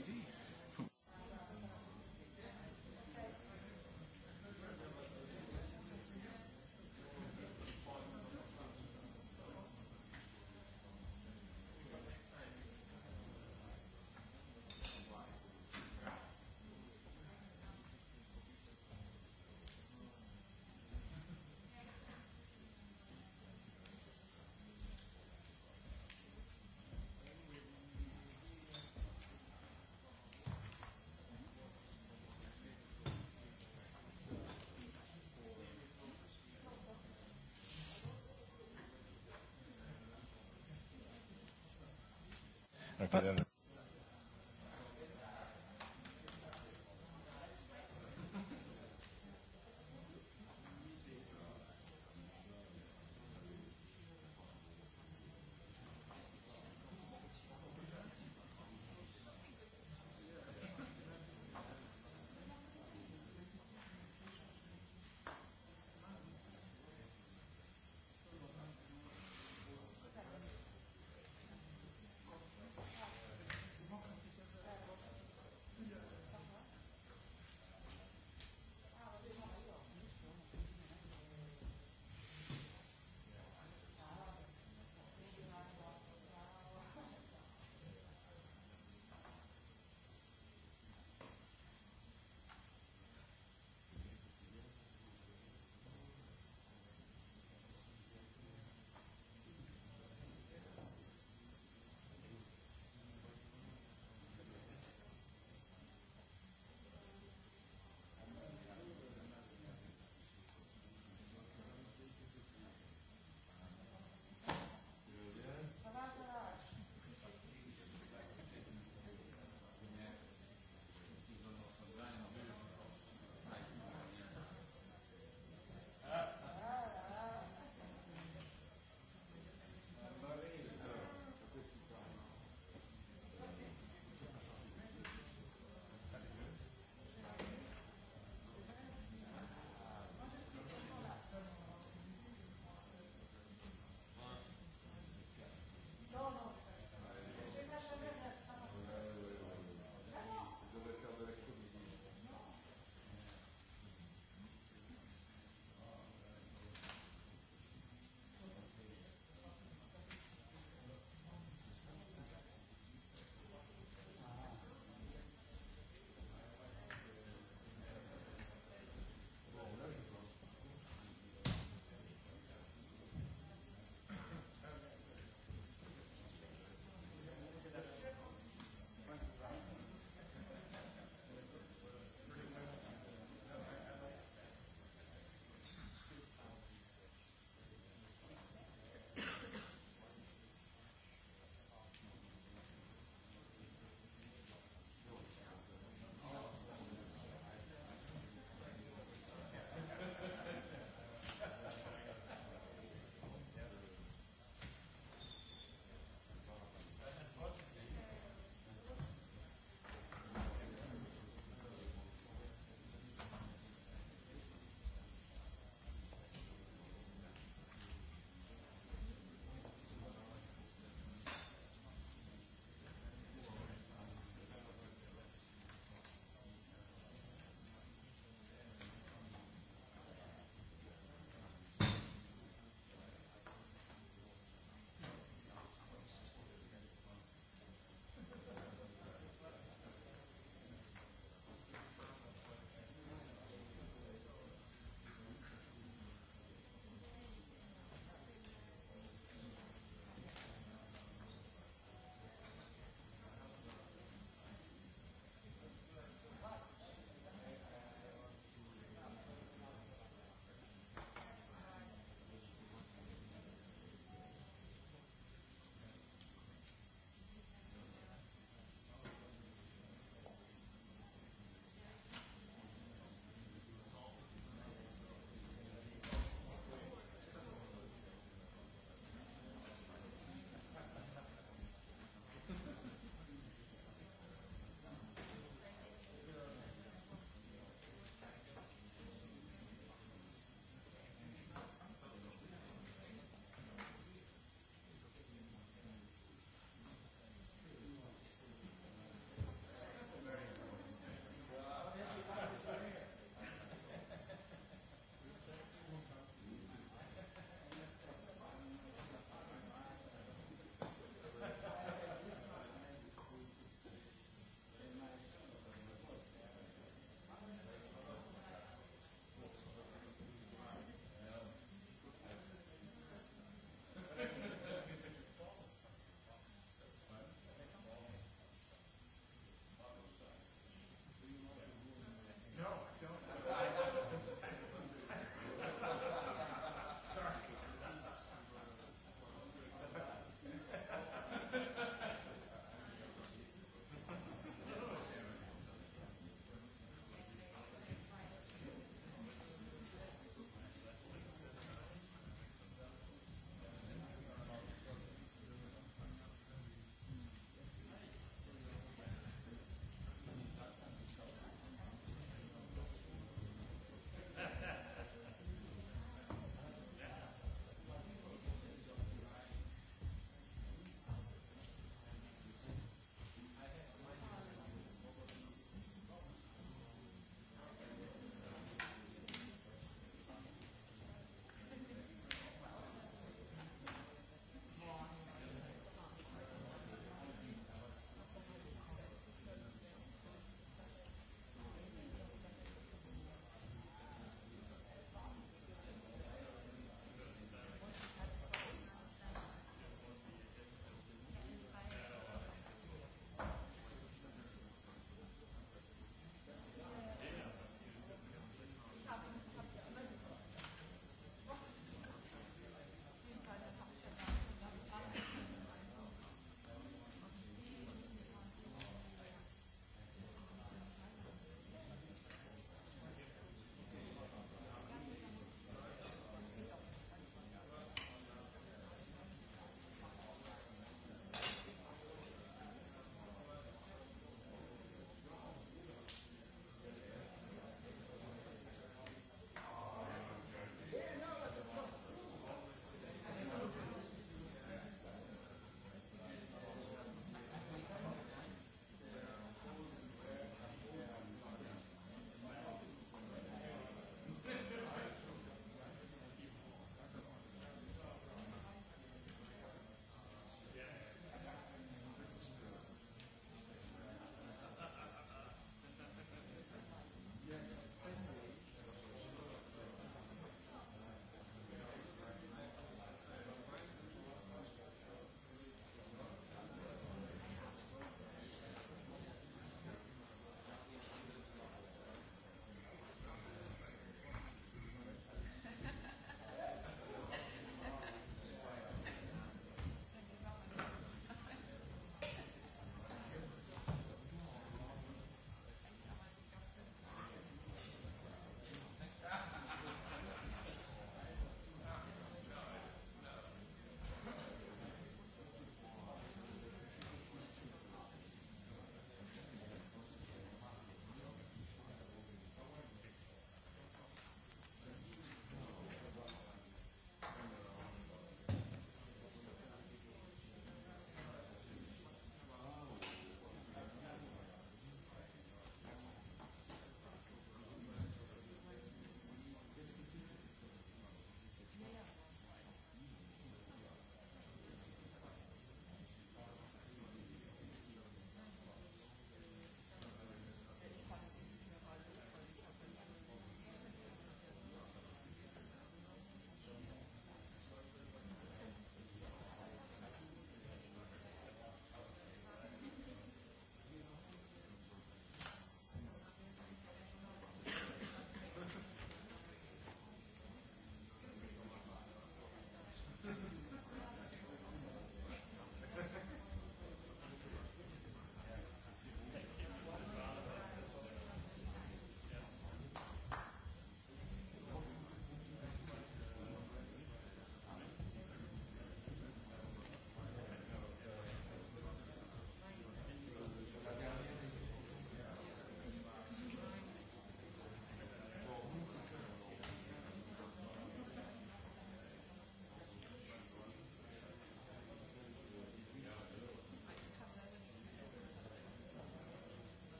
TV. No,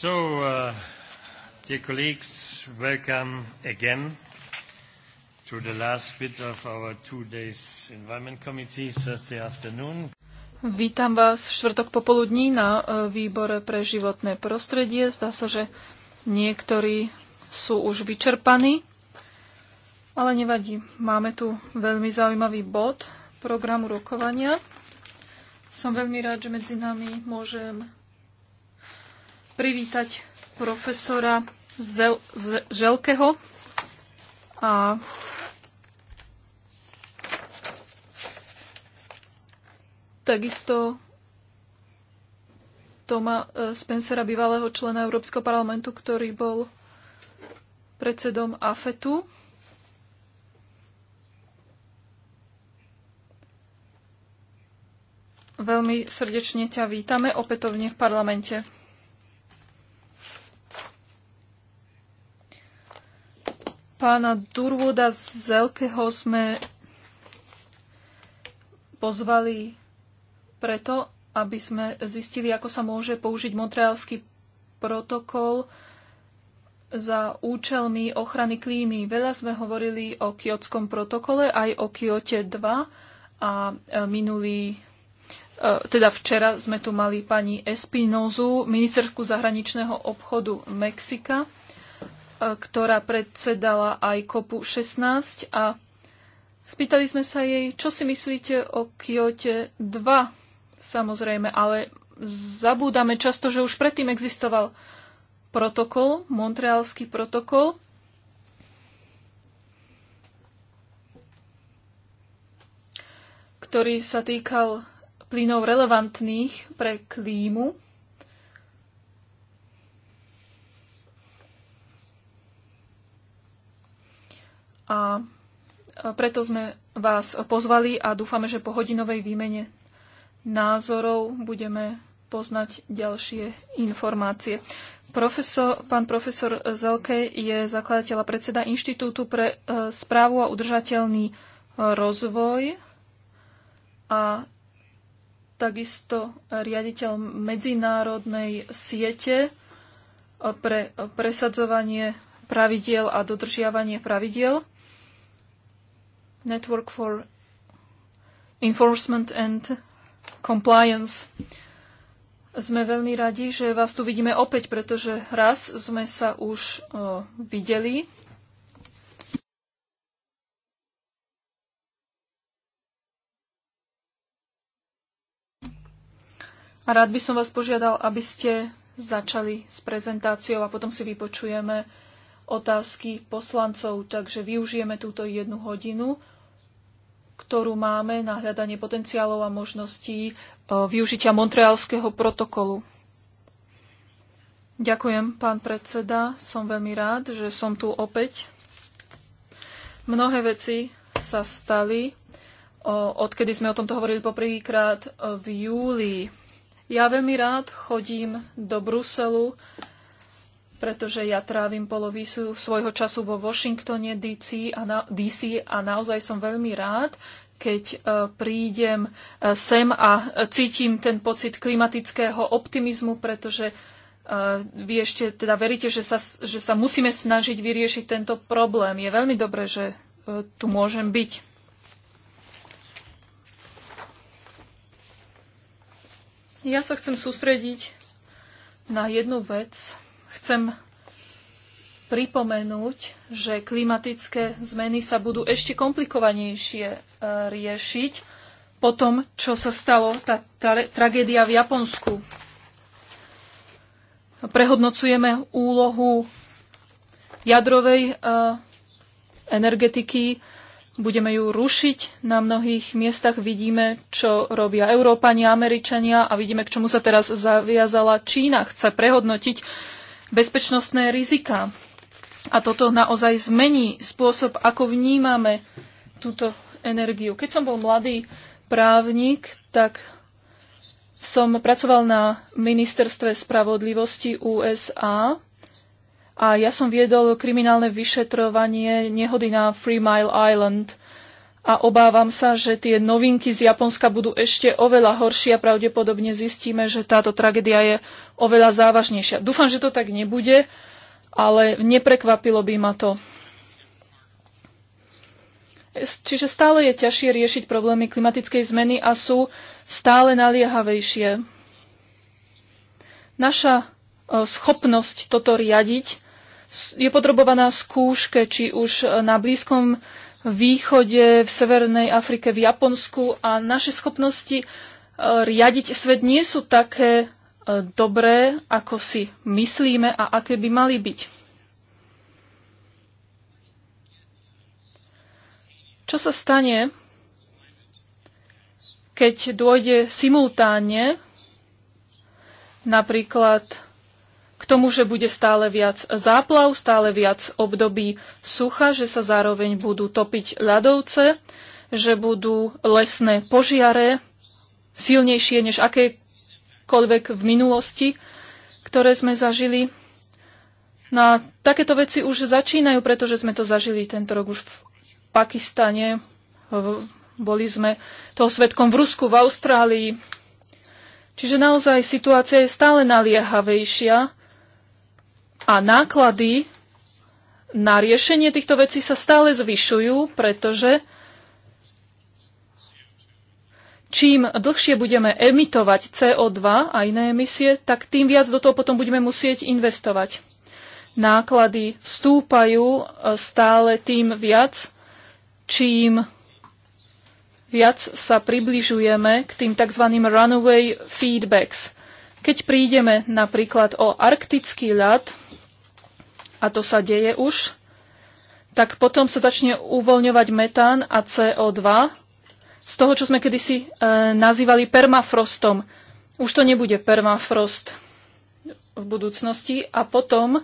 So, uh, dear colleagues, welcome again to the last bit of our two days Environment Committee Thursday afternoon. Vítam vás v štvrtok popoludní na uh, výbore pre životné prostredie. Zdá sa, že niektorí sú už vyčerpaní, ale nevadí. Máme tu veľmi zaujímavý bod programu rokovania. Som veľmi rád, že medzi nami môžem privítať profesora Zel- Z- Želkeho a takisto Toma eh, Spencera, bývalého člena Európskeho parlamentu, ktorý bol predsedom AFETu. Veľmi srdečne ťa vítame opätovne v parlamente. Pána Durvoda z Zelkeho sme pozvali preto, aby sme zistili, ako sa môže použiť montrealský protokol za účelmi ochrany klímy. Veľa sme hovorili o kiotskom protokole, aj o Kiote 2 a e, minulý e, teda včera sme tu mali pani Espinozu, ministerku zahraničného obchodu Mexika. E, ktorá predsedala aj kopu 16 a spýtali sme sa jej, čo si myslíte o Kyote 2, samozrejme, ale zabúdame často, že už predtým existoval protokol, montrealský protokol, ktorý sa týkal plynov relevantných pre klímu A preto sme vás pozvali a dúfame, že po hodinovej výmene názorov budeme poznať ďalšie informácie. Profesor, pán profesor Zelke je zakladateľ a predseda Inštitútu pre e, správu a udržateľný rozvoj a takisto riaditeľ medzinárodnej siete e, pre presadzovanie pravidiel a dodržiavanie pravidiel. Network for Enforcement and Compliance. Sme veľmi radi, že vás tu vidíme opäť, pretože raz sme sa už videli. A rád by som vás požiadal, aby ste začali s prezentáciou a potom si vypočujeme otázky poslancov, takže využijeme túto jednu hodinu, ktorú máme na hľadanie potenciálov a možností e, využitia Montrealského protokolu. Ďakujem, pán predseda. Som veľmi rád, že som tu opäť. Mnohé veci sa stali, odkedy sme o tomto hovorili poprvýkrát e, v júli. Ja veľmi rád chodím do Bruselu pretože ja trávim polovicu svojho času vo Washingtone DC a, na, DC a naozaj som veľmi rád, keď e, prídem e, sem a cítim ten pocit klimatického optimizmu, pretože e, vy ešte teda veríte, že sa, že sa musíme snažiť vyriešiť tento problém. Je veľmi dobré, že tu môžem byť. Ja sa chcem sústrediť na jednu vec, Chcem pripomenúť, že klimatické zmeny sa budú ešte komplikovanejšie e, riešiť po tom, čo sa stalo tá tra tragédia v Japonsku. Prehodnocujeme úlohu jadrovej e, energetiky, budeme ju rušiť. Na mnohých miestach vidíme, čo robia Európania, Američania a vidíme, k čomu sa teraz zaviazala Čína. Chce prehodnotiť bezpečnostné rizika. A toto naozaj zmení spôsob, ako vnímame túto energiu. Keď som bol mladý právnik, tak som pracoval na ministerstve spravodlivosti USA a ja som viedol kriminálne vyšetrovanie nehody na Free Mile Island a obávam sa, že tie novinky z Japonska budú ešte oveľa horšie a pravdepodobne zistíme, že táto tragédia je oveľa závažnejšia. Dúfam, že to tak nebude, ale neprekvapilo by ma to. Čiže stále je ťažšie riešiť problémy klimatickej zmeny a sú stále naliehavejšie. Naša e, schopnosť toto riadiť je potrebovaná skúške, či už e, na Blízkom východe, v Severnej Afrike, v Japonsku a naše schopnosti e, riadiť svet nie sú také dobré, ako si myslíme a aké by mali byť. Čo sa stane, keď dôjde simultánne napríklad k tomu, že bude stále viac záplav, stále viac období sucha, že sa zároveň budú topiť ľadovce, že budú lesné požiare silnejšie než aké kedykoľvek v minulosti, ktoré sme zažili. Na no takéto veci už začínajú, pretože sme to zažili tento rok už v Pakistane. Boli sme toho svetkom v Rusku, v Austrálii. Čiže naozaj situácia je stále naliehavejšia a náklady na riešenie týchto vecí sa stále zvyšujú, pretože čím dlhšie budeme emitovať CO2 a iné emisie, tak tým viac do toho potom budeme musieť investovať. Náklady vstúpajú e, stále tým viac, čím viac sa približujeme k tým tzv. runaway feedbacks. Keď prídeme napríklad o arktický ľad, a to sa deje už, tak potom sa začne uvoľňovať metán a CO2 z toho, čo sme kedysi e, nazývali permafrostom. Už to nebude permafrost v budúcnosti a potom e,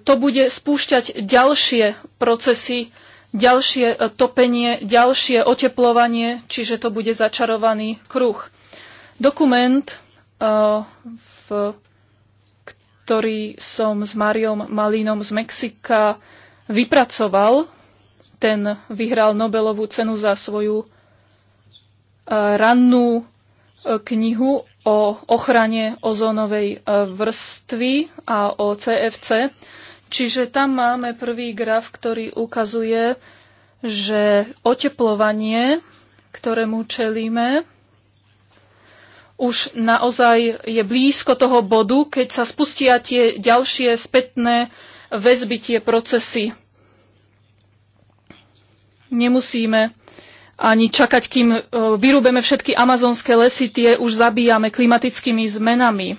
to bude spúšťať ďalšie procesy, ďalšie e, topenie, ďalšie oteplovanie, čiže to bude začarovaný kruh. Dokument, e, v, ktorý som s Mariom Malínom z Mexika vypracoval, ten vyhral Nobelovú cenu za svoju e, rannú e, knihu o ochrane ozónovej e, vrstvy a o CFC. Čiže tam máme prvý graf, ktorý ukazuje, že oteplovanie, ktorému čelíme, už naozaj je blízko toho bodu, keď sa spustia tie ďalšie spätné väzby, tie procesy Nemusíme ani čakať, kým e, vyrúbeme všetky amazonské lesy, tie už zabíjame klimatickými zmenami.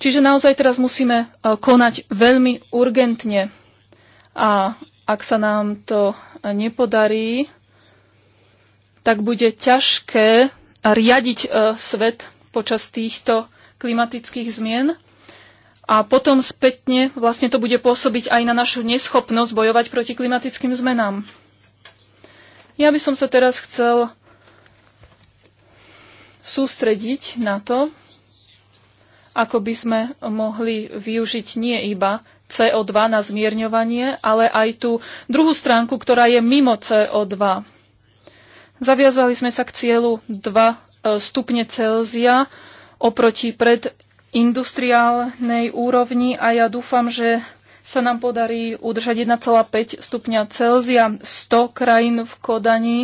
Čiže naozaj teraz musíme e, konať veľmi urgentne. A ak sa nám to nepodarí, tak bude ťažké riadiť e, svet počas týchto klimatických zmien. A potom spätne vlastne to bude pôsobiť aj na našu neschopnosť bojovať proti klimatickým zmenám. Ja by som sa teraz chcel sústrediť na to, ako by sme mohli využiť nie iba CO2 na zmierňovanie, ale aj tú druhú stránku, ktorá je mimo CO2. Zaviazali sme sa k cieľu 2 e, stupne Celzia oproti predindustriálnej úrovni a ja dúfam, že sa nám podarí udržať 1,5 stupňa Celzia. 100 krajín v Kodani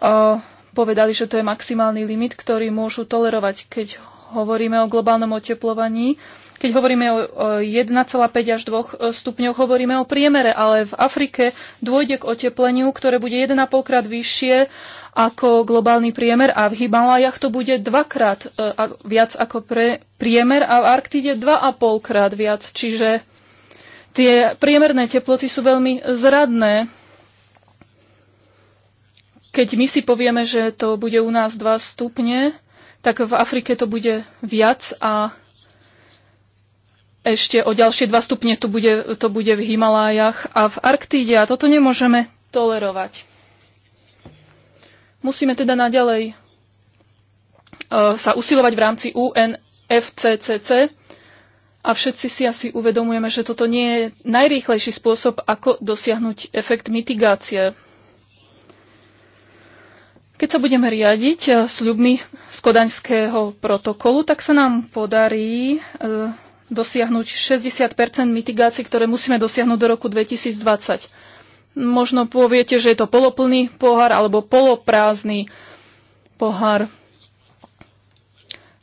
uh, povedali, že to je maximálny limit, ktorý môžu tolerovať, keď hovoríme o globálnom oteplovaní. Keď hovoríme o 1,5 až 2 eh, stupňoch, hovoríme o priemere, ale v Afrike dôjde k otepleniu, ktoré bude 1,5 krát vyššie ako globálny priemer a v Himalajach to bude 2 krát eh, viac ako pre priemer a v Arktide 2,5 krát viac. Čiže Tie priemerné teploty sú veľmi zradné. Keď my si povieme, že to bude u nás 2 stupne, tak v Afrike to bude viac a ešte o ďalšie 2 stupne to bude, to bude v Himalájach a v Arktíde a toto nemôžeme tolerovať. Musíme teda naďalej e, sa usilovať v rámci UNFCCC a všetci si asi uvedomujeme, že toto nie je najrýchlejší spôsob, ako dosiahnuť efekt mitigácie. Keď sa budeme riadiť eh, s ľubmi z kodaňského protokolu, tak sa nám podarí eh, dosiahnuť 60 mitigácií, ktoré musíme dosiahnuť do roku 2020. Možno poviete, že je to poloplný pohár alebo poloprázdny pohár.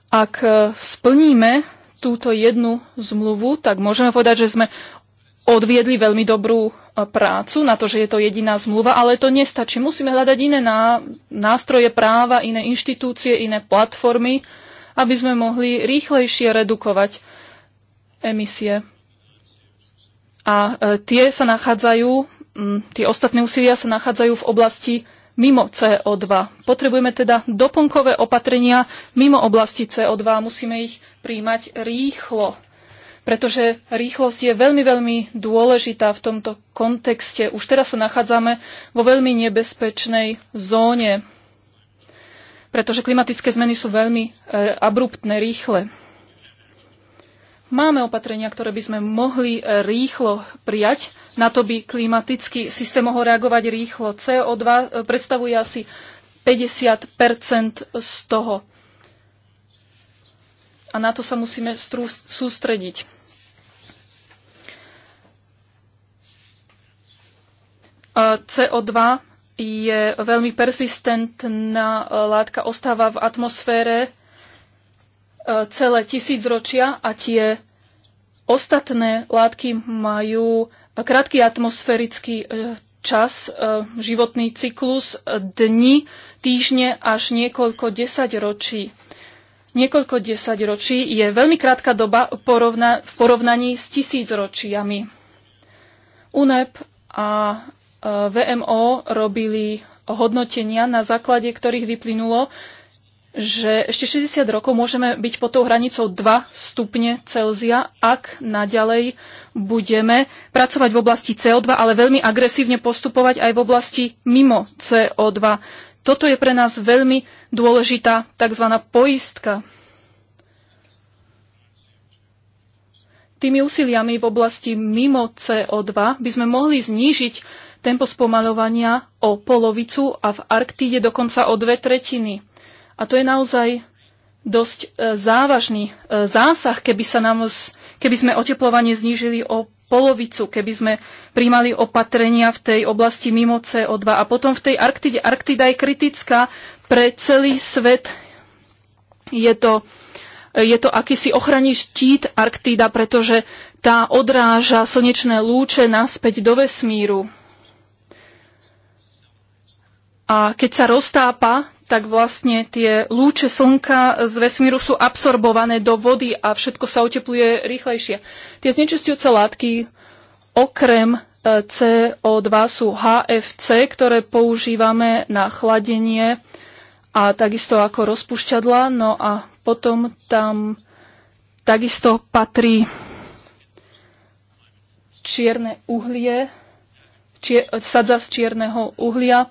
Ak eh, splníme túto jednu zmluvu, tak môžeme povedať, že sme odviedli veľmi dobrú prácu na to, že je to jediná zmluva, ale to nestačí. Musíme hľadať iné nástroje práva, iné inštitúcie, iné platformy, aby sme mohli rýchlejšie redukovať emisie. A e, tie sa nachádzajú, tie ostatné úsilia sa nachádzajú v oblasti mimo CO2. Potrebujeme teda doplnkové opatrenia mimo oblasti CO2. Musíme ich príjmať rýchlo, pretože rýchlosť je veľmi, veľmi dôležitá v tomto kontexte. Už teraz sa nachádzame vo veľmi nebezpečnej zóne, pretože klimatické zmeny sú veľmi e, abruptné, rýchle. Máme opatrenia, ktoré by sme mohli e, rýchlo prijať. Na to by klimatický systém mohol reagovať rýchlo. CO2 e, predstavuje asi 50 z toho. A na to sa musíme sústrediť. E, CO2 je veľmi persistentná látka, ostáva v atmosfére E, celé tisícročia a tie ostatné látky majú krátky atmosférický e, čas, e, životný cyklus, dni, týždne až niekoľko desaťročí. Niekoľko desaťročí je veľmi krátka doba v porovnaní s tisícročiami. UNEP a VMO robili hodnotenia, na základe ktorých vyplynulo, že ešte 60 rokov môžeme byť pod tou hranicou 2 stupne Celzia, ak naďalej budeme pracovať v oblasti CO2, ale veľmi agresívne postupovať aj v oblasti mimo CO2. Toto je pre nás veľmi dôležitá tzv. poistka. Tými úsiliami v oblasti mimo CO2 by sme mohli znížiť tempo spomalovania o polovicu a v Arktíde dokonca o dve tretiny. A to je naozaj dosť e, závažný e, zásah, keby, sa nám, keby sme oteplovanie znížili o polovicu, keby sme príjmali opatrenia v tej oblasti mimo CO2. A potom v tej Arktide. Arktida je kritická pre celý svet. Je to, je to akýsi ochranný štít Arktída, pretože tá odráža slnečné lúče naspäť do vesmíru. A keď sa roztápa tak vlastne tie lúče slnka z vesmíru sú absorbované do vody a všetko sa otepluje rýchlejšie. Tie znečistujúce látky okrem eh, CO2 sú HFC, ktoré používame na chladenie a takisto ako rozpušťadla. No a potom tam takisto patrí čierne uhlie, čier, sadza z čierneho uhlia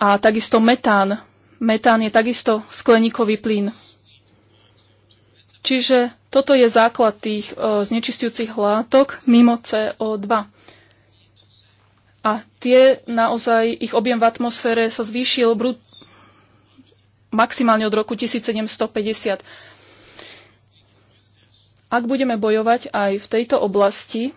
A takisto metán. Metán je takisto skleníkový plyn. Čiže toto je základ tých o, e, znečistujúcich látok mimo CO2. A tie naozaj, ich objem v atmosfére sa zvýšil brut- maximálne od roku 1750. Ak budeme bojovať aj v tejto oblasti,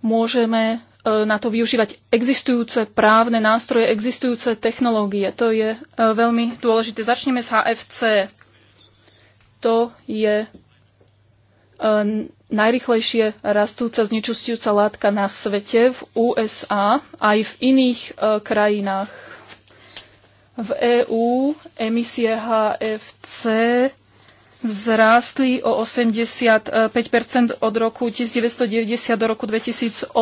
môžeme E, na to využívať existujúce právne nástroje, existujúce technológie. To je e, veľmi dôležité. Začneme s HFC. To je e, najrychlejšie rastúca znečistujúca látka na svete v USA aj v iných krajinách. V EÚ emisie HFC vzrástli o 85 od roku 1990 do roku 2008,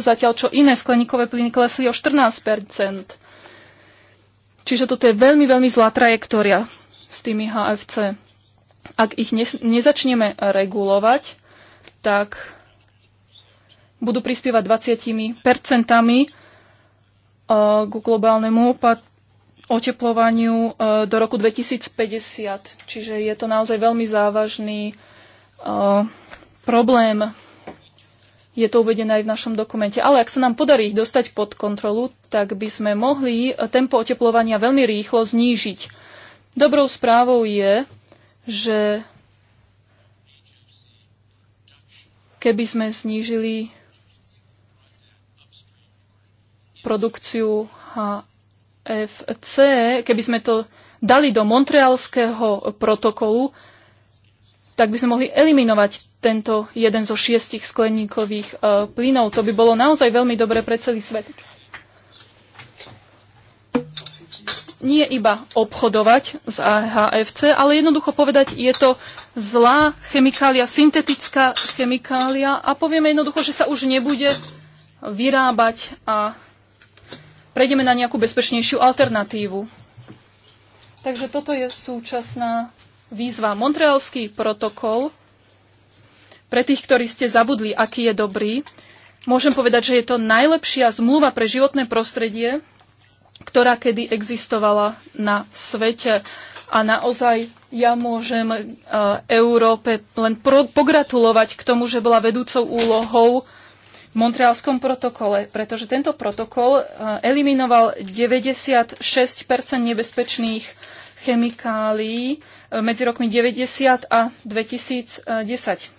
zatiaľ čo iné skleníkové plyny klesli o 14 Čiže toto je veľmi, veľmi zlá trajektória s tými HFC. Ak ich ne, nezačneme regulovať, tak budú prispievať 20 percentami eh, k globálnemu oteplovaniu e, do roku 2050. Čiže je to naozaj veľmi závažný e, problém. Je to uvedené aj v našom dokumente. Ale ak sa nám podarí ich dostať pod kontrolu, tak by sme mohli e, tempo oteplovania veľmi rýchlo znížiť. Dobrou správou je, že keby sme znížili produkciu FC, keby sme to dali do montrealského protokolu, tak by sme mohli eliminovať tento jeden zo šiestich skleníkových e, plynov. To by bolo naozaj veľmi dobre pre celý svet. Nie iba obchodovať s AHFC, ale jednoducho povedať, je to zlá chemikália, syntetická chemikália a povieme jednoducho, že sa už nebude vyrábať a prejdeme na nejakú bezpečnejšiu alternatívu. Takže toto je súčasná výzva. Montrealský protokol, pre tých, ktorí ste zabudli, aký je dobrý, môžem povedať, že je to najlepšia zmluva pre životné prostredie, ktorá kedy existovala na svete. A naozaj ja môžem e, Európe len pogratulovať k tomu, že bola vedúcou úlohou v Montrealskom protokole, pretože tento protokol eh, eliminoval 96 nebezpečných chemikálií eh, medzi rokmi 90 a 2010. 96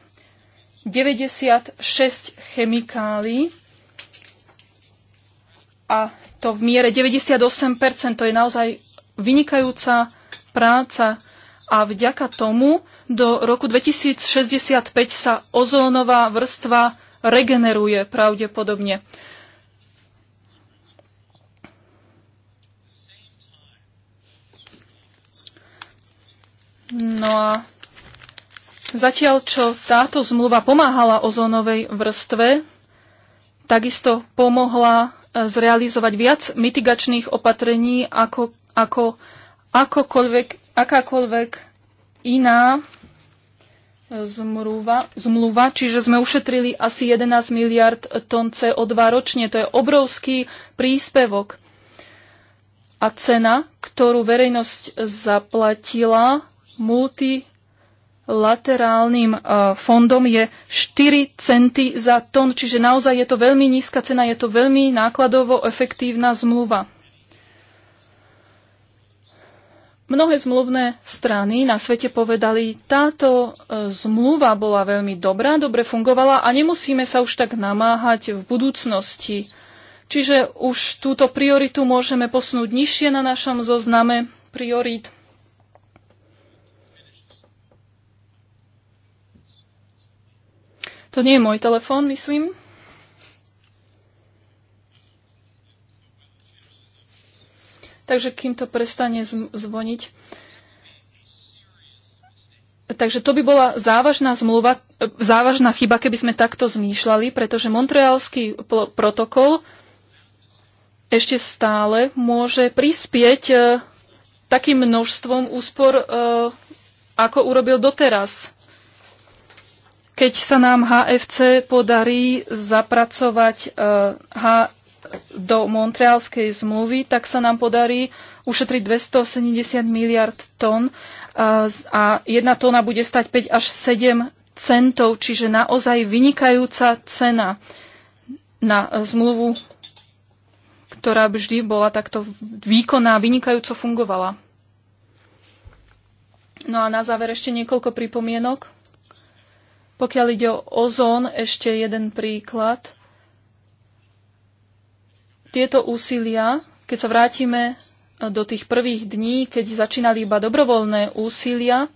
chemikálií a to v miere 98%, to je naozaj vynikajúca práca a vďaka tomu do roku 2065 sa ozónová vrstva regeneruje pravdepodobne. No a zatiaľ, čo táto zmluva pomáhala ozónovej vrstve, takisto pomohla e, zrealizovať viac mitigačných opatrení ako, ako akokoľvek, akákoľvek iná zmluva, zmluva, čiže sme ušetrili asi 11 miliard tón CO2 ročne. To je obrovský príspevok. A cena, ktorú verejnosť zaplatila multilaterálnym e, fondom, je 4 centy za tón, čiže naozaj je to veľmi nízka cena, je to veľmi nákladovo efektívna zmluva. Mnohé zmluvné strany na svete povedali, táto e, zmluva bola veľmi dobrá, dobre fungovala a nemusíme sa už tak namáhať v budúcnosti. Čiže už túto prioritu môžeme posunúť nižšie na našom zozname priorít. To nie je môj telefón, myslím. takže kým to prestane zvoniť. Takže to by bola závažná zmluva, e, závažná chyba, keby sme takto zmýšľali, pretože Montrealský protokol ešte stále môže prispieť e, takým množstvom úspor, e, ako urobil doteraz. Keď sa nám HFC podarí zapracovať do Montrealskej zmluvy, tak sa nám podarí ušetriť 270 miliard tón a jedna tóna bude stať 5 až 7 centov, čiže naozaj vynikajúca cena na e, zmluvu, ktorá vždy bola takto výkonná, vynikajúco fungovala. No a na záver ešte niekoľko pripomienok. Pokiaľ ide o ozón, ešte jeden príklad – tieto úsilia, keď sa vrátime e, do tých prvých dní, keď začínali iba dobrovoľné úsilia,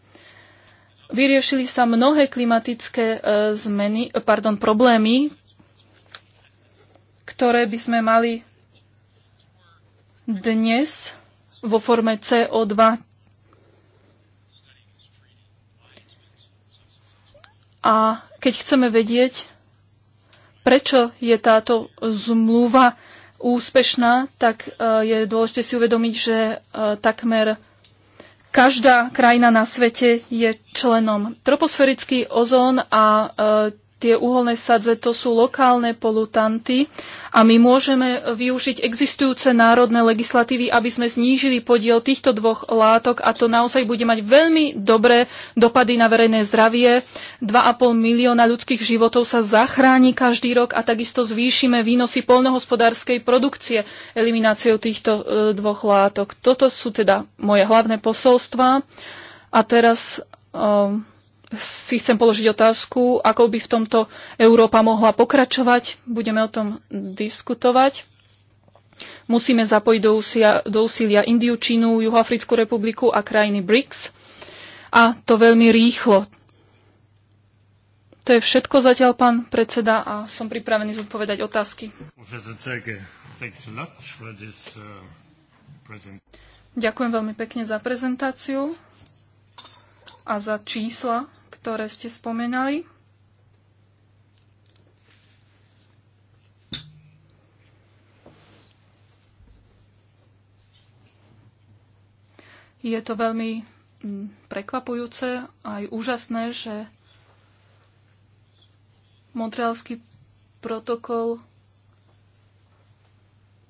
vyriešili sa mnohé klimatické e, zmeny, e, pardon, problémy, ktoré by sme mali dnes vo forme CO2. A keď chceme vedieť, prečo je táto zmluva úspešná, tak e, je dôležité si uvedomiť, že e, takmer každá krajina na svete je členom. Troposférický ozón a e, tie uholné sadze to sú lokálne polutanty a my môžeme využiť existujúce národné legislatívy, aby sme znížili podiel týchto dvoch látok a to naozaj bude mať veľmi dobré dopady na verejné zdravie. 2,5 milióna ľudských životov sa zachráni každý rok a takisto zvýšime výnosy polnohospodárskej produkcie elimináciou týchto e, dvoch látok. Toto sú teda moje hlavné posolstva. A teraz um, si chcem položiť otázku, ako by v tomto Európa mohla pokračovať. Budeme o tom diskutovať. Musíme zapojiť do úsilia, do úsilia Indiu, Čínu, Juhoafrickú republiku a krajiny BRICS. A to veľmi rýchlo. To je všetko zatiaľ, pán predseda, a som pripravený zodpovedať otázky. Uh, Ďakujem veľmi pekne za prezentáciu a za čísla, ktoré ste spomenali. Je to veľmi mm, prekvapujúce aj úžasné, že Montrealský protokol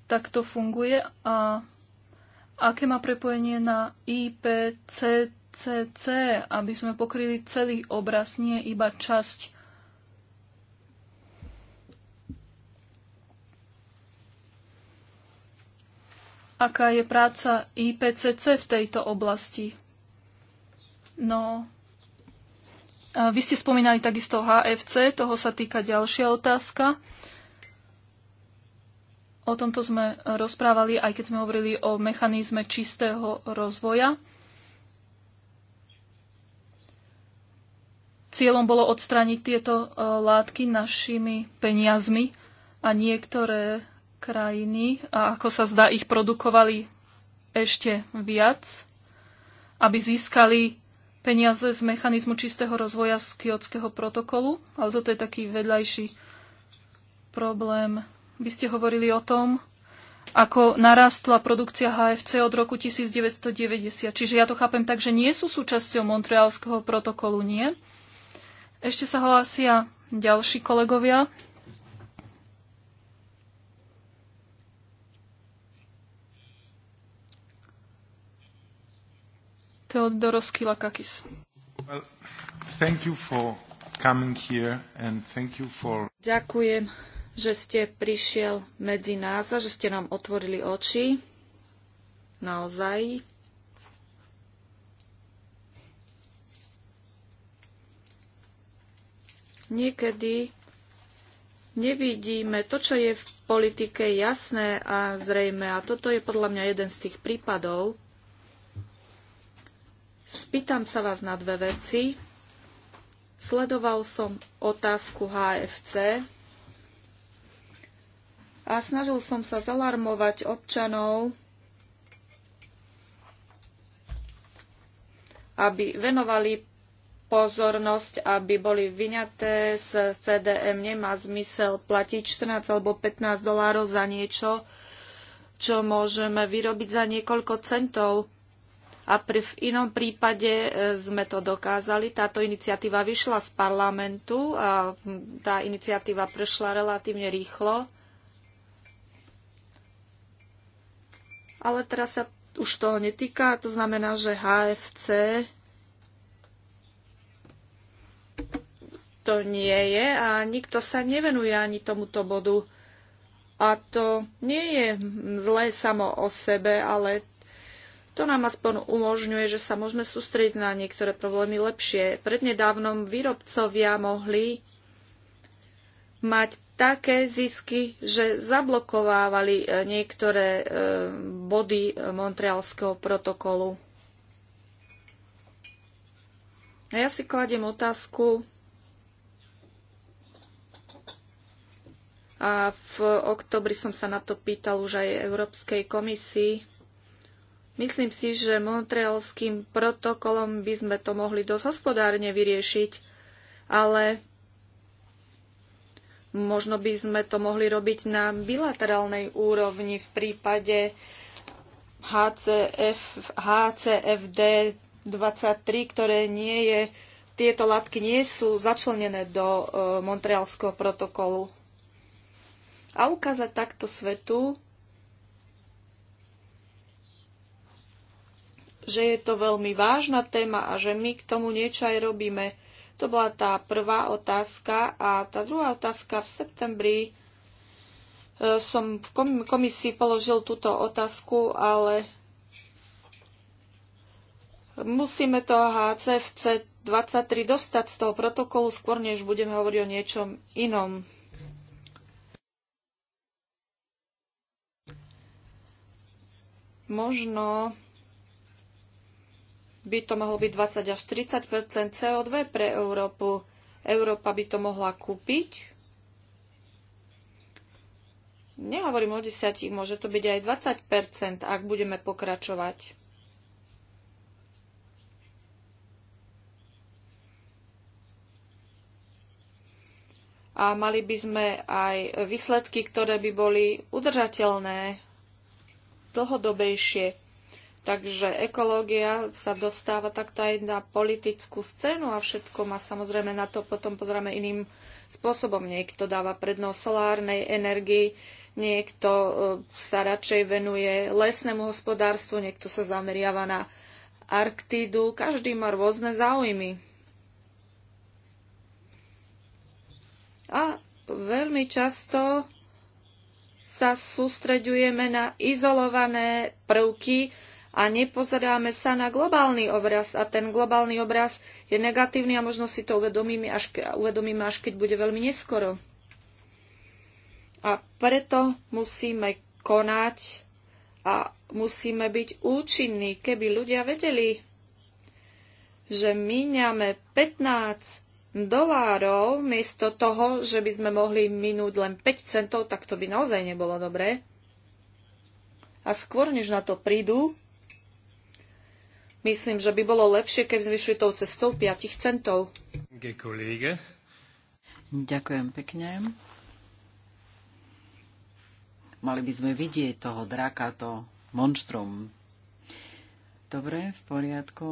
takto funguje a aké má prepojenie na IPCT CC, aby sme pokryli celý obraz, nie iba časť. Aká je práca IPCC v tejto oblasti? No, vy ste spomínali takisto HFC, toho sa týka ďalšia otázka. O tomto sme rozprávali, aj keď sme hovorili o mechanizme čistého rozvoja. Cieľom bolo odstrániť tieto e, látky našimi peniazmi a niektoré krajiny, a ako sa zdá, ich produkovali ešte viac, aby získali peniaze z mechanizmu čistého rozvoja z kiotského protokolu, ale toto je taký vedľajší problém. Vy ste hovorili o tom, ako narastla produkcia HFC od roku 1990. Čiže ja to chápem tak, že nie sú súčasťou Montrealského protokolu, nie? Ešte sa hlásia ďalší kolegovia. Teodoros Kilakakis. Well, thank you for coming here and thank you for... Ďakujem, že ste prišiel medzi nás a že ste nám otvorili oči. Naozaj. Niekedy nevidíme to, čo je v politike jasné a zrejme. A toto je podľa mňa jeden z tých prípadov. Spýtam sa vás na dve veci. Sledoval som otázku HFC a snažil som sa zalarmovať občanov, aby venovali pozornosť, aby boli vyňaté z CDM. Nemá zmysel platiť 14 alebo 15 dolárov za niečo, čo môžeme vyrobiť za niekoľko centov. A pri, v inom prípade e, sme to dokázali. Táto iniciatíva vyšla z parlamentu a tá iniciatíva prešla relatívne rýchlo. Ale teraz sa už toho netýka, to znamená, že HFC to nie je a nikto sa nevenuje ani tomuto bodu. A to nie je zlé samo o sebe, ale to nám aspoň umožňuje, že sa môžeme sústrediť na niektoré problémy lepšie. Prednedávnom výrobcovia mohli mať také zisky, že zablokovávali e, niektoré e, body e, Montrealského protokolu. A ja si kladiem otázku, A v oktobri som sa na to pýtal už aj Európskej komisii. Myslím si, že montrealským protokolom by sme to mohli dosť hospodárne vyriešiť, ale možno by sme to mohli robiť na bilaterálnej úrovni v prípade HCF, HCFD 23, ktoré nie je, tieto látky nie sú začlenené do e, Montrealského protokolu a ukázať takto svetu, že je to veľmi vážna téma a že my k tomu niečo aj robíme. To bola tá prvá otázka a tá druhá otázka v septembri e, som v komisii položil túto otázku, ale musíme to HCFC 23 dostať z toho protokolu skôr, než budeme hovoriť o niečom inom. Možno by to mohlo byť 20 až 30 CO2 pre Európu. Európa by to mohla kúpiť. Nehovorím o desiatich, môže to byť aj 20 ak budeme pokračovať. A mali by sme aj výsledky, ktoré by boli udržateľné dlhodobejšie. Takže ekológia sa dostáva takto aj na politickú scénu a všetko má samozrejme na to potom pozrieme iným spôsobom. Niekto dáva prednosť solárnej energii, niekto e, sa radšej venuje lesnému hospodárstvu, niekto sa zameriava na Arktídu. Každý má rôzne záujmy. A veľmi často sa sústreďujeme na izolované prvky a nepozeráme sa na globálny obraz. A ten globálny obraz je negatívny a možno si to uvedomíme až, uvedomíme až keď bude veľmi neskoro. A preto musíme konať a musíme byť účinní, keby ľudia vedeli, že míňame 15 dolárov, miesto toho, že by sme mohli minúť len 5 centov, tak to by naozaj nebolo dobré. A skôr, než na to prídu, myslím, že by bolo lepšie, keď sme išli tou cestou 5 centov. Ďakujem pekne. Mali by sme vidieť toho draka, to monštrum. Dobre, v poriadku.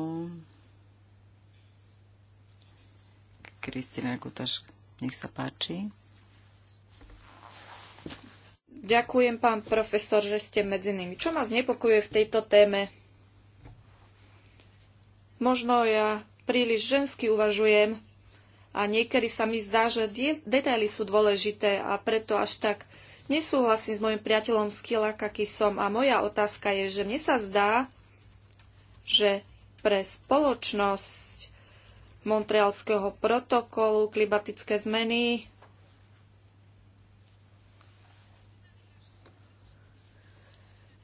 Kristina Gutaš. Nech sa páči. Ďakujem, pán profesor, že ste medzi nimi. Čo ma znepokojuje v tejto téme? Možno ja príliš žensky uvažujem a niekedy sa mi zdá, že detaily sú dôležité a preto až tak nesúhlasím s mojim priateľom aký som a moja otázka je, že mne sa zdá, že pre spoločnosť Montrealského protokolu, klimatické zmeny.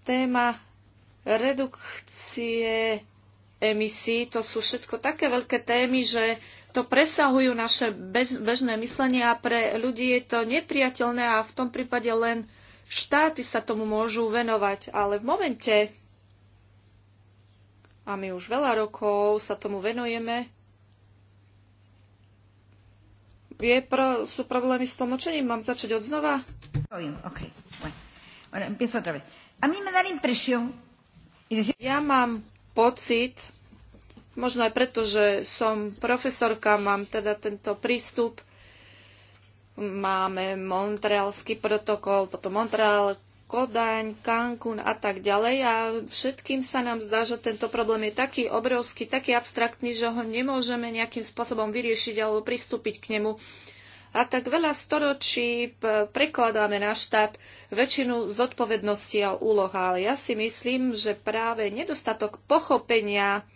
Téma redukcie emisí, to sú všetko také veľké témy, že to presahujú naše bez, bežné myslenie a pre ľudí je to nepriateľné a v tom prípade len štáty sa tomu môžu venovať. Ale v momente, a my už veľa rokov sa tomu venujeme, je pro, sú problémy s tlmočením? Mám začať od znova? Bueno. Ja mám pocit, možno aj preto, že som profesorka, mám teda tento prístup, máme Montrealský protokol, potom Montreal Kodaň, Cancún a tak ďalej. A všetkým sa nám zdá, že tento problém je taký obrovský, taký abstraktný, že ho nemôžeme nejakým spôsobom vyriešiť alebo pristúpiť k nemu. A tak veľa storočí prekladáme na štát väčšinu zodpovedností a úloh, ale ja si myslím, že práve nedostatok pochopenia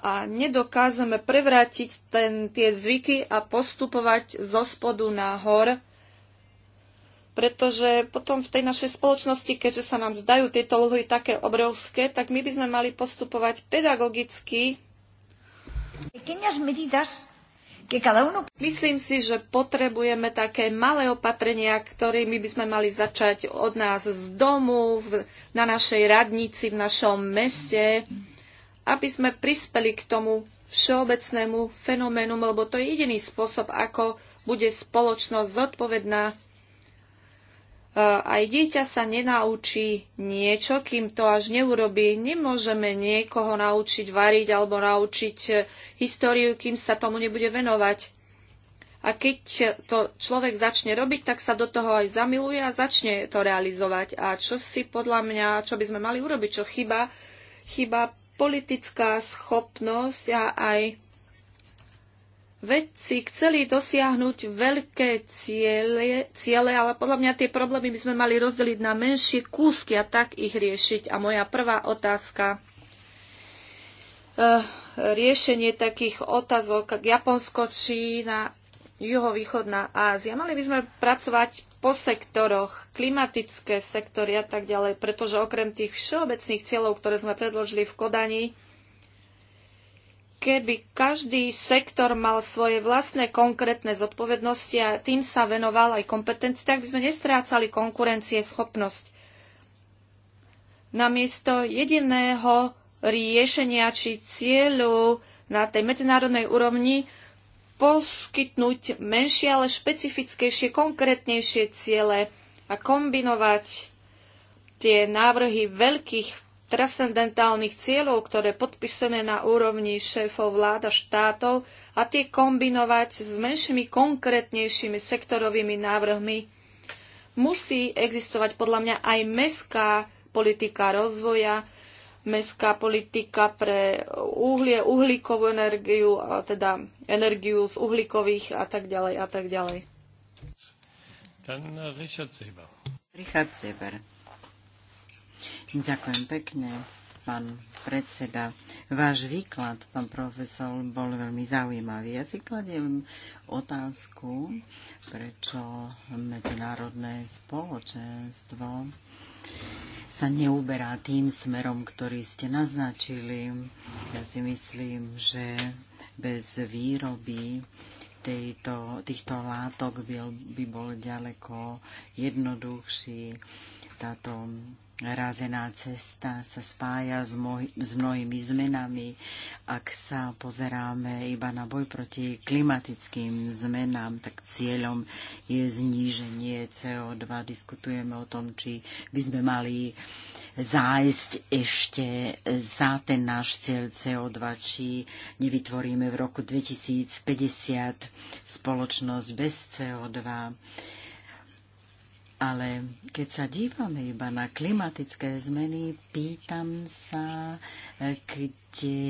a nedokážeme prevrátiť ten, tie zvyky a postupovať zo spodu nahor, pretože potom v tej našej spoločnosti, keďže sa nám zdajú tieto úlohy také obrovské, tak my by sme mali postupovať pedagogicky. Myslím si, že potrebujeme také malé opatrenia, ktorými by sme mali začať od nás z domu, na našej radnici, v našom meste, aby sme prispeli k tomu všeobecnému fenoménu, lebo to je jediný spôsob, ako bude spoločnosť zodpovedná Eh, aj dieťa sa nenaučí niečo, kým to až neurobí. Nemôžeme niekoho naučiť variť alebo naučiť eh, históriu, kým sa tomu nebude venovať. A keď eh, to človek začne robiť, tak sa do toho aj zamiluje a začne to realizovať. A čo si podľa mňa, čo by sme mali urobiť, čo chyba, chyba politická schopnosť a aj vedci chceli dosiahnuť veľké ciele, ciele, ale podľa mňa tie problémy by sme mali rozdeliť na menšie kúsky a tak ich riešiť. A moja prvá otázka. Eh, riešenie takých otázok, Japonsko, Čína, juhovýchodná Ázia. Mali by sme pracovať po sektoroch, klimatické sektory a tak ďalej, pretože okrem tých všeobecných cieľov, ktoré sme predložili v Kodani, keby každý sektor mal svoje vlastné konkrétne zodpovednosti a tým sa venoval aj kompetencii, tak by sme nestrácali konkurencie schopnosť. Namiesto jediného riešenia či cieľu na tej medzinárodnej úrovni poskytnúť menšie, ale špecifickejšie, konkrétnejšie ciele a kombinovať tie návrhy veľkých transcendentálnych cieľov, ktoré podpisujeme na úrovni šéfov vlád a štátov a tie kombinovať s menšími, konkrétnejšími sektorovými návrhmi. Musí existovať podľa mňa aj mestská politika rozvoja, mestská politika pre uhlie, uhlíkovú energiu, a teda energiu z uhlíkových a tak ďalej a tak ďalej. Ten eh, Richard Seber. Richard Seber. Ďakujem pekne, pán predseda. Váš výklad, pán profesor, bol veľmi zaujímavý. Ja si kladiem otázku, prečo medzinárodné spoločenstvo sa neuberá tým smerom, ktorý ste naznačili. Ja si myslím, že bez výroby tejto, týchto látok by, by bol ďaleko jednoduchší táto Rázená cesta sa spája s, moj, s mnohými zmenami. Ak sa pozeráme iba na boj proti klimatickým zmenám, tak cieľom je zníženie CO2. Diskutujeme o tom, či by sme mali zájsť ešte za ten náš cieľ CO2, či nevytvoríme v roku 2050 spoločnosť bez CO2 ale keď sa dívame iba na klimatické zmeny, pýtam sa, e, kde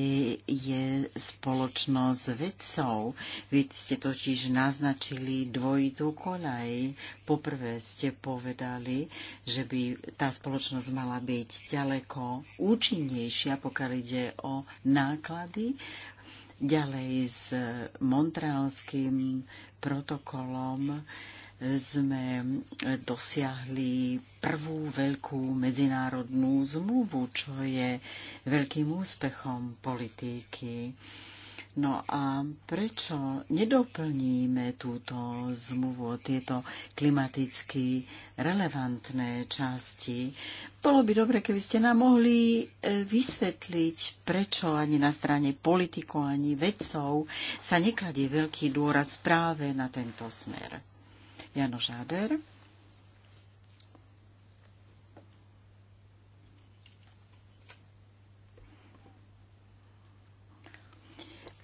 je spoločnosť vedcov. Vy ste totiž naznačili dvojitú kolaj. Poprvé ste povedali, že by tá spoločnosť mala byť ďaleko účinnejšia, pokiaľ ide o náklady. Ďalej s montrealským protokolom sme dosiahli prvú veľkú medzinárodnú zmluvu, čo je veľkým úspechom politiky. No a prečo nedoplníme túto zmluvu o tieto klimaticky relevantné časti? Bolo by dobre, keby ste nám mohli e, vysvetliť, prečo ani na strane politikov, ani vedcov sa nekladie veľký dôraz práve na tento smer. Jano Žáder.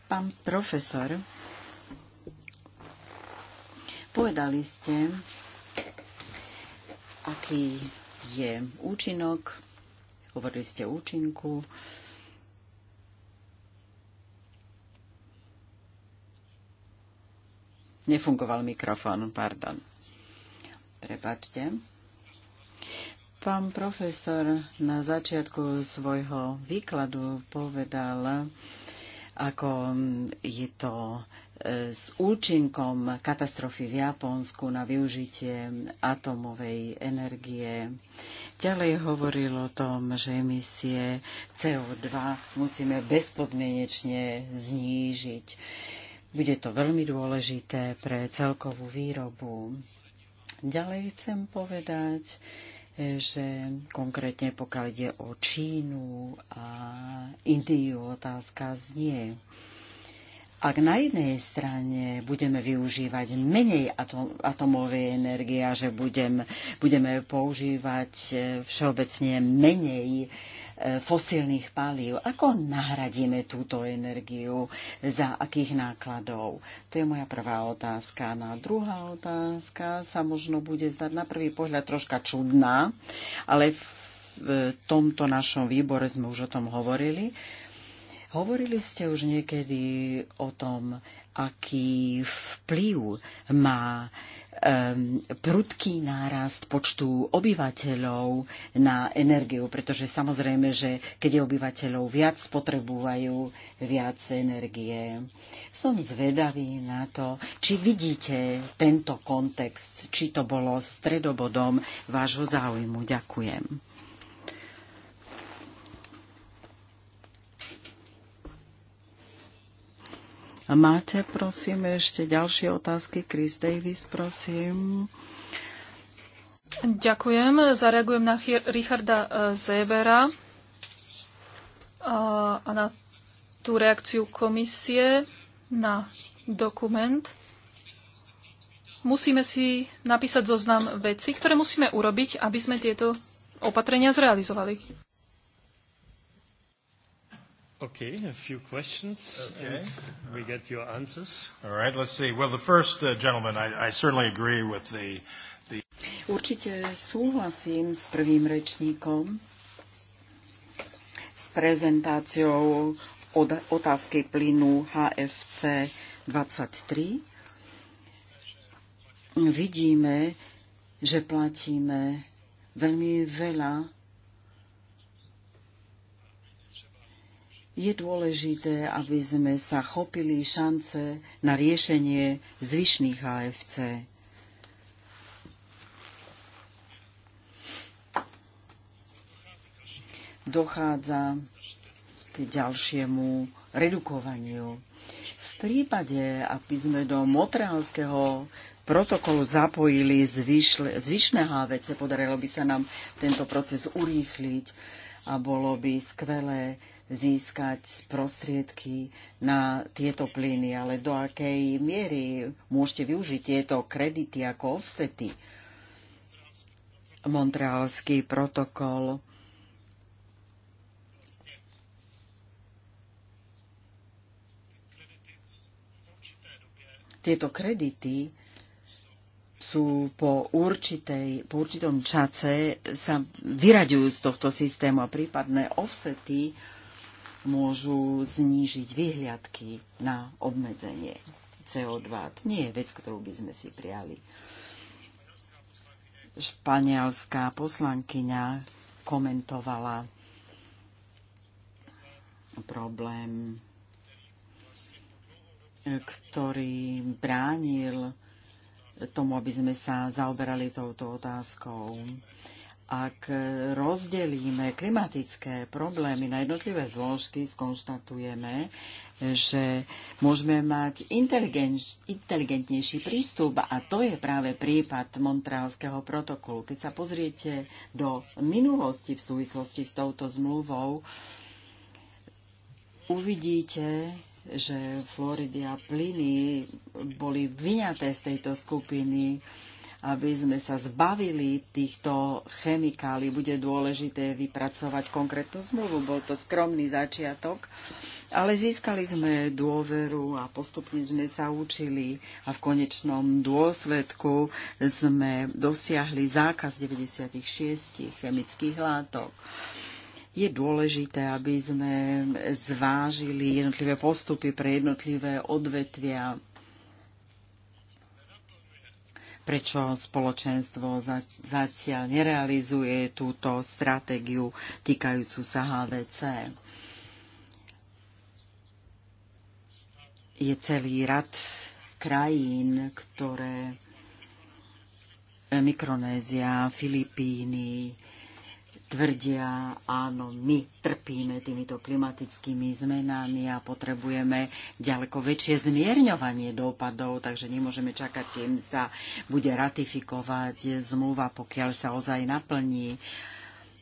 Pán profesor, povedali ste, aký je účinok, hovorili ste o účinku Nefungoval mikrofón, pardon. Prepačte. Pán profesor na začiatku svojho výkladu povedal, ako je to e, s účinkom katastrofy v Japonsku na využitie atomovej energie. Ďalej hovoril o tom, že emisie CO2 musíme bezpodmienečne znížiť. Bude to veľmi dôležité pre celkovú výrobu. Ďalej chcem povedať, že konkrétne pokiaľ ide o Čínu a Indiu, otázka znie. Ak na jednej strane budeme využívať menej atom, atomovej energie a že budem, budeme používať eh, všeobecne menej e, E, fosílnych palív. Ako nahradíme túto energiu? Za akých nákladov? To je moja prvá otázka. Na druhá otázka sa možno bude zdať na prvý pohľad troška čudná, ale v tomto našom výbore sme už o tom hovorili. Hovorili ste už niekedy o tom, aký vplyv má prudký nárast počtu obyvateľov na energiu, pretože samozrejme, že keď je obyvateľov viac, potrebujú viac energie. Som zvedavý na to, či vidíte tento kontext, či to bolo stredobodom vášho záujmu. Ďakujem. Máte, prosím, ešte ďalšie otázky? Chris Davis, prosím. Ďakujem. Zareagujem na Richarda e, Zebera e, a na tú reakciu komisie na dokument. Musíme si napísať zoznam veci, ktoré musíme urobiť, aby sme tieto opatrenia zrealizovali. Okay, a few questions. Okay. And we get your answers. All right, let's see. Well, the first uh, gentleman, I, I certainly agree with the, the... Určite súhlasím s prvým rečníkom, s prezentáciou od, otázky plynu HFC 23. Vidíme, že platíme veľmi veľa Je dôležité, aby sme sa chopili šance na riešenie zvyšných AFC. Dochádza k ďalšiemu redukovaniu. V prípade, aby sme do Montrealského protokolu zapojili zvyšle, zvyšné HVC, podarilo by sa nám tento proces urýchliť a bolo by skvelé, získať prostriedky na tieto plyny, ale do akej miery môžete využiť tieto kredity ako offsety. Montrealský protokol Tieto kredity sú po, určitej, po určitom čase sa vyraďujú z tohto systému a prípadné offsety uh, môžu znížiť vyhliadky na obmedzenie CO2. To nie je vec, ktorú by sme si prijali. Španielská poslankyňa komentovala problém, ktorý bránil tomu, aby sme sa zaoberali touto otázkou. Ak rozdelíme klimatické problémy na jednotlivé zložky, skonštatujeme, že môžeme mať inteligentnejší prístup a to je práve prípad Montrealského protokolu. Keď sa pozriete do minulosti v súvislosti s touto zmluvou, uvidíte, že Floridia plyny boli vyňaté z tejto skupiny aby sme sa zbavili týchto chemikálií. Bude dôležité vypracovať konkrétnu zmluvu. Bol to skromný začiatok, ale získali sme dôveru a postupne sme sa učili a v konečnom dôsledku sme dosiahli zákaz 96 chemických látok je dôležité, aby sme zvážili jednotlivé postupy pre jednotlivé odvetvia prečo spoločenstvo zatiaľ nerealizuje túto stratégiu týkajúcu sa HVC. Je celý rad krajín, ktoré Mikronézia, Filipíny, tvrdia, áno, my trpíme týmito klimatickými zmenami a potrebujeme ďaleko väčšie zmierňovanie dopadov, takže nemôžeme čakať, kým sa bude ratifikovať zmluva, pokiaľ sa ozaj naplní.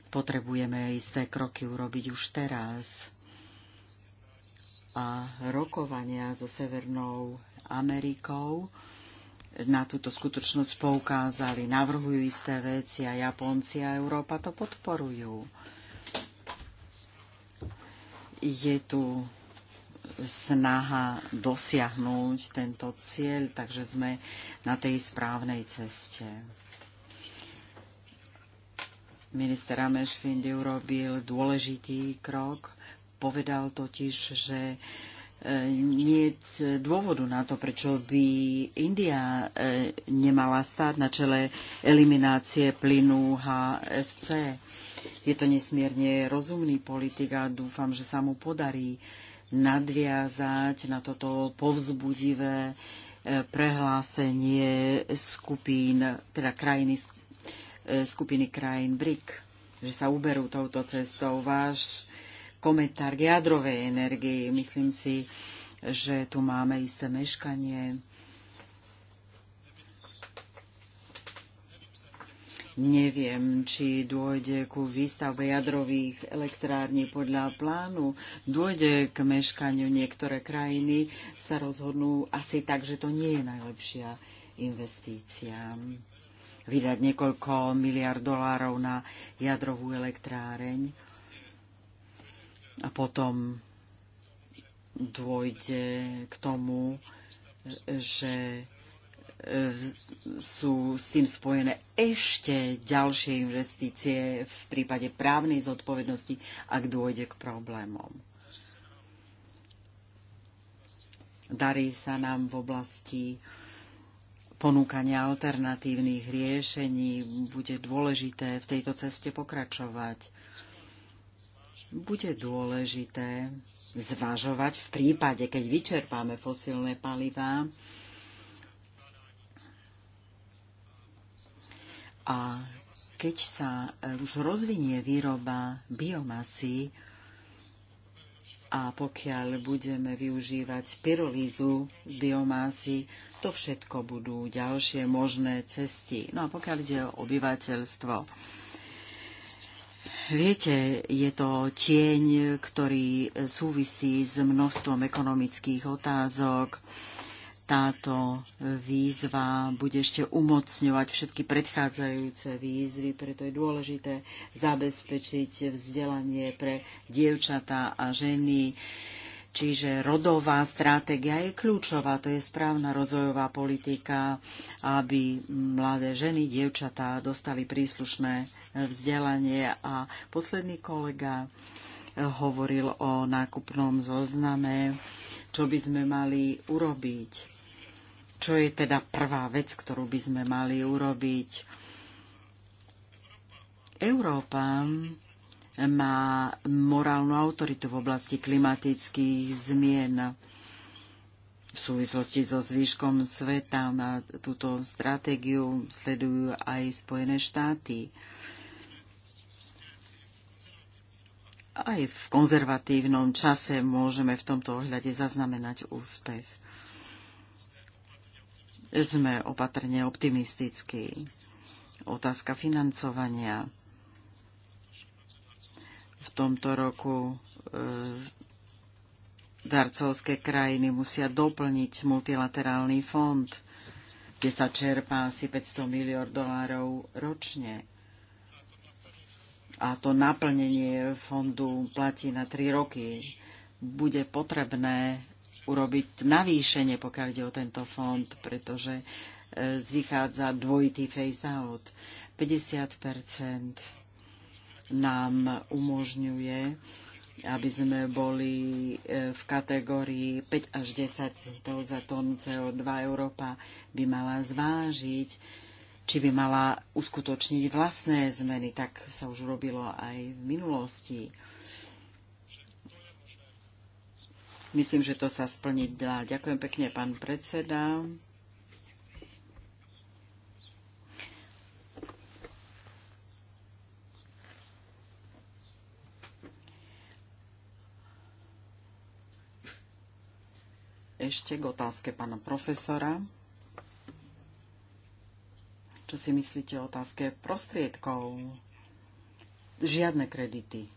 Potrebujeme isté kroky urobiť už teraz. A rokovania so Severnou Amerikou na túto skutočnosť poukázali. Navrhujú isté veci a Japonci a Európa to podporujú. Je tu snaha dosiahnuť tento cieľ, takže sme na tej správnej ceste. Minister Amešvind urobil dôležitý krok. Povedal totiž, že nie je dôvodu na to, prečo by India e, nemala stáť na čele eliminácie plynu HFC. Je to nesmierne rozumný politik a dúfam, že sa mu podarí nadviazať na toto povzbudivé e, prehlásenie skupín, teda krajiny, e, skupiny krajín BRIC, že sa uberú touto cestou. Váš komentár k jadrovej energii. Myslím si, že tu máme isté meškanie. Neviem, či dôjde ku výstavbe jadrových elektrární podľa plánu. Dôjde k meškaniu. Niektoré krajiny sa rozhodnú asi tak, že to nie je najlepšia investícia. Vydať niekoľko miliard dolárov na jadrovú elektráreň a potom dôjde k tomu, že e, sú s tým spojené ešte ďalšie investície v prípade právnej zodpovednosti, ak dôjde k problémom. Darí sa nám v oblasti ponúkania alternatívnych riešení. Bude dôležité v tejto ceste pokračovať bude dôležité zvažovať v prípade, keď vyčerpáme fosílne palivá a keď sa e, už rozvinie výroba biomasy a pokiaľ budeme využívať pyrolízu z biomasy, to všetko budú ďalšie možné cesty. No a pokiaľ ide o obyvateľstvo, Viete, je to tieň, ktorý súvisí s množstvom ekonomických otázok. Táto výzva bude ešte umocňovať všetky predchádzajúce výzvy, preto je dôležité zabezpečiť vzdelanie pre dievčatá a ženy Čiže rodová stratégia je kľúčová, to je správna rozvojová politika, aby mladé ženy, dievčatá dostali príslušné vzdelanie. A posledný kolega eh, hovoril o nákupnom zozname, čo by sme mali urobiť. Čo je teda prvá vec, ktorú by sme mali urobiť? Európa má morálnu autoritu v oblasti klimatických zmien v súvislosti so zvýškom sveta. Na túto stratégiu sledujú aj Spojené štáty. Aj v konzervatívnom čase môžeme v tomto ohľade zaznamenať úspech. Sme opatrne optimistickí. Otázka financovania v tomto roku e, darcovské krajiny musia doplniť multilaterálny fond, kde sa čerpá asi 500 miliard dolárov ročne. A to naplnenie fondu platí na 3 roky. Bude potrebné urobiť navýšenie, pokiaľ ide o tento fond, pretože e, zvychádza dvojitý face-out. 50 nám umožňuje, aby sme boli e, v kategórii 5 až 10 centov za tónu CO2. Európa by mala zvážiť, či by mala uskutočniť vlastné zmeny. Tak sa už robilo aj v minulosti. Myslím, že to sa splniť dá. Ďakujem pekne, pán predseda. ešte k otázke pána profesora. Čo si myslíte o otázke prostriedkov? Žiadne kredity.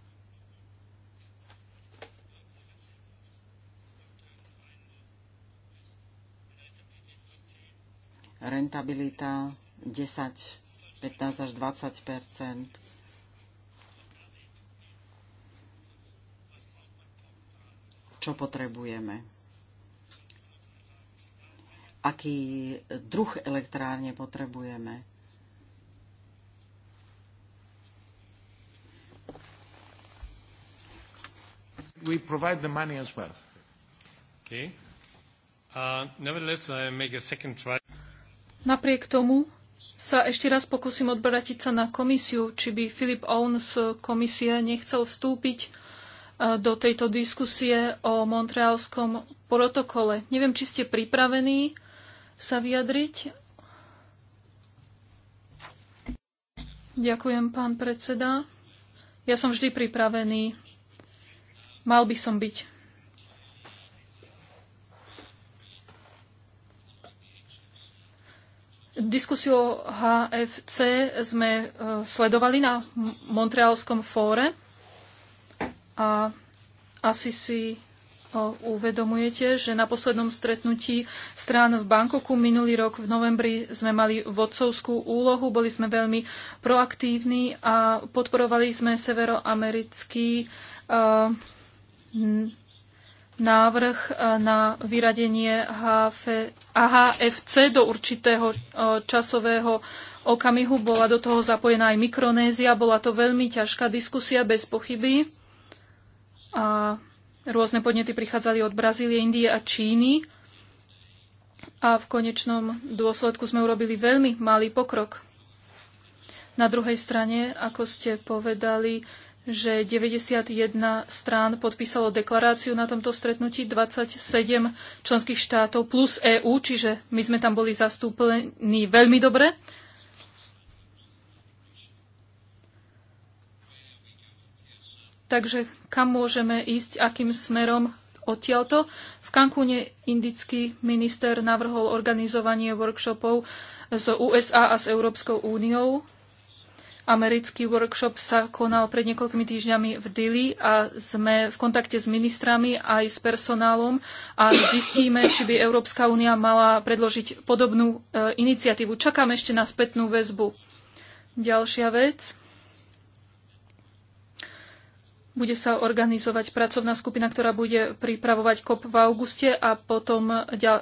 Rentabilita 10, 15 až 20 čo potrebujeme aký druh elektrárne potrebujeme. We provide the money as well. Okay. Uh, nevertheless, I make a second try. Napriek tomu sa ešte raz pokúsim odbratiť sa na komisiu, či by Philip Owen z komisie nechcel vstúpiť uh, do tejto diskusie o Montrealskom protokole. Neviem, či ste pripravení sa vyjadriť? Ďakujem, pán predseda. Ja som vždy pripravený. Mal by som byť. Diskusiu o HFC sme e, sledovali na Montrealskom fóre a asi si uvedomujete, že na poslednom stretnutí strán v Bankoku minulý rok v novembri sme mali vodcovskú úlohu, boli sme veľmi proaktívni a podporovali sme severoamerický e, návrh e, na vyradenie HFC do určitého e, časového okamihu. Bola do toho zapojená aj Mikronézia. Bola to veľmi ťažká diskusia, bez pochyby. A Rôzne podnety prichádzali od Brazílie, Indie a Číny a v konečnom dôsledku sme urobili veľmi malý pokrok. Na druhej strane, ako ste povedali, že 91 strán podpísalo deklaráciu na tomto stretnutí, 27 členských štátov plus EÚ, čiže my sme tam boli zastúpení veľmi dobre. Takže kam môžeme ísť, akým smerom odtiaľto? V Cancúne indický minister navrhol organizovanie workshopov z USA a s Európskou úniou. Americký workshop sa konal pred niekoľkými týždňami v Dili a sme v kontakte s ministrami aj s personálom a zistíme, či by Európska únia mala predložiť podobnú e, iniciatívu. Čakáme ešte na spätnú väzbu. Ďalšia vec. Bude sa organizovať pracovná skupina, ktorá bude pripravovať COP v auguste a potom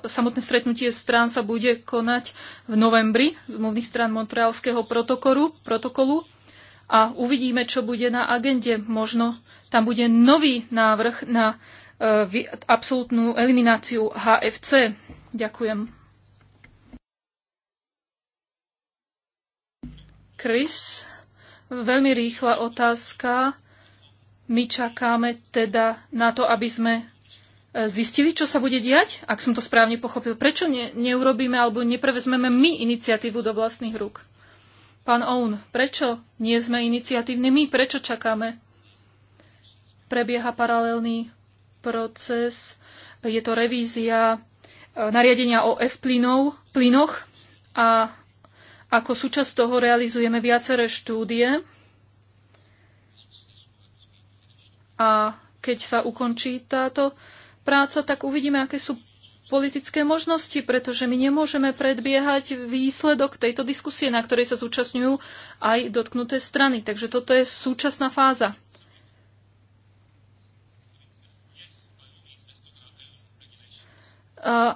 samotné stretnutie strán sa bude konať v novembri mluvných strán Montrealského protokolu, protokolu a uvidíme, čo bude na agende. Možno tam bude nový návrh na e, absolútnu elimináciu HFC. Ďakujem. Chris, veľmi rýchla otázka my čakáme teda na to, aby sme e, zistili, čo sa bude diať, ak som to správne pochopil. Prečo ne, neurobíme alebo neprevezmeme my iniciatívu do vlastných rúk? Pán Oun, prečo nie sme iniciatívni my? Prečo čakáme? Prebieha paralelný proces. Je to revízia e, nariadenia o F-plynov, plynoch a ako súčasť toho realizujeme viaceré štúdie, A keď sa ukončí táto práca, tak uvidíme, aké sú politické možnosti, pretože my nemôžeme predbiehať výsledok tejto diskusie, na ktorej sa zúčastňujú aj dotknuté strany. Takže toto je súčasná fáza. Uh,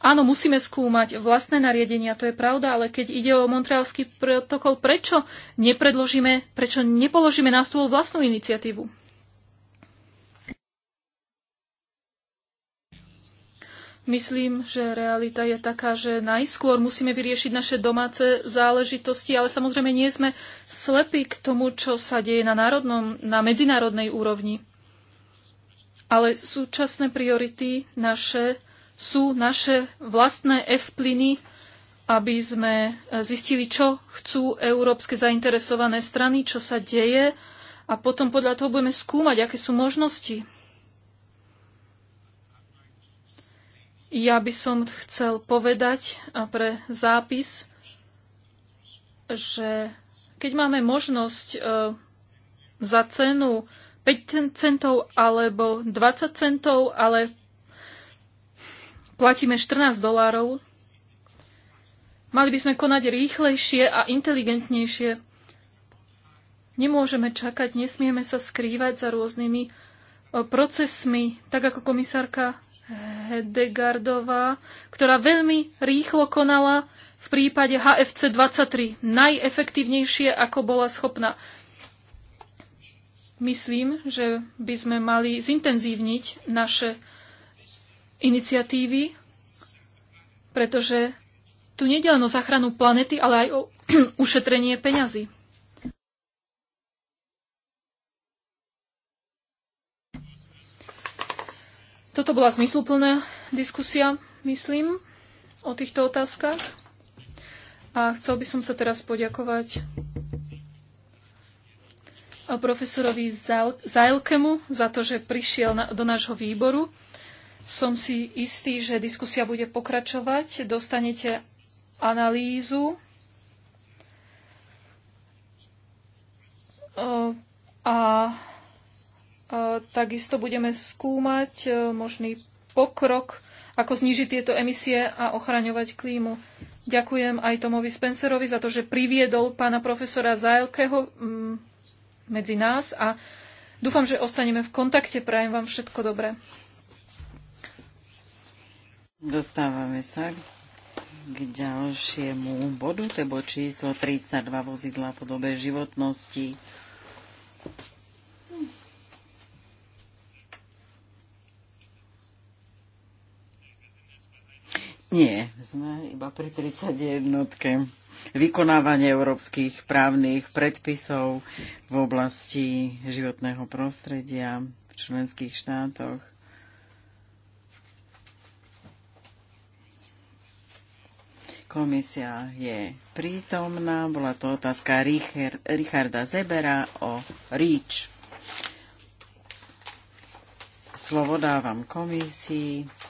áno, musíme skúmať vlastné nariadenia, to je pravda, ale keď ide o montrealský protokol, prečo nepredložíme, prečo nepoložíme na stôl vlastnú iniciatívu? Myslím, že realita je taká, že najskôr musíme vyriešiť naše domáce záležitosti, ale samozrejme nie sme slepí k tomu, čo sa deje na, národnom, na medzinárodnej úrovni. Ale súčasné priority naše sú naše vlastné F-plyny, aby sme zistili, čo chcú európske zainteresované strany, čo sa deje a potom podľa toho budeme skúmať, aké sú možnosti. Ja by som chcel povedať pre zápis, že keď máme možnosť e, za cenu 5 centov alebo 20 centov, ale platíme 14 dolárov, mali by sme konať rýchlejšie a inteligentnejšie. Nemôžeme čakať, nesmieme sa skrývať za rôznymi e, procesmi, tak ako komisárka Hedegardová, ktorá veľmi rýchlo konala v prípade HFC 23 najefektívnejšie, ako bola schopná. Myslím, že by sme mali zintenzívniť naše iniciatívy, pretože tu nejde len o záchranu planety, ale aj o ušetrenie peňazí. Toto bola zmysluplná diskusia, myslím, o týchto otázkach. A chcel by som sa teraz poďakovať profesorovi Zajlkemu za to, že prišiel na, do nášho výboru. Som si istý, že diskusia bude pokračovať. Dostanete analýzu e, a takisto budeme skúmať e, možný pokrok, ako znížiť tieto emisie a ochraňovať klímu. Ďakujem aj Tomovi Spencerovi za to, že priviedol pána profesora Zajelkeho mm, medzi nás a dúfam, že ostaneme v kontakte. Prajem vám všetko dobré. Dostávame sa k ďalšiemu bodu, tebo číslo 32 vozidla po dobe životnosti. Nie, sme iba pri 31. Vykonávanie európskych právnych predpisov v oblasti životného prostredia v členských štátoch. Komisia je prítomná. Bola to otázka Richard, Richarda Zebera o REACH. Slovo dávam komisii.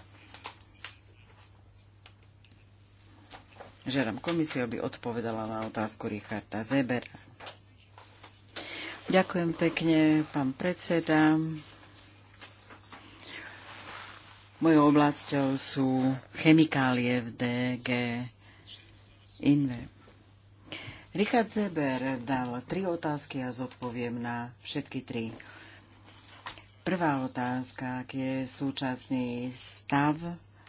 Žerám komisiu, aby odpovedala na otázku Richarda Zebera. Ďakujem pekne, pán predseda. Mojou oblasťou sú chemikálie v DG Inve. Richard Zeber dal tri otázky a zodpoviem na všetky tri. Prvá otázka, aký je súčasný stav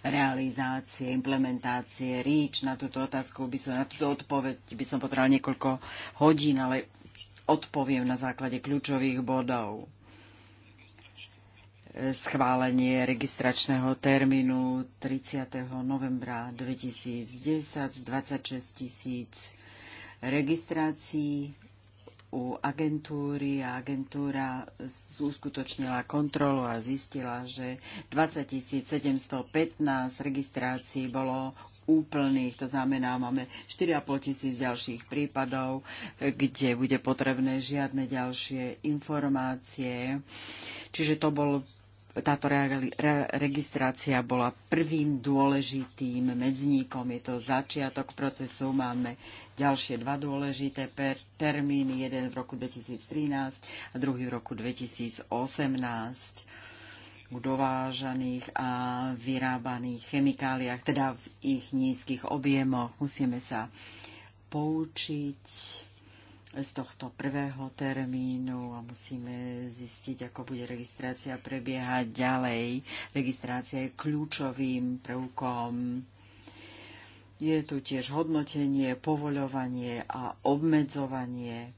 realizácie, implementácie ríč Na túto otázku by som, na túto odpoveď by som potreboval niekoľko hodín, ale odpoviem na základe kľúčových bodov. Schválenie registračného termínu 30. novembra 2010 z 26 tisíc registrácií u agentúry a agentúra uskutočnila kontrolu a zistila, že 20 715 registrácií bolo úplných, to znamená, máme 4,5 tisíc ďalších prípadov, kde bude potrebné žiadne ďalšie informácie. Čiže to bol táto re, re, registrácia bola prvým dôležitým medzníkom. Je to začiatok procesu. Máme ďalšie dva dôležité per, termíny. Jeden v roku 2013 a druhý v roku 2018 u dovážaných a vyrábaných chemikáliách, teda v ich nízkych objemoch. Musíme sa poučiť z tohto prvého termínu a musíme zistiť, ako bude registrácia prebiehať ďalej. Registrácia je kľúčovým prvkom. Je tu tiež hodnotenie, povoľovanie a obmedzovanie.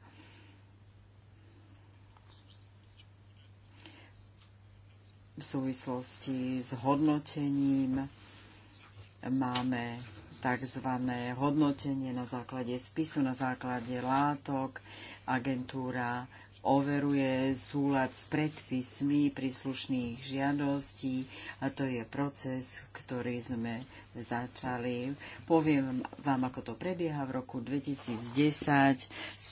V súvislosti s hodnotením máme tzv. hodnotenie na základe spisu, na základe látok. Agentúra overuje súlad s predpismi príslušných žiadostí a to je proces, ktorý sme začali. Poviem vám, ako to prebieha v roku 2010. 151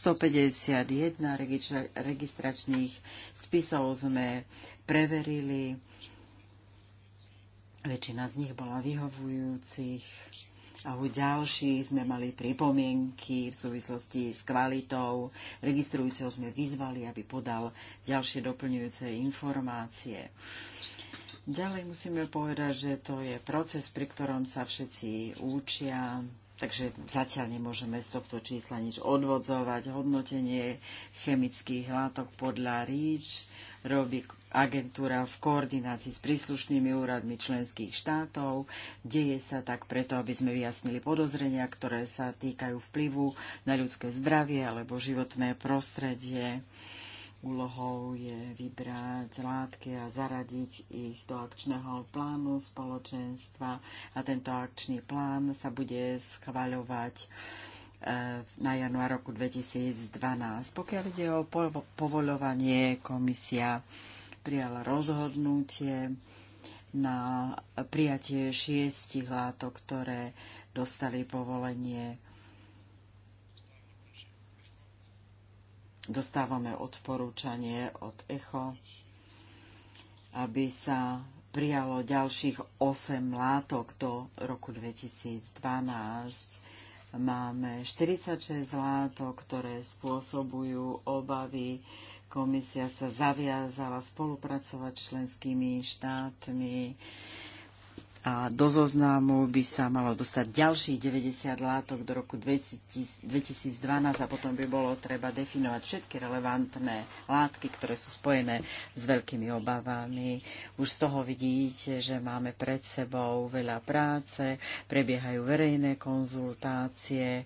registračných spisov sme preverili. Väčšina z nich bola vyhovujúcich a u ďalších sme mali pripomienky v súvislosti s kvalitou. Registrujúceho sme vyzvali, aby podal ďalšie doplňujúce informácie. Ďalej musíme povedať, že to je proces, pri ktorom sa všetci učia, takže zatiaľ nemôžeme z tohto čísla nič odvodzovať. Hodnotenie chemických látok podľa REACH robí agentúra v koordinácii s príslušnými úradmi členských štátov. Deje sa tak preto, aby sme vyjasnili podozrenia, ktoré sa týkajú vplyvu na ľudské zdravie alebo životné prostredie. Úlohou je vybrať látky a zaradiť ich do akčného plánu spoločenstva a tento akčný plán sa bude schvaľovať na január roku 2012. Pokiaľ ide o povolovanie, komisia prijala rozhodnutie na prijatie šiestich látok, ktoré dostali povolenie. Dostávame odporúčanie od ECHO, aby sa prijalo ďalších 8 látok do roku 2012 Máme 46 látok, ktoré spôsobujú obavy. Komisia sa zaviazala spolupracovať s členskými štátmi a do zoznamu by sa malo dostať ďalších 90 látok do roku 2012 a potom by bolo treba definovať všetky relevantné látky, ktoré sú spojené s veľkými obavami. Už z toho vidíte, že máme pred sebou veľa práce, prebiehajú verejné konzultácie,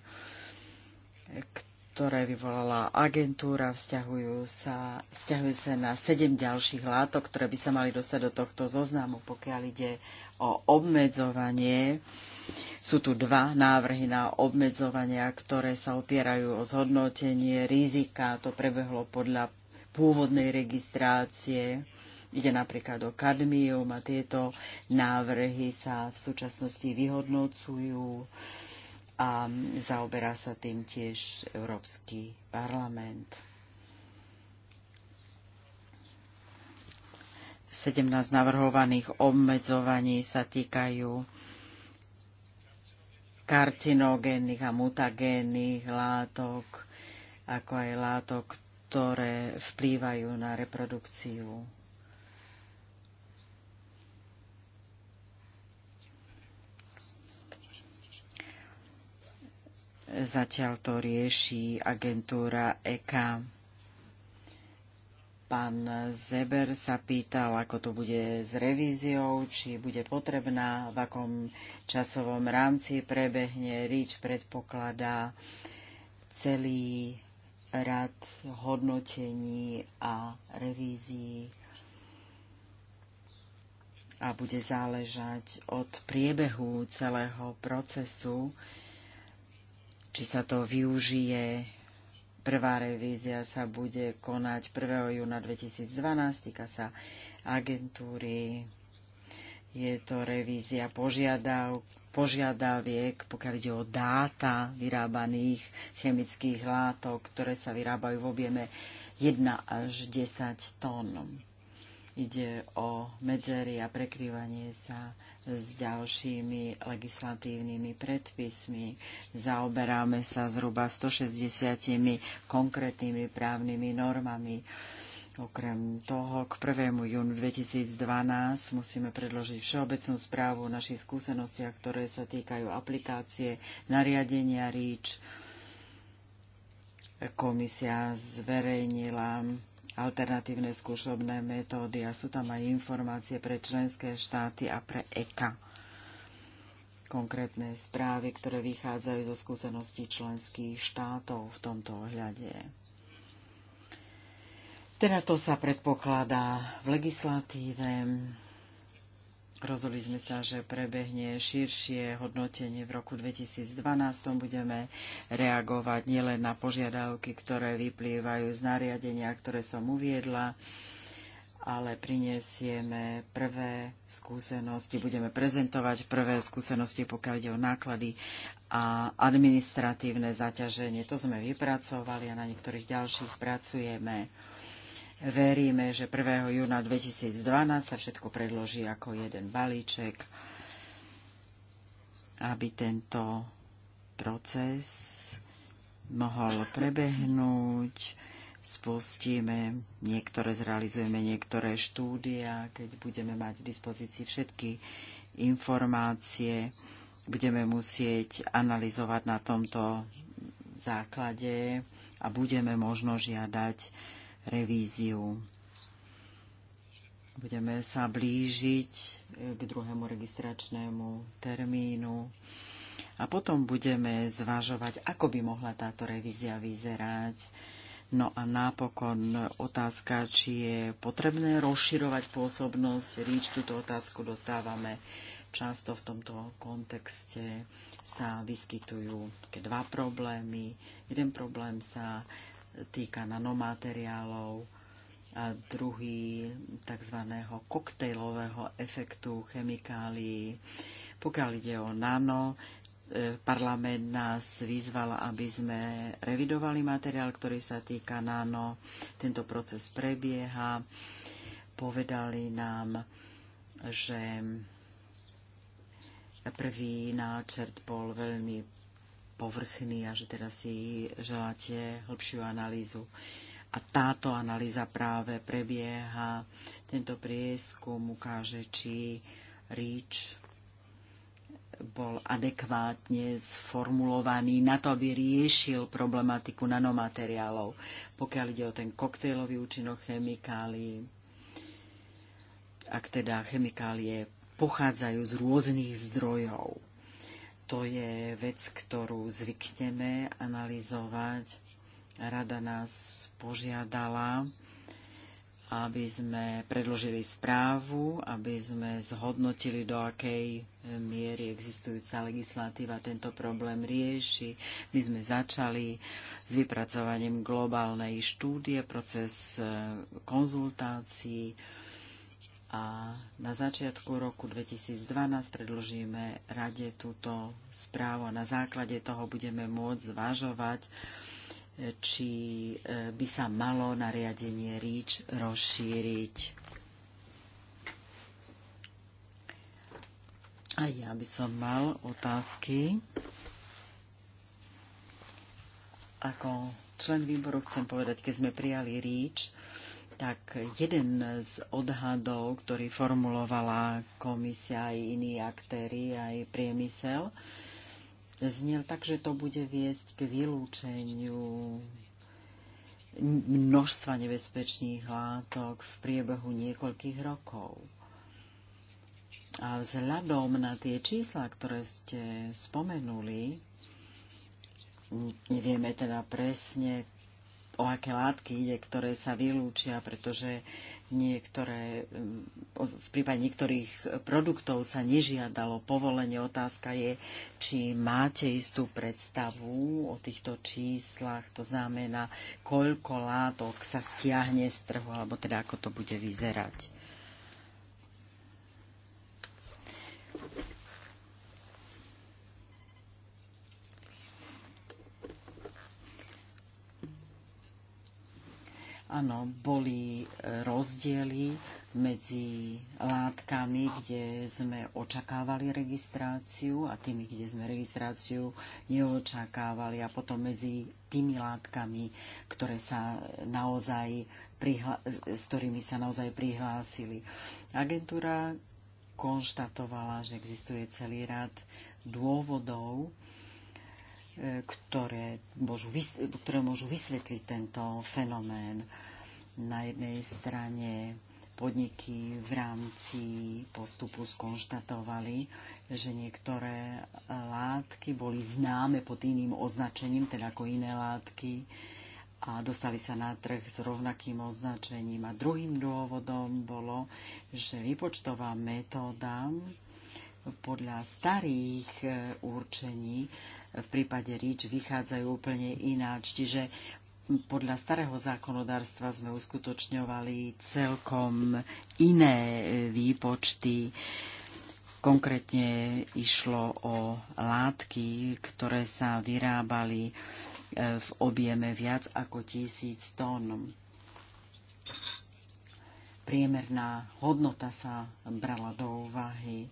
ktoré vyvolala agentúra, vzťahujú sa, vzťahujú sa na sedem ďalších látok, ktoré by sa mali dostať do tohto zoznamu, pokiaľ ide o obmedzovanie. Sú tu dva návrhy na obmedzovania, ktoré sa opierajú o zhodnotenie rizika. To prebehlo podľa pôvodnej registrácie. Ide napríklad o kadmium a tieto návrhy sa v súčasnosti vyhodnocujú a zaoberá sa tým tiež Európsky parlament. 17 navrhovaných obmedzovaní sa týkajú karcinogénnych a mutagénnych látok, ako aj látok, ktoré vplývajú na reprodukciu Zatiaľ to rieši agentúra EK. Pán Zeber sa pýtal, ako to bude s revíziou, či bude potrebná, v akom časovom rámci prebehne. RIČ predpokladá celý rad hodnotení a revízií a bude záležať od priebehu celého procesu, či sa to využije. Prvá revízia sa bude konať 1. júna 2012, týka sa agentúry. Je to revízia požiadav, požiadaviek, pokiaľ ide o dáta vyrábaných chemických látok, ktoré sa vyrábajú v objeme 1 až 10 tón. Ide o medzery a prekrývanie sa s ďalšími legislatívnymi predpismi. Zaoberáme sa zhruba 160 konkrétnymi právnymi normami. Okrem toho, k 1. júnu 2012 musíme predložiť všeobecnú správu o našich skúsenostiach, ktoré sa týkajú aplikácie nariadenia REACH. Komisia zverejnila alternatívne skúšobné metódy a sú tam aj informácie pre členské štáty a pre EKA. Konkrétne správy, ktoré vychádzajú zo skúseností členských štátov v tomto ohľade. Teda to sa predpokladá v legislatíve, Rozhodli sme sa, že prebehne širšie hodnotenie v roku 2012. Budeme reagovať nielen na požiadavky, ktoré vyplývajú z nariadenia, ktoré som uviedla, ale prinesieme prvé skúsenosti, budeme prezentovať prvé skúsenosti, pokiaľ ide o náklady a administratívne zaťaženie. To sme vypracovali a na niektorých ďalších pracujeme. Veríme, že 1. júna 2012 sa všetko predloží ako jeden balíček, aby tento proces mohol prebehnúť. Spustíme, niektoré zrealizujeme, niektoré štúdia, keď budeme mať k dispozícii všetky informácie. Budeme musieť analyzovať na tomto základe a budeme možno žiadať revíziu. Budeme sa blížiť k druhému registračnému termínu a potom budeme zvažovať, ako by mohla táto revízia vyzerať. No a napokon otázka, či je potrebné rozširovať pôsobnosť ríč Túto otázku dostávame často v tomto kontexte sa vyskytujú také dva problémy. Jeden problém sa týka nanomateriálov a druhý tzv. koktejlového efektu chemikálií. Pokiaľ ide o nano, e, parlament nás vyzval, aby sme revidovali materiál, ktorý sa týka nano. Tento proces prebieha. Povedali nám, že prvý náčrt bol veľmi povrchný a že teda si želáte hĺbšiu analýzu. A táto analýza práve prebieha. Tento prieskum ukáže, či ríč bol adekvátne sformulovaný na to, aby riešil problematiku nanomateriálov, pokiaľ ide o ten koktejlový účinok chemikálií. Ak teda chemikálie pochádzajú z rôznych zdrojov. To je vec, ktorú zvykneme analyzovať. Rada nás požiadala, aby sme predložili správu, aby sme zhodnotili, do akej miery existujúca legislatíva tento problém rieši. My sme začali s vypracovaním globálnej štúdie, proces eh, konzultácií a na začiatku roku 2012 predložíme rade túto správu a na základe toho budeme môcť zvažovať, či e, by sa malo nariadenie REACH rozšíriť. A ja by som mal otázky. Ako člen výboru chcem povedať, keď sme prijali REACH, tak jeden z odhadov, ktorý formulovala komisia aj iní aktéry, aj priemysel, znel tak, že to bude viesť k vylúčeniu množstva nebezpečných látok v priebehu niekoľkých rokov. A vzhľadom na tie čísla, ktoré ste spomenuli, nevieme teda presne, o aké látky ide, ktoré sa vylúčia, pretože niektoré, mm, v prípade niektorých produktov sa nežiadalo povolenie. Otázka je, či máte istú predstavu o týchto číslach, to znamená, koľko látok sa stiahne z trhu, alebo teda ako to bude vyzerať. Áno, boli e, rozdiely medzi látkami, kde sme očakávali registráciu a tými, kde sme registráciu neočakávali a potom medzi tými látkami, ktoré sa naozaj s ktorými sa naozaj prihlásili. Agentúra konštatovala, že existuje celý rad dôvodov, ktoré môžu, ktoré môžu vysvetliť tento fenomén. Na jednej strane podniky v rámci postupu skonštatovali, že niektoré látky boli známe pod iným označením, teda ako iné látky, a dostali sa na trh s rovnakým označením. A druhým dôvodom bolo, že výpočtová metóda podľa starých e, určení v prípade ríč vychádzajú úplne ináč. Čiže podľa starého zákonodárstva sme uskutočňovali celkom iné e, výpočty. Konkrétne išlo o látky, ktoré sa vyrábali e, v objeme viac ako tisíc tón. Priemerná hodnota sa brala do úvahy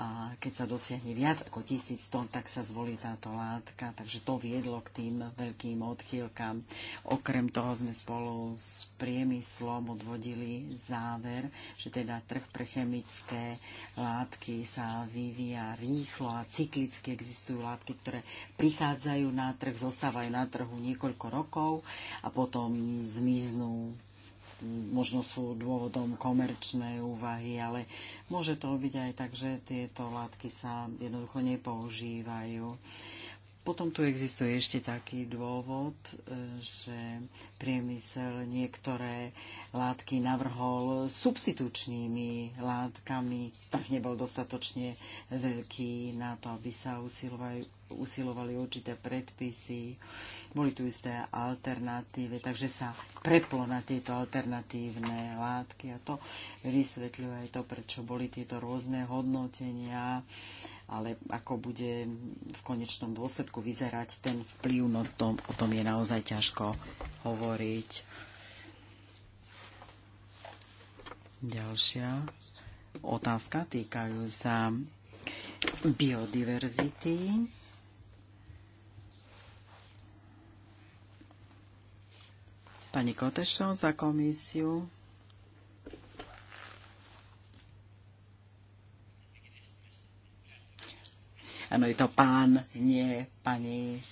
a keď sa dosiahne viac ako tisíc tón, tak sa zvolí táto látka. Takže to viedlo k tým veľkým odchýlkam. Okrem toho sme spolu s priemyslom odvodili záver, že teda trh pre chemické látky sa vyvíja rýchlo a cyklicky existujú látky, ktoré prichádzajú na trh, zostávajú na trhu niekoľko rokov a potom zmiznú možno sú dôvodom komerčnej úvahy, ale môže to byť aj tak, že tieto látky sa jednoducho nepoužívajú. Potom tu existuje ešte taký dôvod, e, že priemysel niektoré látky navrhol substitučnými látkami. Trh nebol dostatočne veľký na to, aby sa usilovali usilovali určité predpisy, boli tu isté alternatívy, takže sa preplo na tieto alternatívne látky a to vysvetľuje aj to, prečo boli tieto rôzne hodnotenia, ale ako bude v konečnom dôsledku vyzerať ten vplyv, no tom, o tom je naozaj ťažko hovoriť. Ďalšia otázka týkajú sa biodiverzity. Pani Kotešo za komisiu. Áno, je to pán, nie pani. E,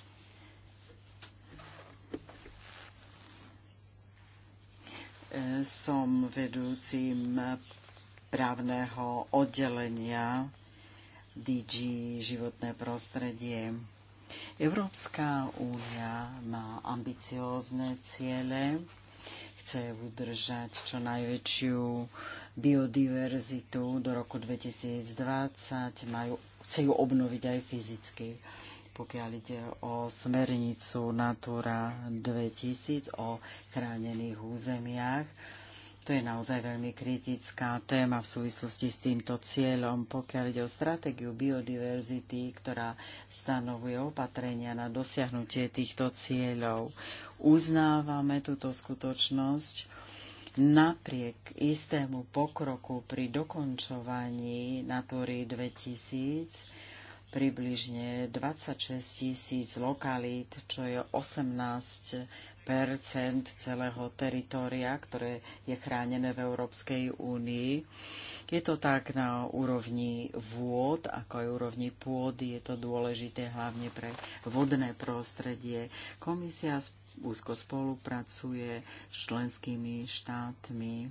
som vedúcim právneho oddelenia DG životné prostredie. Európska únia má ambiciózne ciele, chce udržať čo najväčšiu biodiverzitu do roku 2020, majú, chce ju obnoviť aj fyzicky pokiaľ ide o smernicu Natura 2000 o chránených územiach. To je naozaj veľmi kritická téma v súvislosti s týmto cieľom, pokiaľ ide o stratégiu biodiverzity, ktorá stanovuje opatrenia na dosiahnutie týchto cieľov. Uznávame túto skutočnosť, napriek istému pokroku pri dokončovaní Natúry 2000 približne 26 tisíc lokalít, čo je 18 percent celého teritoria, ktoré je chránené v Európskej únii. Je to tak na úrovni vôd, ako aj úrovni pôdy. Je to dôležité hlavne pre vodné prostredie. Komisia úzko spolupracuje s členskými štátmi.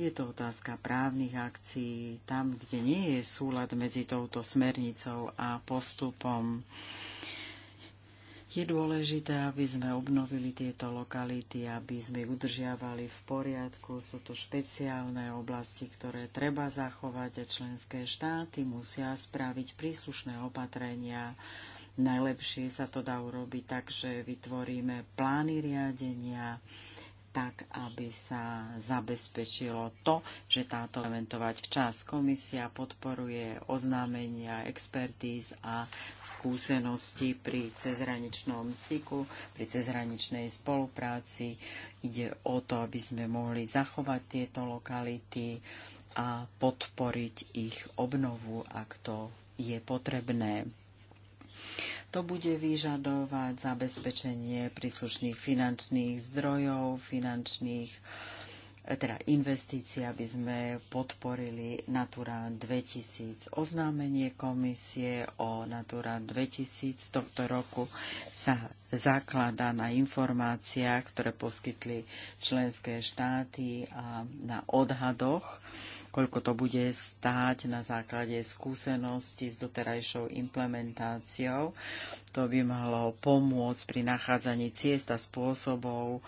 Je to otázka právnych akcií, tam, kde nie je súlad medzi touto smernicou a postupom. Je dôležité, aby sme obnovili tieto lokality, aby sme ich udržiavali v poriadku. Sú to špeciálne oblasti, ktoré treba zachovať a členské štáty musia spraviť príslušné opatrenia. Najlepšie sa to dá urobiť tak, že vytvoríme plány riadenia, tak aby sa zabezpečilo to, že táto elementovať včas. Komisia podporuje oznámenia expertíz a skúsenosti pri cezhraničnom styku, pri cezhraničnej spolupráci. Ide o to, aby sme mohli zachovať tieto lokality a podporiť ich obnovu, ak to je potrebné. To bude vyžadovať zabezpečenie príslušných finančných zdrojov, finančných e, teda investícií, aby sme podporili Natura 2000. Oznámenie komisie o Natura 2000 z tohto roku sa zakladá na informáciách, ktoré poskytli členské štáty a na odhadoch koľko to bude stáť na základe skúsenosti s doterajšou implementáciou. To by mohlo pomôcť pri nachádzaní ciest a spôsobov,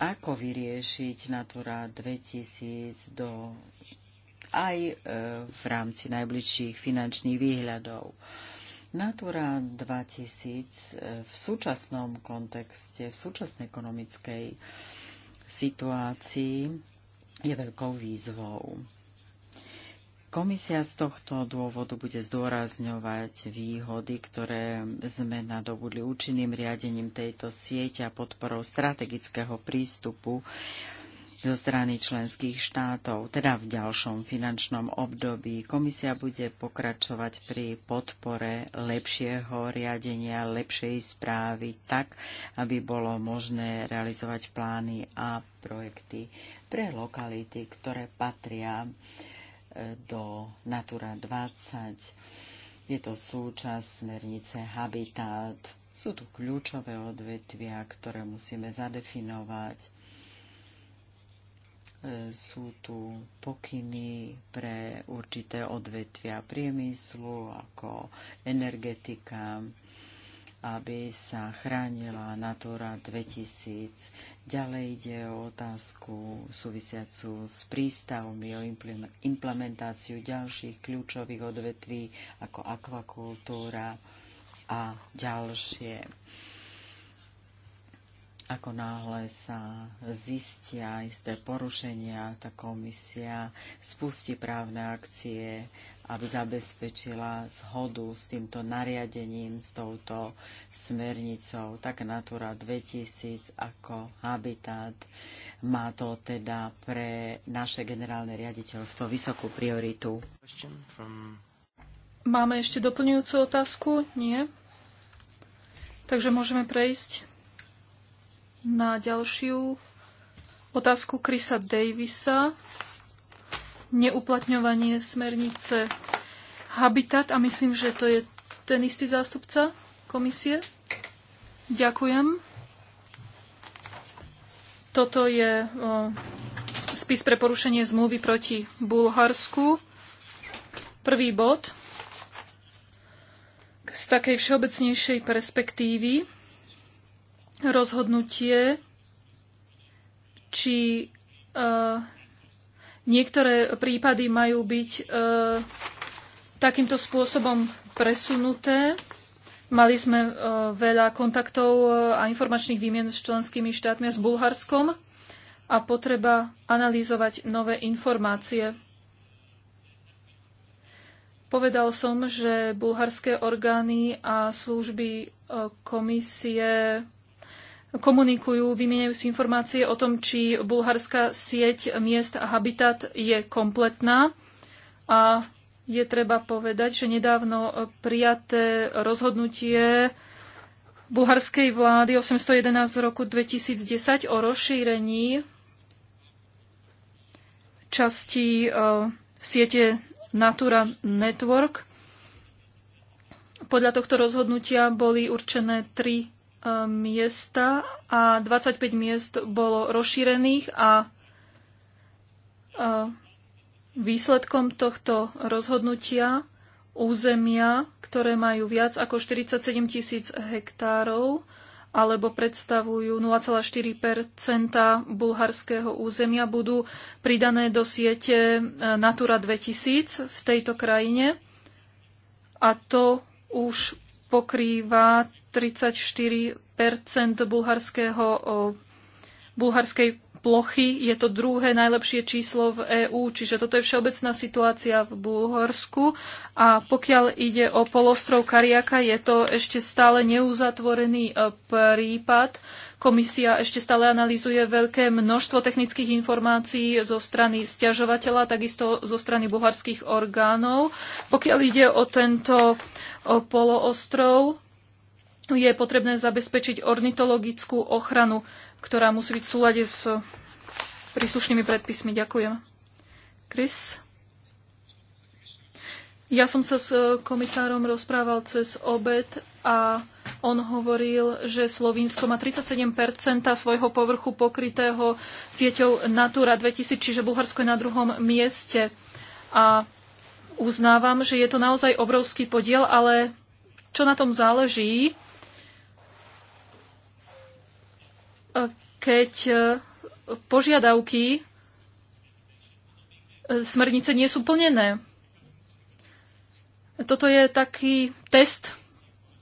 ako vyriešiť Natura 2000 do, aj e, v rámci najbližších finančných výhľadov. Natura 2000 e, v súčasnom kontexte, v súčasnej ekonomickej situácii je veľkou výzvou. Komisia z tohto dôvodu bude zdôrazňovať výhody, ktoré sme nadobudli účinným riadením tejto siete a podporou strategického prístupu zo strany členských štátov. Teda v ďalšom finančnom období komisia bude pokračovať pri podpore lepšieho riadenia, lepšej správy tak, aby bolo možné realizovať plány a projekty pre lokality, ktoré patria do Natura 20. Je to súčasť smernice Habitat. Sú tu kľúčové odvetvia, ktoré musíme zadefinovať. E, sú tu pokyny pre určité odvetvia priemyslu, ako energetika, aby sa chránila Natura 2000. Ďalej ide o otázku súvisiacu s prístavmi, o implementáciu ďalších kľúčových odvetví ako akvakultúra a ďalšie. Ako náhle sa zistia isté porušenia, tá komisia spustí právne akcie aby zabezpečila zhodu s týmto nariadením, s touto smernicou, tak Natura 2000 ako habitat. Má to teda pre naše generálne riaditeľstvo vysokú prioritu. Máme ešte doplňujúcu otázku? Nie? Takže môžeme prejsť na ďalšiu otázku Krisa Davisa neuplatňovanie smernice Habitat a myslím, že to je ten istý zástupca komisie. Ďakujem. Toto je spis pre porušenie zmluvy proti Bulharsku. Prvý bod z takej všeobecnejšej perspektívy rozhodnutie, či uh, Niektoré prípady majú byť e, takýmto spôsobom presunuté. Mali sme e, veľa kontaktov e, a informačných výmien s členskými štátmi a s Bulharskom a potreba analýzovať nové informácie. Povedal som, že bulharské orgány a služby e, komisie komunikujú, vymieňajú si informácie o tom, či bulharská sieť miest a habitat je kompletná. A je treba povedať, že nedávno prijaté rozhodnutie bulharskej vlády 811 z roku 2010 o rozšírení časti v eh, siete Natura Network. Podľa tohto rozhodnutia boli určené tri E, miesta a 25 miest bolo rozšírených a e, výsledkom tohto rozhodnutia územia, ktoré majú viac ako 47 tisíc hektárov alebo predstavujú 0,4 bulharského územia, budú pridané do siete e, Natura 2000 v tejto krajine. A to už pokrýva 34 bulharského, bulharskej plochy. Je to druhé najlepšie číslo v EÚ, čiže toto je všeobecná situácia v Bulharsku. A pokiaľ ide o polostrov Kariaka, je to ešte stále neuzatvorený e, prípad. Komisia ešte stále analýzuje veľké množstvo technických informácií zo strany stiažovateľa, takisto zo strany bulharských orgánov. Pokiaľ ide o tento poloostrov, je potrebné zabezpečiť ornitologickú ochranu, ktorá musí byť v súlade s príslušnými predpismi. Ďakujem. Chris? Ja som sa s e, komisárom rozprával cez obed a on hovoril, že Slovinsko má 37 svojho povrchu pokrytého sieťou Natura 2000, čiže Bulharsko je na druhom mieste. A uznávam, že je to naozaj obrovský podiel, ale čo na tom záleží, keď e, požiadavky e, smernice nie sú plnené. Toto je taký test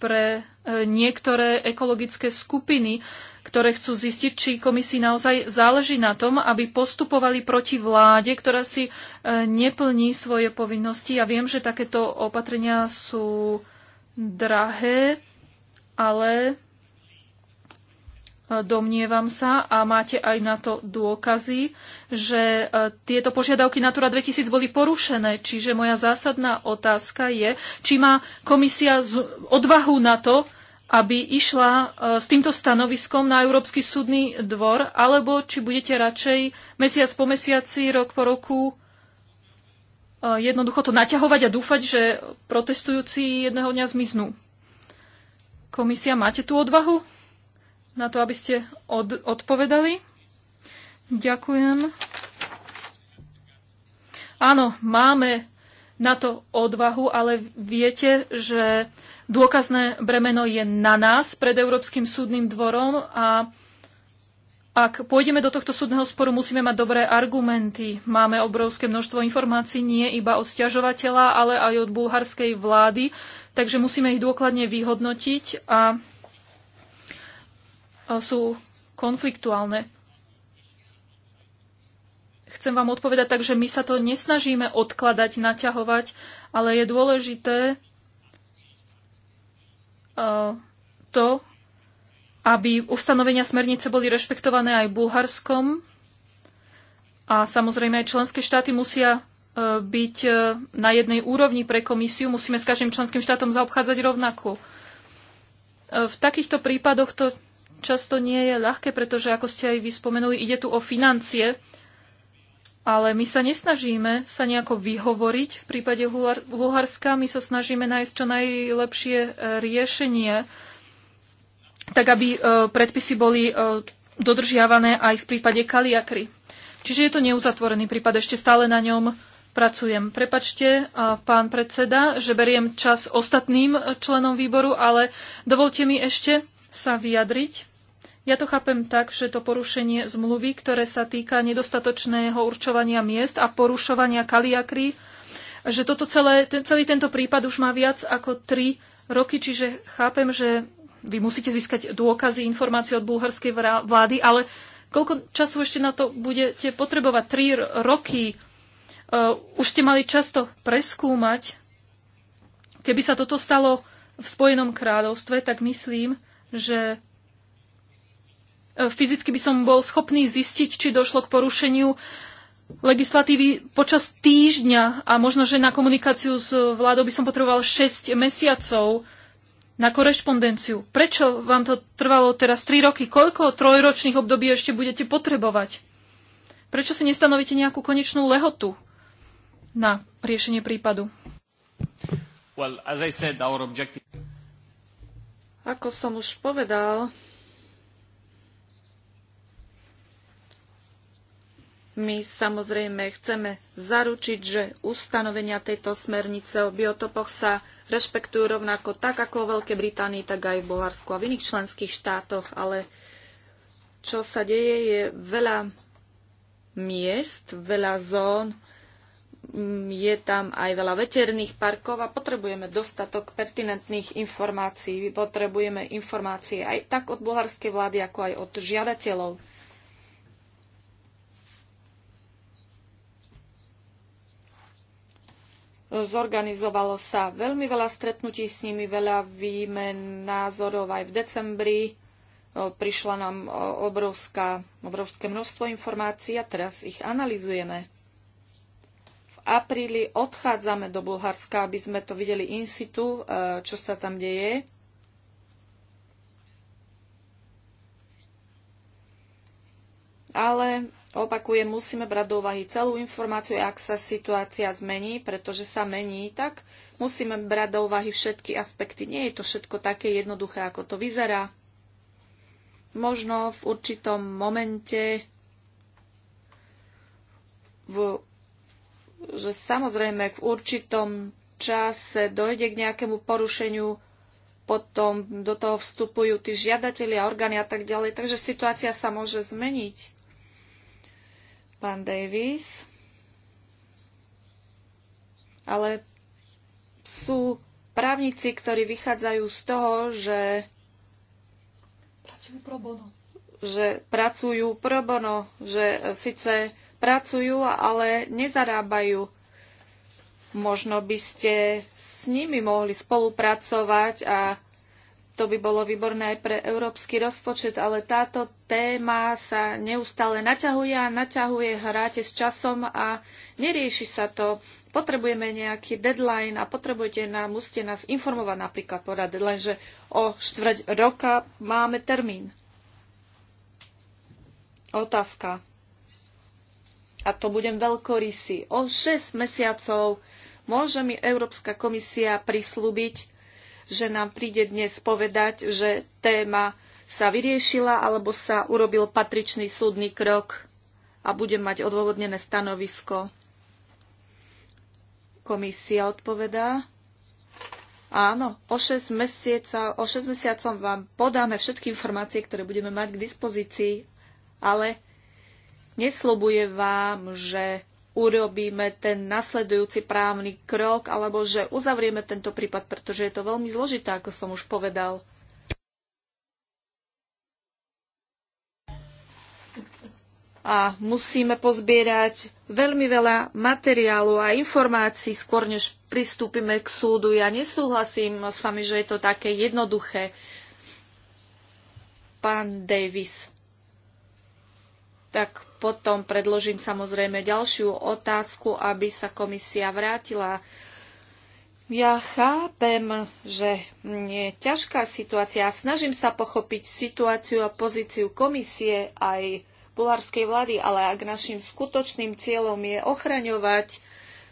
pre e, niektoré ekologické skupiny, ktoré chcú zistiť, či komisii naozaj záleží na tom, aby postupovali proti vláde, ktorá si neplní svoje povinnosti. Ja viem, že takéto opatrenia sú drahé, ale domnievam sa, a máte aj na to dôkazy, že e, tieto požiadavky Natura 2000 boli porušené. Čiže moja zásadná otázka je, či má komisia odvahu na to, aby išla e, s týmto stanoviskom na Európsky súdny dvor, alebo či budete radšej mesiac po mesiaci, rok po roku e, jednoducho to naťahovať a dúfať, že protestujúci jedného dňa zmiznú. Komisia, máte tú odvahu? na to, aby ste od- odpovedali? Ďakujem. Áno, máme na to odvahu, ale viete, že dôkazné bremeno je na nás pred Európskym súdnym dvorom a ak pôjdeme do tohto súdneho sporu, musíme mať dobré argumenty. Máme obrovské množstvo informácií, nie iba od stiažovateľa, ale aj od bulharskej vlády, takže musíme ich dôkladne vyhodnotiť a sú konfliktuálne. Chcem vám odpovedať tak, že my sa to nesnažíme odkladať, naťahovať, ale je dôležité e, to, aby ustanovenia smernice boli rešpektované aj Bulharskom a samozrejme aj členské štáty musia e, byť e, na jednej úrovni pre komisiu, musíme s každým členským štátom zaobchádzať rovnako. V takýchto prípadoch to často nie je ľahké, pretože ako ste aj vyspomenuli, ide tu o financie, ale my sa nesnažíme sa nejako vyhovoriť v prípade Bulharska, my sa snažíme nájsť čo najlepšie e, riešenie, tak aby e, predpisy boli e, dodržiavané aj v prípade Kaliakry. Čiže je to neuzatvorený prípad, ešte stále na ňom pracujem. Prepačte, pán predseda, že beriem čas ostatným členom výboru, ale dovolte mi ešte sa vyjadriť. Ja to chápem tak, že to porušenie zmluvy, ktoré sa týka nedostatočného určovania miest a porušovania kaliakry, že toto celé, ten, celý tento prípad už má viac ako 3 roky, čiže chápem, že vy musíte získať dôkazy, informácie od bulharskej vlády, ale koľko času ešte na to budete potrebovať? 3 roky. Uh, už ste mali často preskúmať. Keby sa toto stalo v Spojenom kráľovstve, tak myslím, že E, fyzicky by som bol schopný zistiť, či došlo k porušeniu legislatívy počas týždňa a možno, že na komunikáciu s vládou by som potreboval 6 mesiacov na korešpondenciu. Prečo vám to trvalo teraz 3 roky? Koľko trojročných období ešte budete potrebovať? Prečo si nestanovíte nejakú konečnú lehotu na riešenie prípadu? Well, as I said, our objective... Ako som už povedal, My samozrejme chceme zaručiť, že ustanovenia tejto smernice o biotopoch sa rešpektujú rovnako tak ako vo Veľkej Británii, tak aj v Bulharsku a v iných členských štátoch, ale čo sa deje je veľa miest, veľa zón, mm, je tam aj veľa veterných parkov a potrebujeme dostatok pertinentných informácií. Potrebujeme informácie aj tak od bulharskej vlády, ako aj od žiadateľov. Zorganizovalo sa veľmi veľa stretnutí s nimi, veľa výmen názorov aj v decembri. E, prišla nám e, obrovská, obrovské množstvo informácií a teraz ich analizujeme. V apríli odchádzame do Bulharska, aby sme to videli in situ, e, čo sa tam deje. Ale Opakujem, musíme brať do úvahy celú informáciu, ak sa situácia zmení, pretože sa mení, tak musíme brať do úvahy všetky aspekty. Nie je to všetko také jednoduché, ako to vyzerá. Možno v určitom momente, v, že samozrejme v určitom čase dojde k nejakému porušeniu, potom do toho vstupujú tí žiadatelia, orgány a tak ďalej, takže situácia sa môže zmeniť pán Davis. Ale sú právnici, ktorí vychádzajú z toho, že pracujú pro bono. Že pracujú pro bono, že síce pracujú, ale nezarábajú. Možno by ste s nimi mohli spolupracovať a to by bolo výborné aj pre európsky rozpočet, ale táto téma sa neustále naťahuje a naťahuje, hráte s časom a nerieši sa to. Potrebujeme nejaký deadline a potrebujete nám, musíte nás informovať napríklad porad, lenže o štvrť roka máme termín. Otázka. A to budem veľkorysý. O 6 mesiacov môže mi Európska komisia prislúbiť, že nám príde dnes povedať, že téma sa vyriešila alebo sa urobil patričný súdny krok a budem mať odôvodnené stanovisko. Komisia odpovedá. Áno, o 6, mesiaca, o 6 mesiacom vám podáme všetky informácie, ktoré budeme mať k dispozícii, ale neslobujem vám, že urobíme ten nasledujúci právny krok alebo že uzavrieme tento prípad, pretože je to veľmi zložité, ako som už povedal. A musíme pozbierať veľmi veľa materiálu a informácií skôr, než pristúpime k súdu. Ja nesúhlasím s vami, že je to také jednoduché. Pán Davis tak potom predložím samozrejme ďalšiu otázku, aby sa komisia vrátila. Ja chápem, že je ťažká situácia snažím sa pochopiť situáciu a pozíciu komisie aj bulharskej vlády, ale ak našim skutočným cieľom je ochraňovať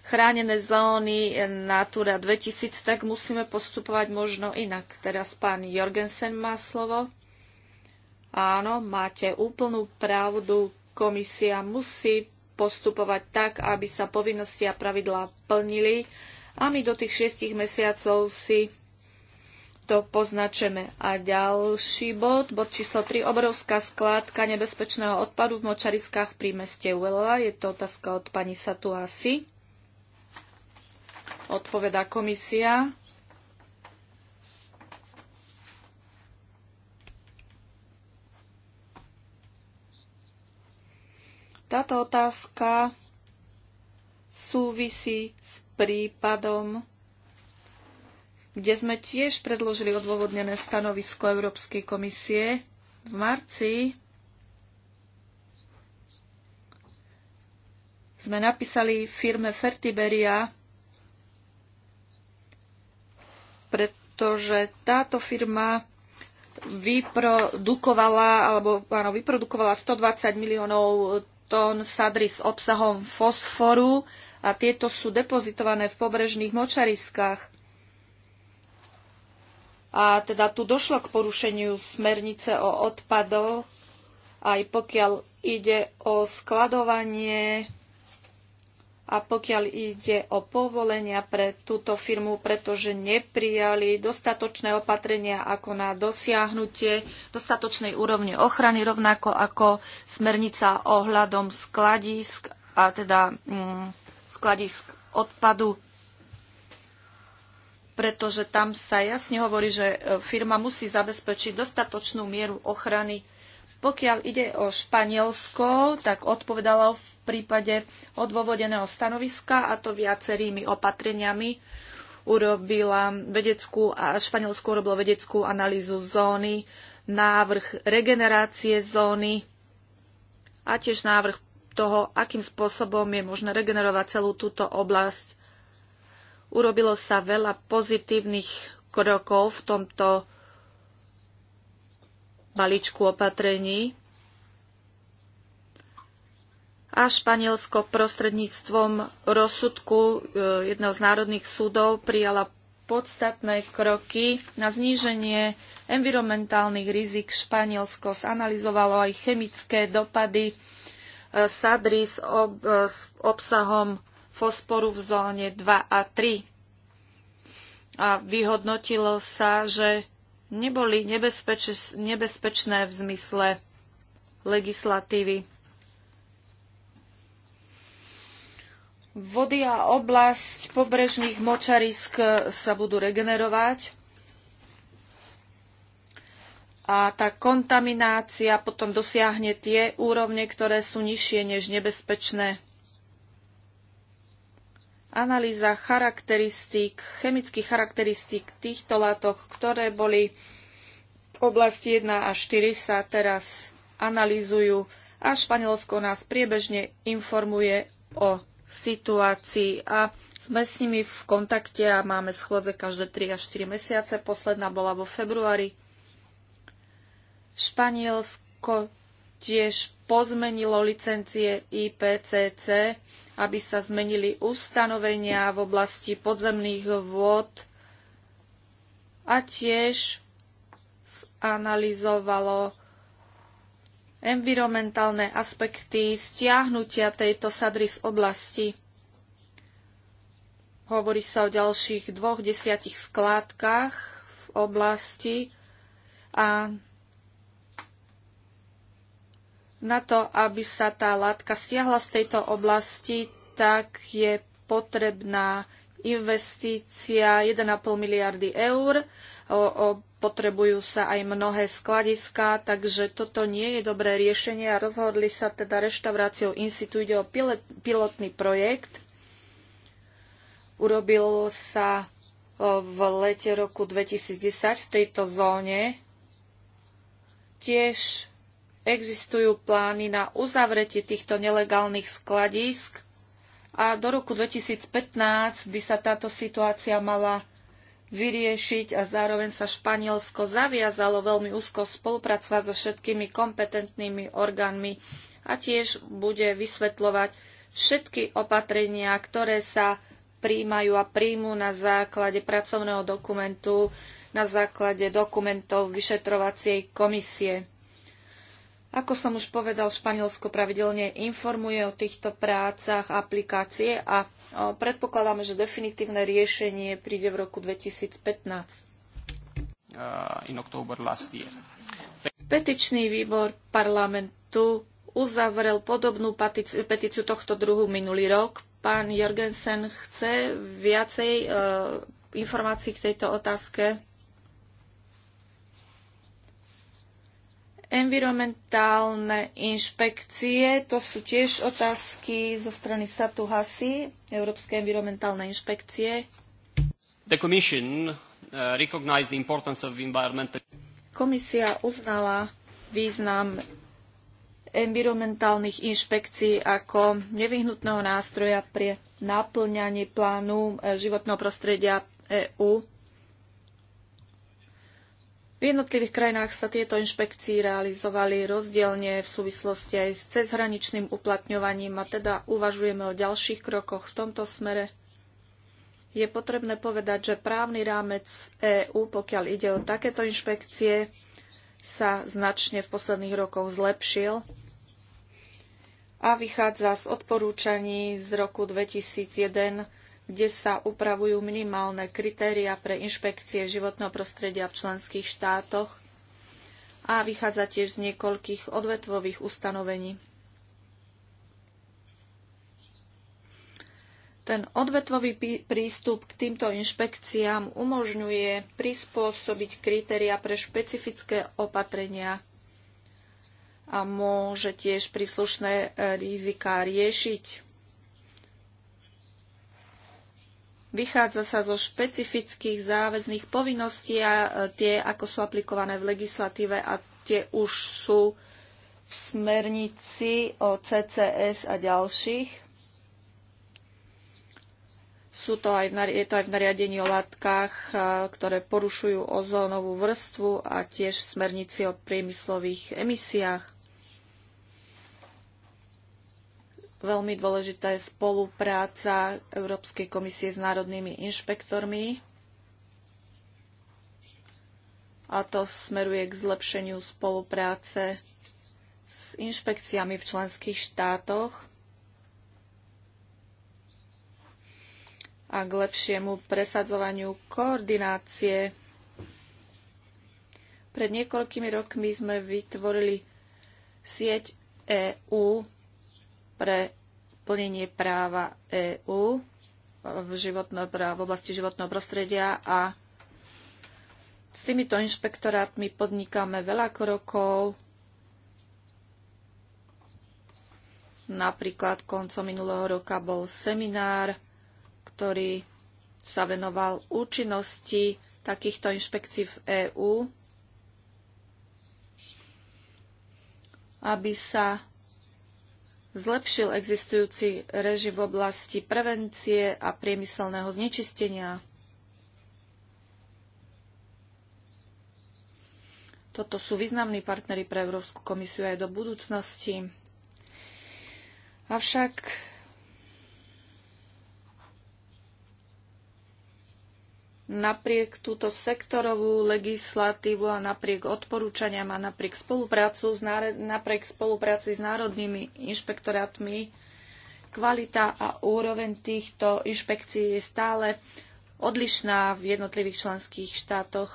chránené zóny Natura 2000, tak musíme postupovať možno inak. Teraz pán Jorgensen má slovo. Áno, máte úplnú pravdu. Komisia musí postupovať tak, aby sa povinnosti a pravidlá plnili a my do tých šiestich mesiacov si to poznačeme. A ďalší bod, bod číslo 3, obrovská skládka nebezpečného odpadu v močariskách pri meste Uelova. Je to otázka od pani Satuasi. Odpoveda komisia. Táto otázka súvisí s prípadom, kde sme tiež predložili odôvodnené stanovisko Európskej komisie v marci. Sme napísali firme Fertiberia, pretože táto firma vyprodukovala, alebo áno, vyprodukovala 120 miliónov tón sadry s obsahom fosforu a tieto sú depozitované v pobrežných močariskách. A teda tu došlo k porušeniu smernice o odpadoch, aj pokiaľ ide o skladovanie a pokiaľ ide o povolenia pre túto firmu, pretože neprijali dostatočné opatrenia ako na dosiahnutie dostatočnej úrovne ochrany, rovnako ako smernica ohľadom skladisk a teda mm, skladisk odpadu pretože tam sa jasne hovorí, že e, firma musí zabezpečiť dostatočnú mieru ochrany pokiaľ ide o Španielsko, tak odpovedalo v prípade odôvodeného stanoviska a to viacerými opatreniami urobila vedeckú a Španielsko urobilo vedeckú analýzu zóny, návrh regenerácie zóny a tiež návrh toho, akým spôsobom je možné regenerovať celú túto oblasť. Urobilo sa veľa pozitívnych krokov v tomto balíčku opatrení a Španielsko prostredníctvom rozsudku e, jedného z národných súdov prijala podstatné kroky na zníženie environmentálnych rizik. Španielsko zanalizovalo aj chemické dopady e, sadry s, e, obsahom fosporu v zóne 2 a 3. A vyhodnotilo sa, že neboli nebezpeč, nebezpečné v zmysle legislatívy. Vody a oblasť pobrežných močarisk sa budú regenerovať a tá kontaminácia potom dosiahne tie úrovne, ktoré sú nižšie než nebezpečné analýza charakteristík, chemických charakteristík týchto látok, ktoré boli v oblasti 1 a 4 sa teraz analýzujú a Španielsko nás priebežne informuje o situácii a sme s nimi v kontakte a máme schôdze každé 3 až 4 mesiace. Posledná bola vo februári. Španielsko tiež pozmenilo licencie IPCC, aby sa zmenili ustanovenia v oblasti podzemných vôd a tiež analyzovalo environmentálne aspekty stiahnutia tejto sadry z oblasti. Hovorí sa o ďalších dvoch desiatich skládkach v oblasti a na to, aby sa tá látka stiahla z tejto oblasti, tak je potrebná investícia 1,5 miliardy eur. O, o, potrebujú sa aj mnohé skladiska, takže toto nie je dobré riešenie a rozhodli sa teda reštauráciou Institu. Ide o pilet, pilotný projekt. Urobil sa v lete roku 2010 v tejto zóne. Tiež existujú plány na uzavretie týchto nelegálnych skladísk a do roku 2015 by sa táto situácia mala vyriešiť a zároveň sa Španielsko zaviazalo veľmi úzko spolupracovať so všetkými kompetentnými orgánmi a tiež bude vysvetľovať všetky opatrenia, ktoré sa príjmajú a príjmu na základe pracovného dokumentu, na základe dokumentov vyšetrovacej komisie. Ako som už povedal, Španielsko pravidelne informuje o týchto prácach, aplikácie a predpokladáme, že definitívne riešenie príde v roku 2015. Uh, Petičný výbor parlamentu uzavrel podobnú petíciu tohto druhu minulý rok. Pán Jorgensen chce viacej uh, informácií k tejto otázke. Environmentálne inšpekcie, to sú tiež otázky zo strany Satu Hasi, Európske environmentálne inšpekcie. The Commission uh, recognized the importance of environmental... Komisia uznala význam environmentálnych inšpekcií ako nevyhnutného nástroja pre naplňanie plánu eh, životného prostredia EÚ v jednotlivých krajinách sa tieto inšpekcie realizovali rozdielne v súvislosti aj s cezhraničným uplatňovaním a teda uvažujeme o ďalších krokoch v tomto smere. Je potrebné povedať, že právny rámec v EÚ, pokiaľ ide o takéto inšpekcie, sa značne v posledných rokoch zlepšil a vychádza z odporúčaní z roku 2001 kde sa upravujú minimálne kritéria pre inšpekcie životného prostredia v členských štátoch a vychádza tiež z niekoľkých odvetvových ustanovení. Ten odvetvový prístup k týmto inšpekciám umožňuje prispôsobiť kritéria pre špecifické opatrenia a môže tiež príslušné e, rizika riešiť Vychádza sa zo špecifických záväzných povinností a e, tie, ako sú aplikované v legislatíve a tie už sú v smernici o CCS a ďalších. Sú to aj v, je to aj v nariadení o látkach, e, ktoré porušujú ozónovú vrstvu a tiež v smernici o priemyslových emisiách. Veľmi dôležitá je spolupráca Európskej komisie s národnými inšpektormi. A to smeruje k zlepšeniu spolupráce s inšpekciami v členských štátoch a k lepšiemu presadzovaniu koordinácie. Pred niekoľkými rokmi sme vytvorili sieť EÚ pre plnenie práva EÚ v, životno, v oblasti životného prostredia a s týmito inšpektorátmi podnikáme veľa krokov, Napríklad koncom minulého roka bol seminár, ktorý sa venoval účinnosti takýchto inšpekcií v EÚ, aby sa zlepšil existujúci režim v oblasti prevencie a priemyselného znečistenia. Toto sú významní partnery pre Európsku komisiu aj do budúcnosti. Avšak napriek túto sektorovú legislatívu a napriek odporúčaniam a napriek, spoluprácu s národ, napriek spolupráci s národnými inšpektorátmi kvalita a úroveň týchto inšpekcií je stále odlišná v jednotlivých členských štátoch.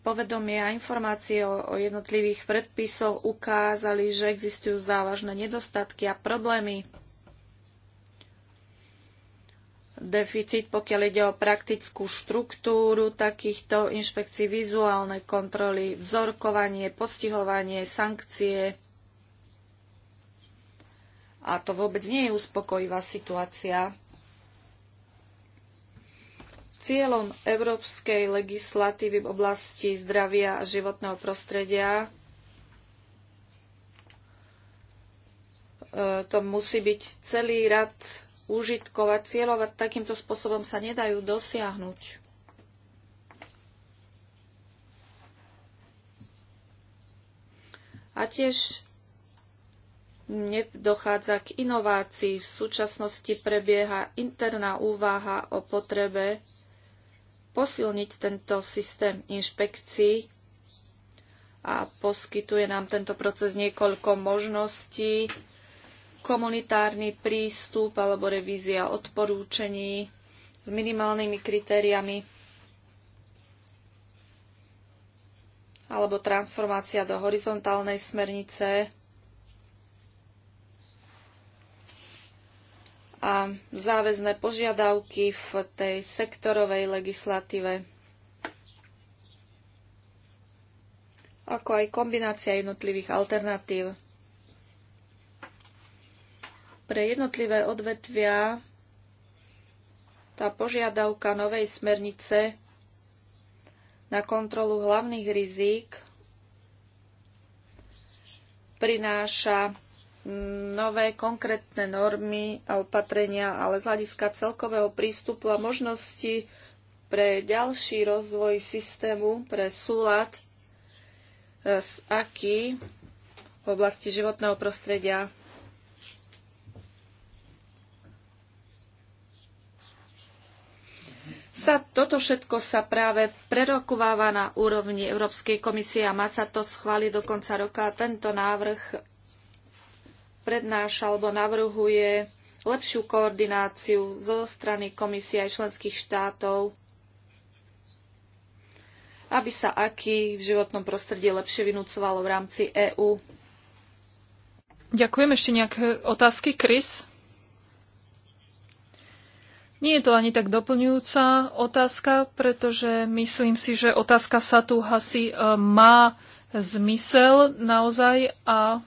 povedomie a informácie o jednotlivých predpisoch ukázali, že existujú závažné nedostatky a problémy deficit, pokiaľ ide o praktickú štruktúru takýchto inšpekcií, vizuálne kontroly, vzorkovanie, postihovanie, sankcie. A to vôbec nie je uspokojivá situácia. Cieľom európskej legislatívy v oblasti zdravia a životného prostredia e, to musí byť celý rad úžitkovať, cieľovať takýmto spôsobom sa nedajú dosiahnuť. A tiež nedochádza k inovácii. V súčasnosti prebieha interná úvaha o potrebe posilniť tento systém inšpekcií a poskytuje nám tento proces niekoľko možností komunitárny prístup alebo revízia odporúčení s minimálnymi kritériami alebo transformácia do horizontálnej smernice a záväzné požiadavky v tej sektorovej legislatíve, ako aj kombinácia jednotlivých alternatív. Pre jednotlivé odvetvia tá požiadavka novej smernice na kontrolu hlavných rizík prináša mm, nové konkrétne normy a opatrenia, ale z hľadiska celkového prístupu a možnosti pre ďalší rozvoj systému, pre súlad e, s aký v oblasti životného prostredia sa toto všetko sa práve prerokováva na úrovni Európskej komisie a má sa to schváliť do konca roka. Tento návrh prednáša alebo navrhuje lepšiu koordináciu zo strany komisie aj členských štátov, aby sa aký v životnom prostredí lepšie vynúcovalo v rámci EÚ. Ďakujem. Ešte nejaké otázky, Chris? Nie je to ani tak doplňujúca otázka, pretože myslím si, že otázka sa tu asi e, má zmysel naozaj a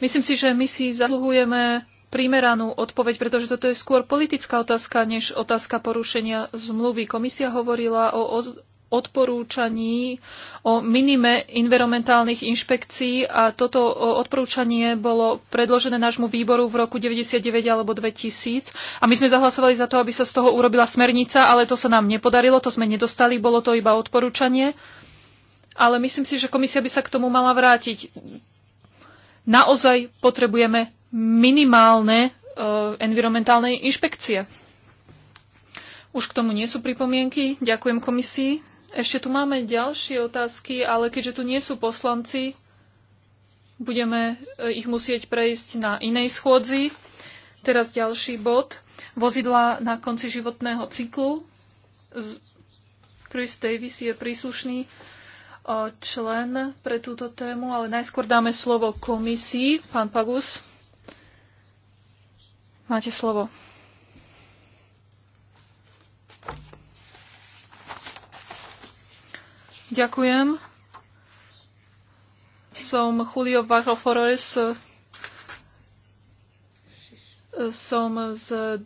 myslím si, že my si zadlhujeme primeranú odpoveď, pretože toto je skôr politická otázka, než otázka porušenia zmluvy. Komisia hovorila o odporúčaní o minime environmentálnych inšpekcií a toto odporúčanie bolo predložené nášmu výboru v roku 99 alebo 2000 a my sme zahlasovali za to, aby sa z toho urobila smernica, ale to sa nám nepodarilo, to sme nedostali, bolo to iba odporúčanie. Ale myslím si, že komisia by sa k tomu mala vrátiť. Naozaj potrebujeme minimálne uh, environmentálne inšpekcie. Už k tomu nie sú pripomienky. Ďakujem komisii. Ešte tu máme ďalšie otázky, ale keďže tu nie sú poslanci, budeme e, ich musieť prejsť na inej schôdzi. Teraz ďalší bod. Vozidla na konci životného cyklu. Chris Davis je príslušný e, člen pre túto tému, ale najskôr dáme slovo komisii. Pán Pagus, máte slovo. Ďakujem. Som Julio Barro Forores. Som z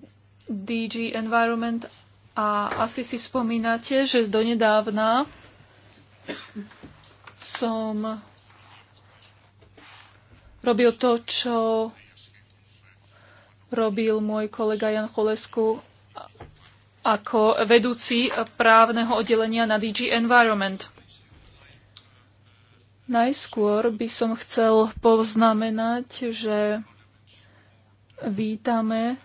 DG Environment a asi si spomínate, že donedávna som robil to, čo robil môj kolega Jan Cholesku ako vedúci právneho oddelenia na DG Environment. Najskôr by som chcel poznamenať, že vítame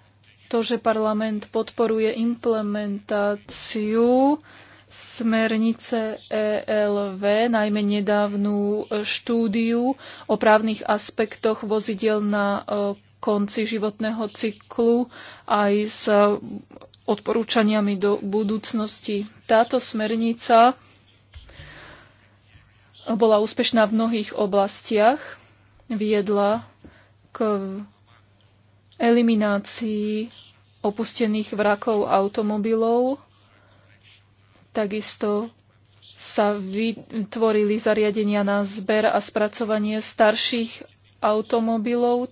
to, že parlament podporuje implementáciu smernice ELV, najmä nedávnu štúdiu o právnych aspektoch vozidiel na e, konci životného cyklu aj s odporúčaniami do budúcnosti. Táto smernica bola úspešná v mnohých oblastiach, viedla k eliminácii opustených vrakov automobilov. Takisto sa vytvorili zariadenia na zber a spracovanie starších automobilov.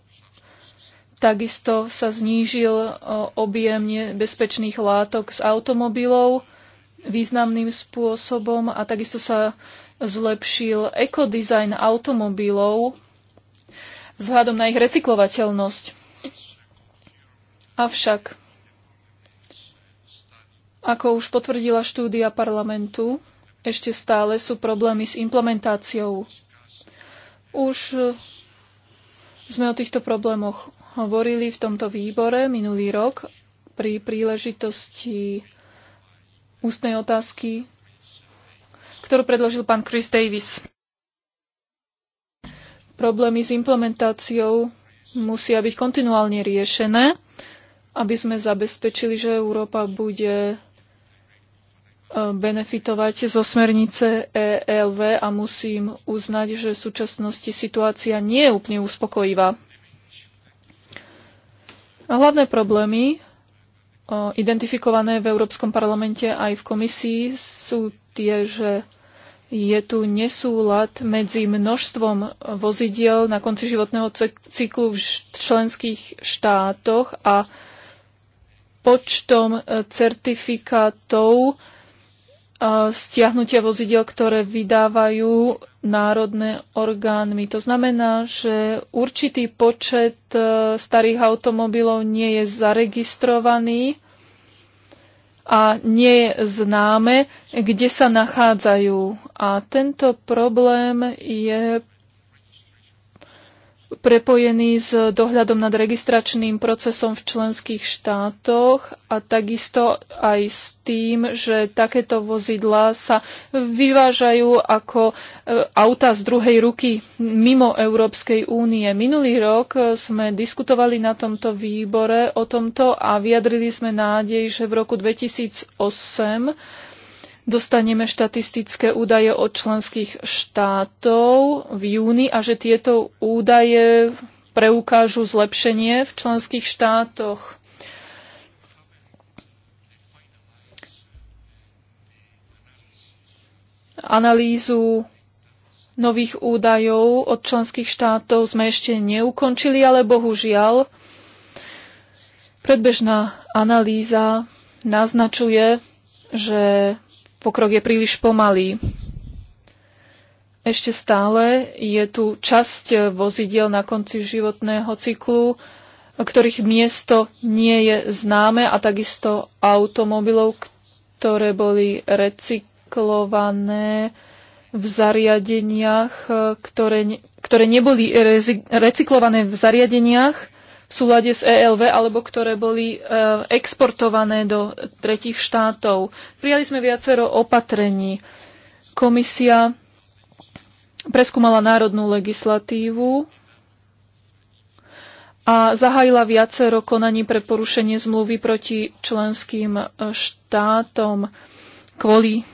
Takisto sa znížil objem nebezpečných látok z automobilov významným spôsobom a takisto sa zlepšil ekodizajn automobilov vzhľadom na ich recyklovateľnosť. Avšak, ako už potvrdila štúdia parlamentu, ešte stále sú problémy s implementáciou. Už e, sme o týchto problémoch hovorili v tomto výbore minulý rok pri príležitosti ústnej otázky ktorú predložil pán Chris Davis. Problémy s implementáciou musia byť kontinuálne riešené, aby sme zabezpečili, že Európa bude e, benefitovať zo smernice ELV a musím uznať, že v súčasnosti situácia nie je úplne uspokojivá. hlavné problémy e, identifikované v Európskom parlamente aj v komisii sú tie, že je tu nesúlad medzi množstvom vozidiel na konci životného cyklu v členských štátoch a počtom e, certifikátov e, stiahnutia vozidiel, ktoré vydávajú národné orgány, To znamená, že určitý počet e, starých automobilov nie je zaregistrovaný a nie je známe, kde sa nachádzajú. A tento problém je prepojený s dohľadom nad registračným procesom v členských štátoch a takisto aj s tým, že takéto vozidlá sa vyvážajú ako e, auta z druhej ruky mimo Európskej únie. Minulý rok sme diskutovali na tomto výbore o tomto a vyjadrili sme nádej, že v roku 2008 dostaneme štatistické údaje od členských štátov v júni a že tieto údaje preukážu zlepšenie v členských štátoch. Analýzu nových údajov od členských štátov sme ešte neukončili, ale bohužiaľ predbežná analýza naznačuje, že pokrok je príliš pomalý. Ešte stále je tu časť vozidiel na konci životného cyklu, ktorých miesto nie je známe a takisto automobilov, ktoré boli recyklované v zariadeniach, ktoré, ktoré neboli recyklované v zariadeniach, v súlade s ELV alebo ktoré boli e, exportované do tretich štátov. Prijali sme viacero opatrení. Komisia preskúmala národnú legislatívu a zahájila viacero konaní pre porušenie zmluvy proti členským e, štátom kvôli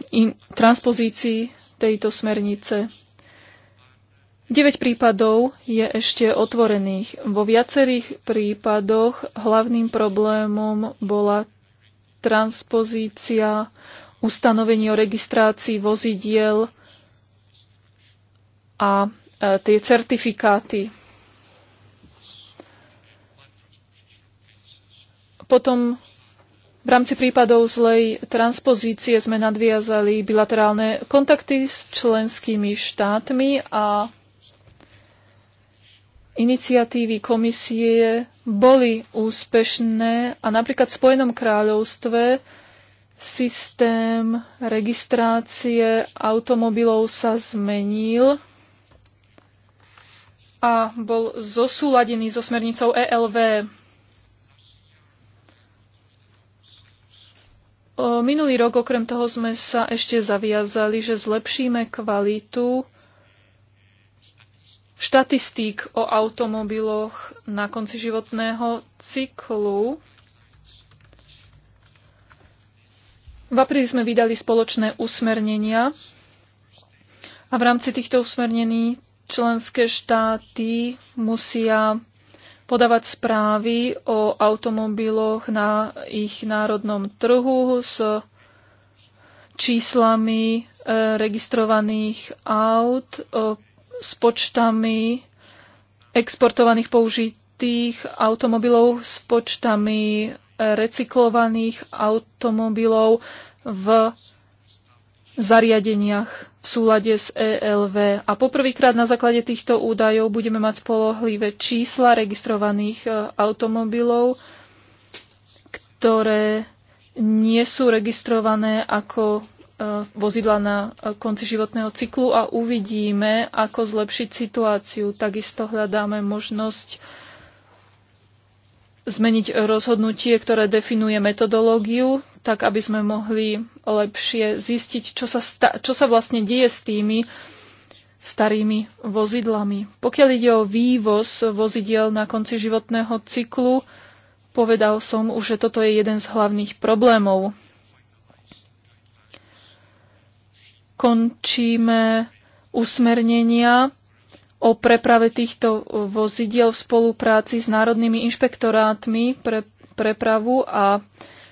transpozícii tejto smernice. 9 prípadov je ešte otvorených. Vo viacerých prípadoch hlavným problémom bola transpozícia ustanovení o registrácii vozidiel a e, tie certifikáty. Potom v rámci prípadov zlej transpozície sme nadviazali bilaterálne kontakty s členskými štátmi a iniciatívy komisie boli úspešné a napríklad v Spojenom kráľovstve systém registrácie automobilov sa zmenil a bol zosúladený so smernicou ELV. Minulý rok okrem toho sme sa ešte zaviazali, že zlepšíme kvalitu štatistík o automobiloch na konci životného cyklu. V apríli sme vydali spoločné usmernenia a v rámci týchto usmernení členské štáty musia podávať správy o automobiloch na ich národnom trhu s číslami eh, registrovaných aut, eh, s počtami exportovaných použitých automobilov, s počtami e, recyklovaných automobilov v zariadeniach v súlade s ELV. A poprvýkrát na základe týchto údajov budeme mať spolohlivé čísla registrovaných e, automobilov, ktoré nie sú registrované ako Eh, vozidla na eh, konci životného cyklu a uvidíme, ako zlepšiť situáciu. Takisto hľadáme možnosť zmeniť rozhodnutie, ktoré definuje metodológiu, tak aby sme mohli lepšie zistiť, čo sa, čo sa vlastne deje s tými starými vozidlami. Pokiaľ ide o vývoz vozidiel na konci životného cyklu, povedal som už, že toto je jeden z hlavných problémov dokončíme usmernenia o preprave týchto vozidiel v spolupráci s národnými inšpektorátmi pre prepravu a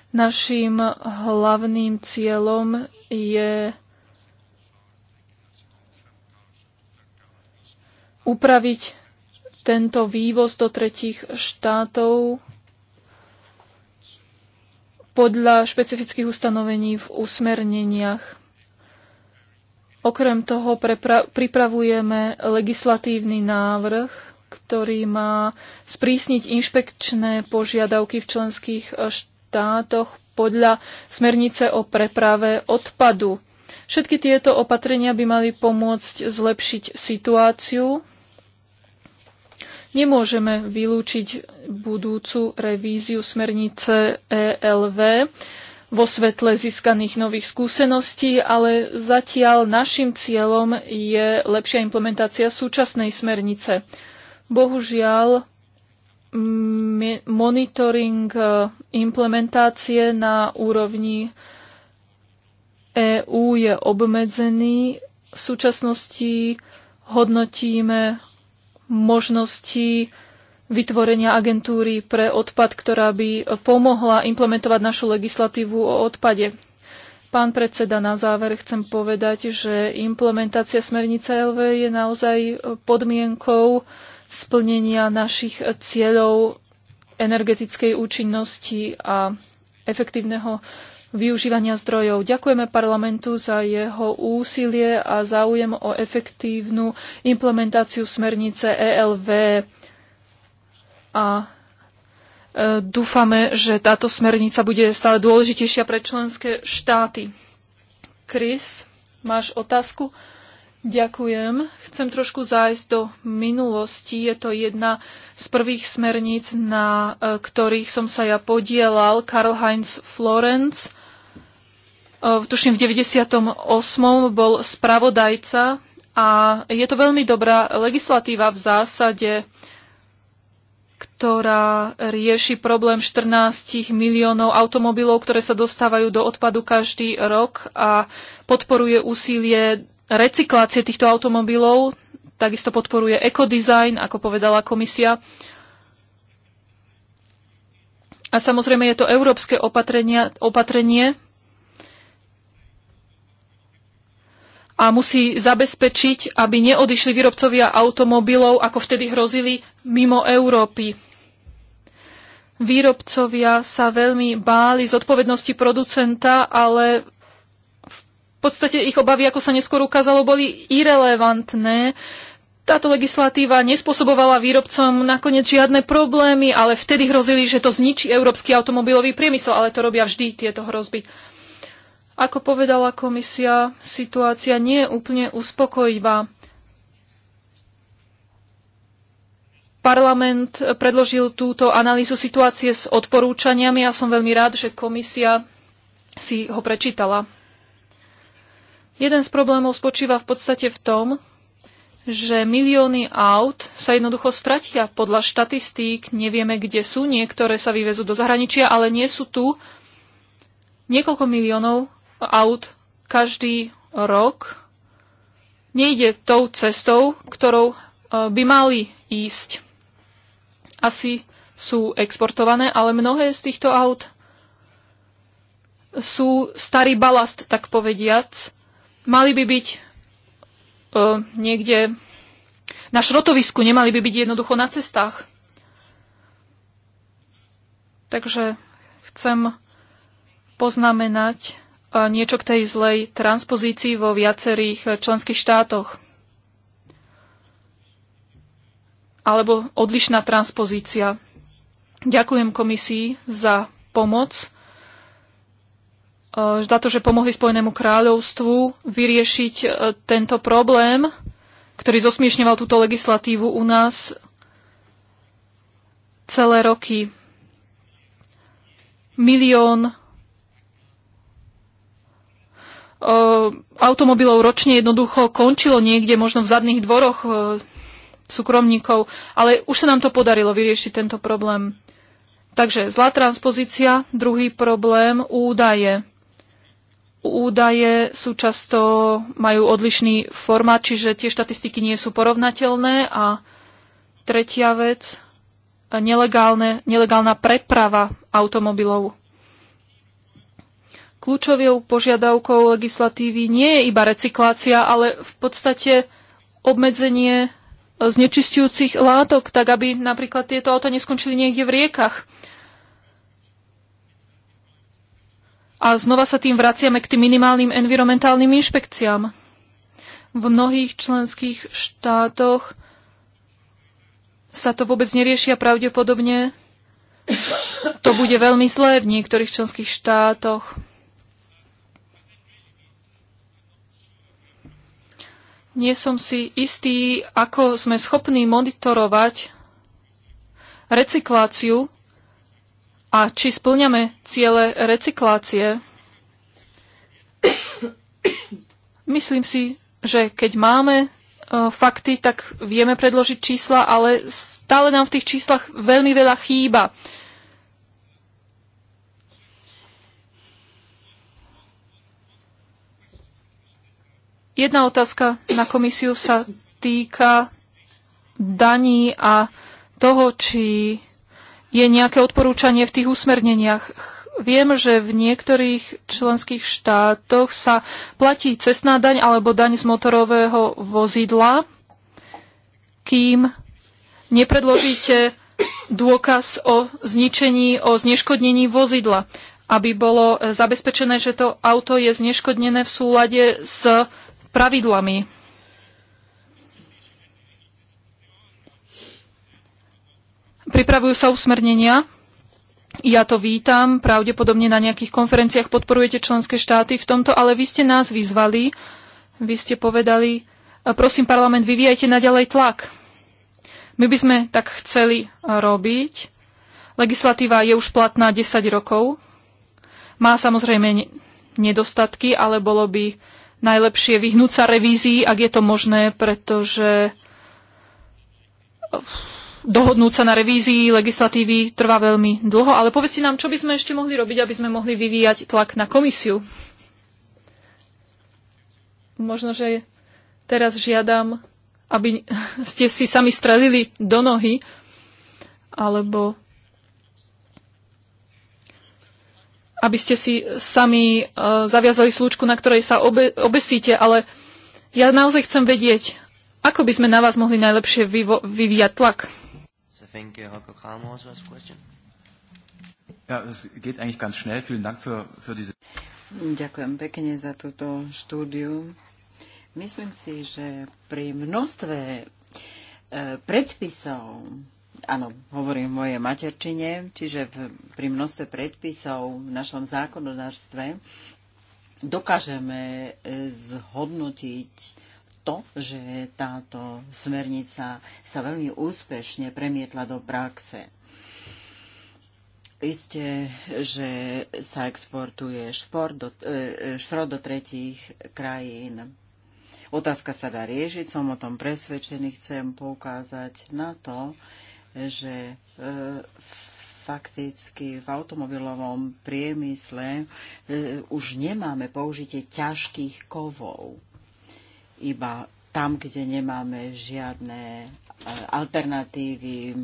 našim hlavným cieľom je upraviť tento vývoz do tretích štátov podľa špecifických ustanovení v usmerneniach. Okrem toho pripravujeme legislatívny návrh, ktorý má sprísniť inšpekčné požiadavky v členských e, štátoch podľa smernice o preprave odpadu. Všetky tieto opatrenia by mali pomôcť zlepšiť situáciu. Nemôžeme vylúčiť budúcu revíziu smernice ELV, vo svetle získaných nových skúseností, ale zatiaľ našim cieľom je lepšia implementácia súčasnej smernice. Bohužiaľ, monitoring e, implementácie na úrovni EÚ je obmedzený. V súčasnosti hodnotíme možnosti vytvorenia agentúry pre odpad, ktorá by pomohla implementovať našu legislatívu o odpade. Pán predseda, na záver chcem povedať, že implementácia smernice LV je naozaj podmienkou splnenia našich cieľov energetickej účinnosti a efektívneho využívania zdrojov. Ďakujeme parlamentu za jeho úsilie a záujem o efektívnu implementáciu smernice ELV a e, dúfame, že táto smernica bude stále dôležitejšia pre členské štáty. Chris, máš otázku? Ďakujem. Chcem trošku zájsť do minulosti. Je to jedna z prvých smerníc, na e, ktorých som sa ja podielal. Karl Heinz Florence. Tuším, v 98. bol spravodajca a je to veľmi dobrá legislatíva v zásade ktorá rieši problém 14 miliónov automobilov, ktoré sa dostávajú do odpadu každý rok a podporuje úsilie recyklácie týchto automobilov, takisto podporuje ekodizajn, ako povedala komisia. A samozrejme je to európske opatrenie, opatrenie a musí zabezpečiť, aby neodišli výrobcovia automobilov, ako vtedy hrozili, mimo Európy. Výrobcovia sa veľmi báli z odpovednosti producenta, ale v podstate ich obavy, ako sa neskôr ukázalo, boli irrelevantné. Táto legislatíva nespôsobovala výrobcom nakoniec žiadne problémy, ale vtedy hrozili, že to zničí európsky automobilový priemysel, ale to robia vždy tieto hrozby. Ako povedala komisia, situácia nie je úplne uspokojivá. Parlament predložil túto analýzu situácie s odporúčaniami a som veľmi rád, že komisia si ho prečítala. Jeden z problémov spočíva v podstate v tom, že milióny aut sa jednoducho stratia. Podľa štatistík nevieme, kde sú. Niektoré sa vyvezú do zahraničia, ale nie sú tu. Niekoľko miliónov aut každý rok nejde tou cestou, ktorou e, by mali ísť. Asi sú exportované, ale mnohé z týchto aut sú starý balast, tak povediac. Mali by byť e, niekde na šrotovisku, nemali by byť jednoducho na cestách. Takže chcem poznamenať, niečo k tej zlej transpozícii vo viacerých členských štátoch. Alebo odlišná transpozícia. Ďakujem komisii za pomoc. E, za to, že pomohli Spojenému kráľovstvu vyriešiť e, tento problém, ktorý zosmiešňoval túto legislatívu u nás celé roky. Milión automobilov ročne jednoducho končilo niekde, možno v zadných dvoroch súkromníkov, ale už sa nám to podarilo vyriešiť tento problém. Takže zlá transpozícia, druhý problém, údaje. Údaje sú často, majú odlišný formát, čiže tie štatistiky nie sú porovnateľné. A tretia vec, nelegálne, nelegálna preprava automobilov. Kľúčovou požiadavkou legislatívy nie je iba recyklácia, ale v podstate obmedzenie znečistujúcich látok, tak aby napríklad tieto auta neskončili niekde v riekach. A znova sa tým vraciame k tým minimálnym environmentálnym inšpekciám. V mnohých členských štátoch sa to vôbec nerieši a pravdepodobne to bude veľmi zlé v niektorých členských štátoch. Nie som si istý, ako sme schopní monitorovať recykláciu a či splňame ciele recyklácie. Myslím si, že keď máme e, fakty, tak vieme predložiť čísla, ale stále nám v tých číslach veľmi veľa chýba. Jedna otázka na komisiu sa týka daní a toho, či je nejaké odporúčanie v tých usmerneniach. Viem, že v niektorých členských štátoch sa platí cestná daň alebo daň z motorového vozidla, kým nepredložíte dôkaz o zničení, o zneškodnení vozidla, aby bolo zabezpečené, že to auto je zneškodnené v súlade s pravidlami. Pripravujú sa usmernenia. Ja to vítam. Pravdepodobne na nejakých konferenciách podporujete členské štáty v tomto, ale vy ste nás vyzvali. Vy ste povedali, prosím parlament, vyvíjajte naďalej tlak. My by sme tak chceli robiť. Legislatíva je už platná 10 rokov. Má samozrejme nedostatky, ale bolo by najlepšie vyhnúť sa revízii, ak je to možné, pretože dohodnúť sa na revízii legislatívy trvá veľmi dlho, ale povedzte nám, čo by sme ešte mohli robiť, aby sme mohli vyvíjať tlak na komisiu. Možno, že teraz žiadam, aby ste si sami strelili do nohy, alebo aby ste si sami uh, zaviazali slúčku, na ktorej sa obe, obesíte, ale ja naozaj chcem vedieť, ako by sme na vás mohli najlepšie vyvo- vyvíjať tlak. Ďakujem pekne za túto štúdiu. Myslím si, že pri množstve e, predpisov áno, hovorím v mojej materčine, čiže v, pri množstve predpisov v našom zákonodárstve dokážeme e, zhodnotiť to, že táto smernica sa veľmi úspešne premietla do praxe. Isté, že sa exportuje šport do, e, e, šport do tretích krajín. Otázka sa dá riešiť, som o tom presvedčený, chcem poukázať na to, že e, fakticky v automobilovom priemysle e, už nemáme použitie ťažkých kovov. Iba tam, kde nemáme žiadne e, alternatívy.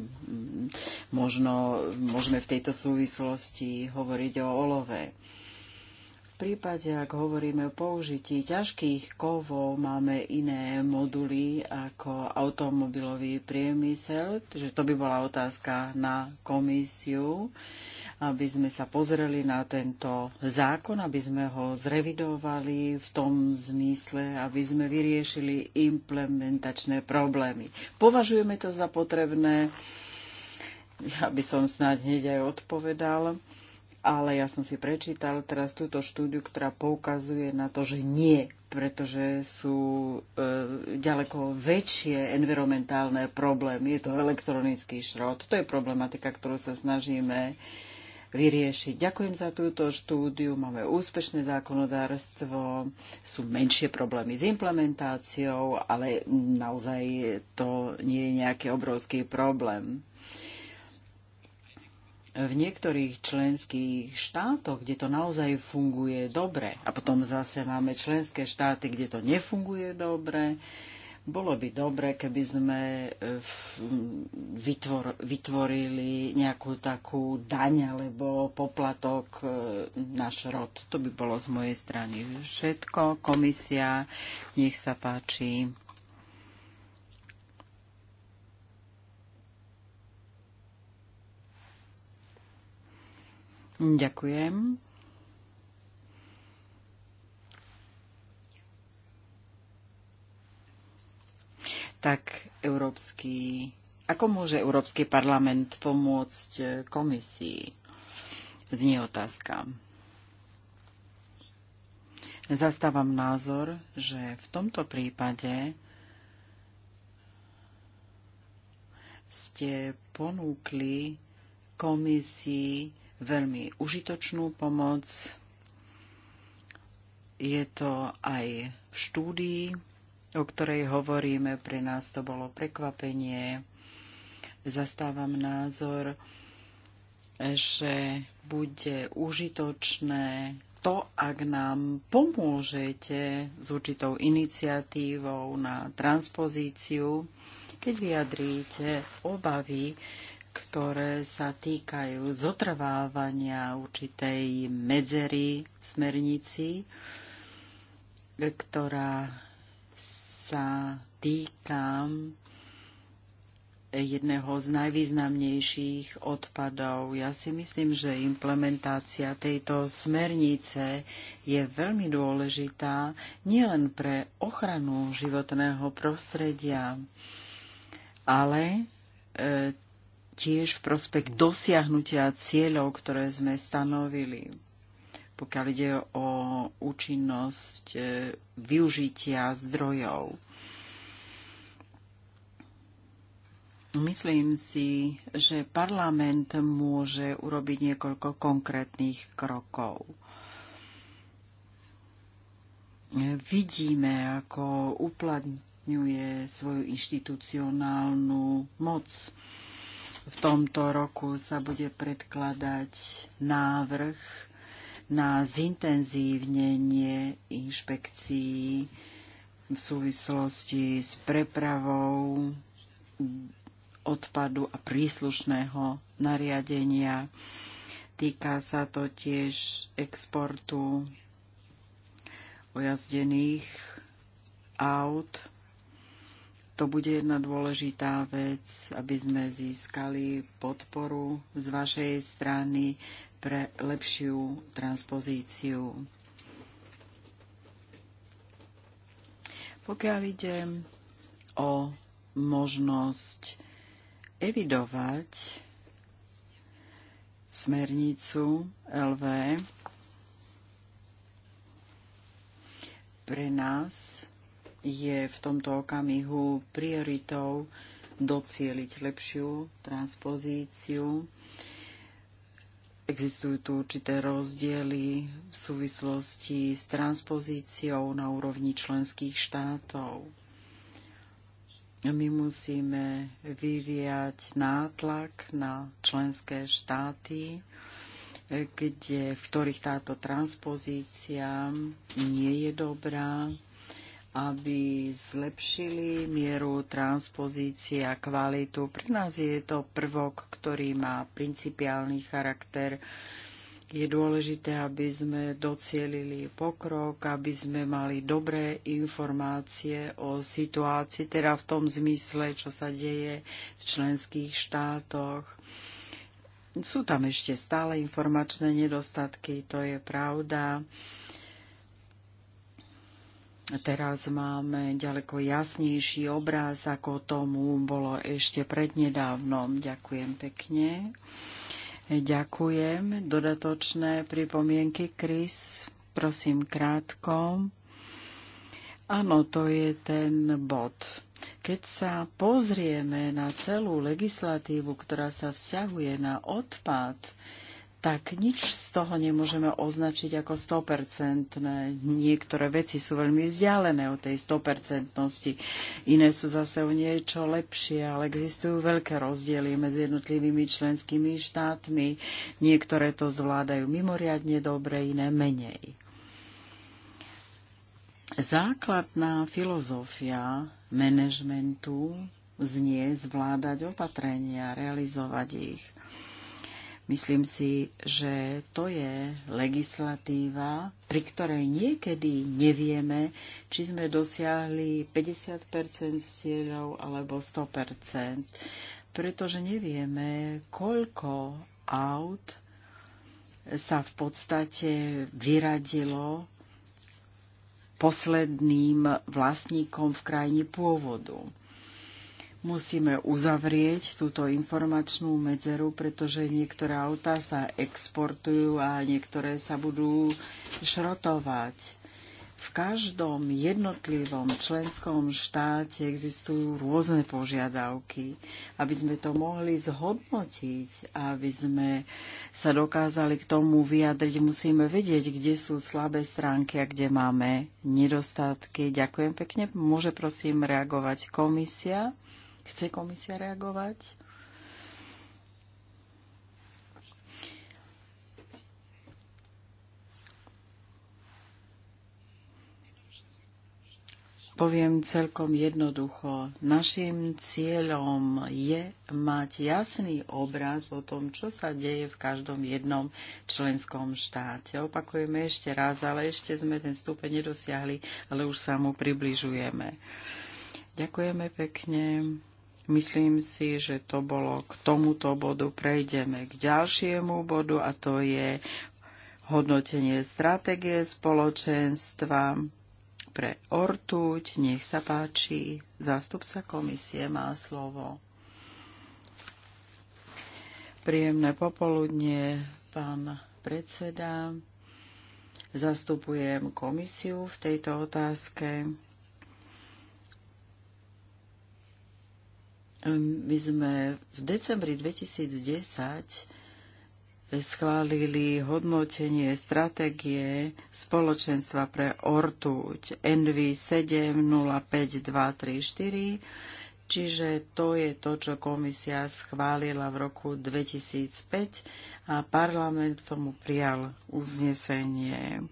Možno môžeme v tejto súvislosti hovoriť o olove prípade, ak hovoríme o použití ťažkých kovov, máme iné moduly ako automobilový priemysel, že to by bola otázka na komisiu, aby sme sa pozreli na tento zákon, aby sme ho zrevidovali v tom zmysle, aby sme vyriešili implementačné problémy. Považujeme to za potrebné, ja by som snáď hneď aj odpovedal ale ja som si prečítal teraz túto štúdiu, ktorá poukazuje na to, že nie, pretože sú e, ďaleko väčšie environmentálne problémy. Je to elektronický šrot, to je problematika, ktorú sa snažíme vyriešiť. Ďakujem za túto štúdiu, máme úspešné zákonodárstvo, sú menšie problémy s implementáciou, ale naozaj to nie je nejaký obrovský problém v niektorých členských štátoch, kde to naozaj funguje dobre, a potom zase máme členské štáty, kde to nefunguje dobre, bolo by dobre, keby sme e, vytvor, vytvorili nejakú takú daň alebo poplatok e, náš rod. To by bolo z mojej strany všetko. Komisia, nech sa páči. Ďakujem. tak Európsky, ako môže Európsky parlament pomôcť e, komisii? Znie otázka. Zastávam názor, že v tomto prípade ste ponúkli komisii veľmi užitočnú pomoc. Je to aj v štúdii, o ktorej hovoríme. Pre nás to bolo prekvapenie. Zastávam názor, že bude užitočné to, ak nám pomôžete s určitou iniciatívou na transpozíciu, keď vyjadríte obavy, ktoré sa týkajú zotrvávania určitej medzery v smernici, ktorá sa týka jedného z najvýznamnejších odpadov. Ja si myslím, že implementácia tejto smernice je veľmi dôležitá nielen pre ochranu životného prostredia, ale e, tiež v prospech dosiahnutia cieľov, ktoré sme stanovili. Pokiaľ ide o účinnosť e, využitia zdrojov. Myslím si, že parlament môže urobiť niekoľko konkrétnych krokov. Vidíme, ako uplatňuje svoju inštitucionálnu moc v tomto roku sa bude predkladať návrh na zintenzívnenie inšpekcií v súvislosti s prepravou odpadu a príslušného nariadenia. Týka sa to tiež exportu ojazdených aut to bude jedna dôležitá vec, aby sme získali podporu z vašej strany pre lepšiu transpozíciu. Pokiaľ ide o možnosť evidovať smernicu LV, pre nás je v tomto okamihu prioritou docieliť lepšiu transpozíciu. Existujú tu určité rozdiely v súvislosti s transpozíciou na úrovni členských štátov. My musíme vyvíjať nátlak na členské štáty, kde, v ktorých táto transpozícia nie je dobrá, aby zlepšili mieru transpozície a kvalitu. Pre nás je to prvok, ktorý má principiálny charakter. Je dôležité, aby sme docielili pokrok, aby sme mali dobré informácie o situácii, teda v tom zmysle, čo sa deje v členských štátoch. Sú tam ešte stále informačné nedostatky, to je pravda Teraz máme ďaleko jasnejší obraz, ako tomu bolo ešte prednedávnom. Ďakujem pekne. Ďakujem. Dodatočné pripomienky, Kris, prosím krátko. Áno, to je ten bod. Keď sa pozrieme na celú legislatívu, ktorá sa vzťahuje na odpad, tak nič z toho nemôžeme označiť ako 100%. Niektoré veci sú veľmi vzdialené od tej 100%. Iné sú zase o niečo lepšie, ale existujú veľké rozdiely medzi jednotlivými členskými štátmi. Niektoré to zvládajú mimoriadne dobre, iné menej. Základná filozofia manažmentu znie zvládať opatrenia, realizovať ich. Myslím si, že to je legislatíva, pri ktorej niekedy nevieme, či sme dosiahli 50% z cieľov alebo 100%, pretože nevieme, koľko aut sa v podstate vyradilo posledným vlastníkom v krajine pôvodu musíme uzavrieť túto informačnú medzeru, pretože niektoré autá sa exportujú a niektoré sa budú šrotovať. V každom jednotlivom členskom štáte existujú rôzne požiadavky, aby sme to mohli zhodnotiť, aby sme sa dokázali k tomu vyjadriť. Musíme vedieť, kde sú slabé stránky a kde máme nedostatky. Ďakujem pekne. Môže prosím reagovať komisia. Chce komisia reagovať? Poviem celkom jednoducho. Našim cieľom je mať jasný obraz o tom, čo sa deje v každom jednom členskom štáte. Opakujeme ešte raz, ale ešte sme ten stupeň nedosiahli, ale už sa mu približujeme. Ďakujeme pekne. Myslím si, že to bolo k tomuto bodu. Prejdeme k ďalšiemu bodu a to je hodnotenie stratégie spoločenstva pre ortuť. Nech sa páči, zástupca komisie má slovo. Príjemné popoludne, pán predseda. Zastupujem komisiu v tejto otázke. My sme v decembri 2010 schválili hodnotenie stratégie spoločenstva pre ortuť NV 705234, čiže to je to, čo komisia schválila v roku 2005 a parlament tomu prijal uznesenie.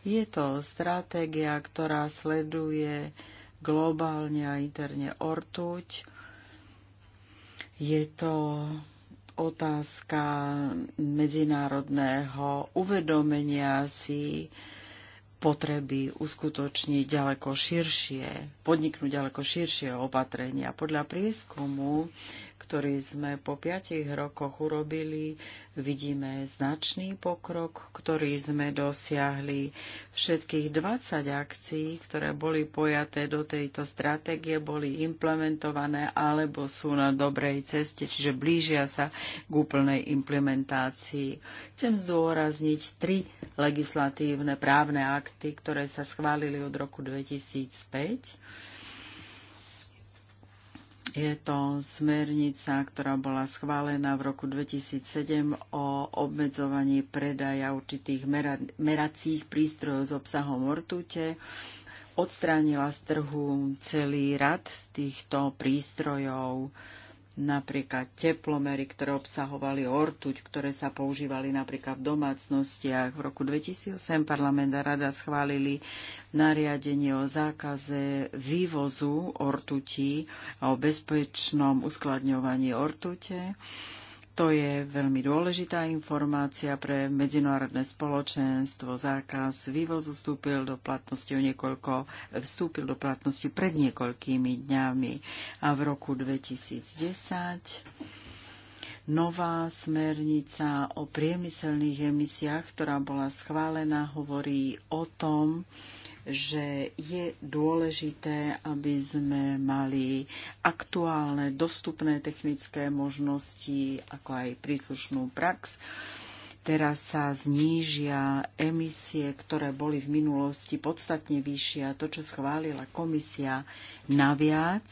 Je to stratégia, ktorá sleduje globálne a interne ortuť, je to otázka medzinárodného uvedomenia si potreby uskutočniť ďaleko širšie, podniknúť ďaleko širšie opatrenia. Podľa prieskumu ktorý sme po piatich rokoch urobili, vidíme značný pokrok, ktorý sme dosiahli. Všetkých 20 akcií, ktoré boli pojaté do tejto stratégie, boli implementované alebo sú na dobrej ceste, čiže blížia sa k úplnej implementácii. Chcem zdôrazniť tri legislatívne právne akty, ktoré sa schválili od roku 2005 je to smernica, ktorá bola schválená v roku 2007 o obmedzovaní predaja určitých meracích prístrojov s obsahom ortute. Odstránila z trhu celý rad týchto prístrojov napríklad teplomery, ktoré obsahovali ortuť, ktoré sa používali napríklad v domácnostiach. V roku 2008 parlament a rada schválili nariadenie o zákaze vývozu ortuti a o bezpečnom uskladňovaní ortute. To je veľmi dôležitá informácia pre medzinárodné spoločenstvo. Zákaz vývozu vstúpil do platnosti o niekoľko, vstúpil do platnosti pred niekoľkými dňami a v roku 2010 nová smernica o priemyselných emisiách, ktorá bola schválená, hovorí o tom, že je dôležité, aby sme mali aktuálne, dostupné technické možnosti, ako aj príslušnú prax. Teraz sa znížia emisie, ktoré boli v minulosti podstatne vyššie. A To, čo schválila komisia naviac,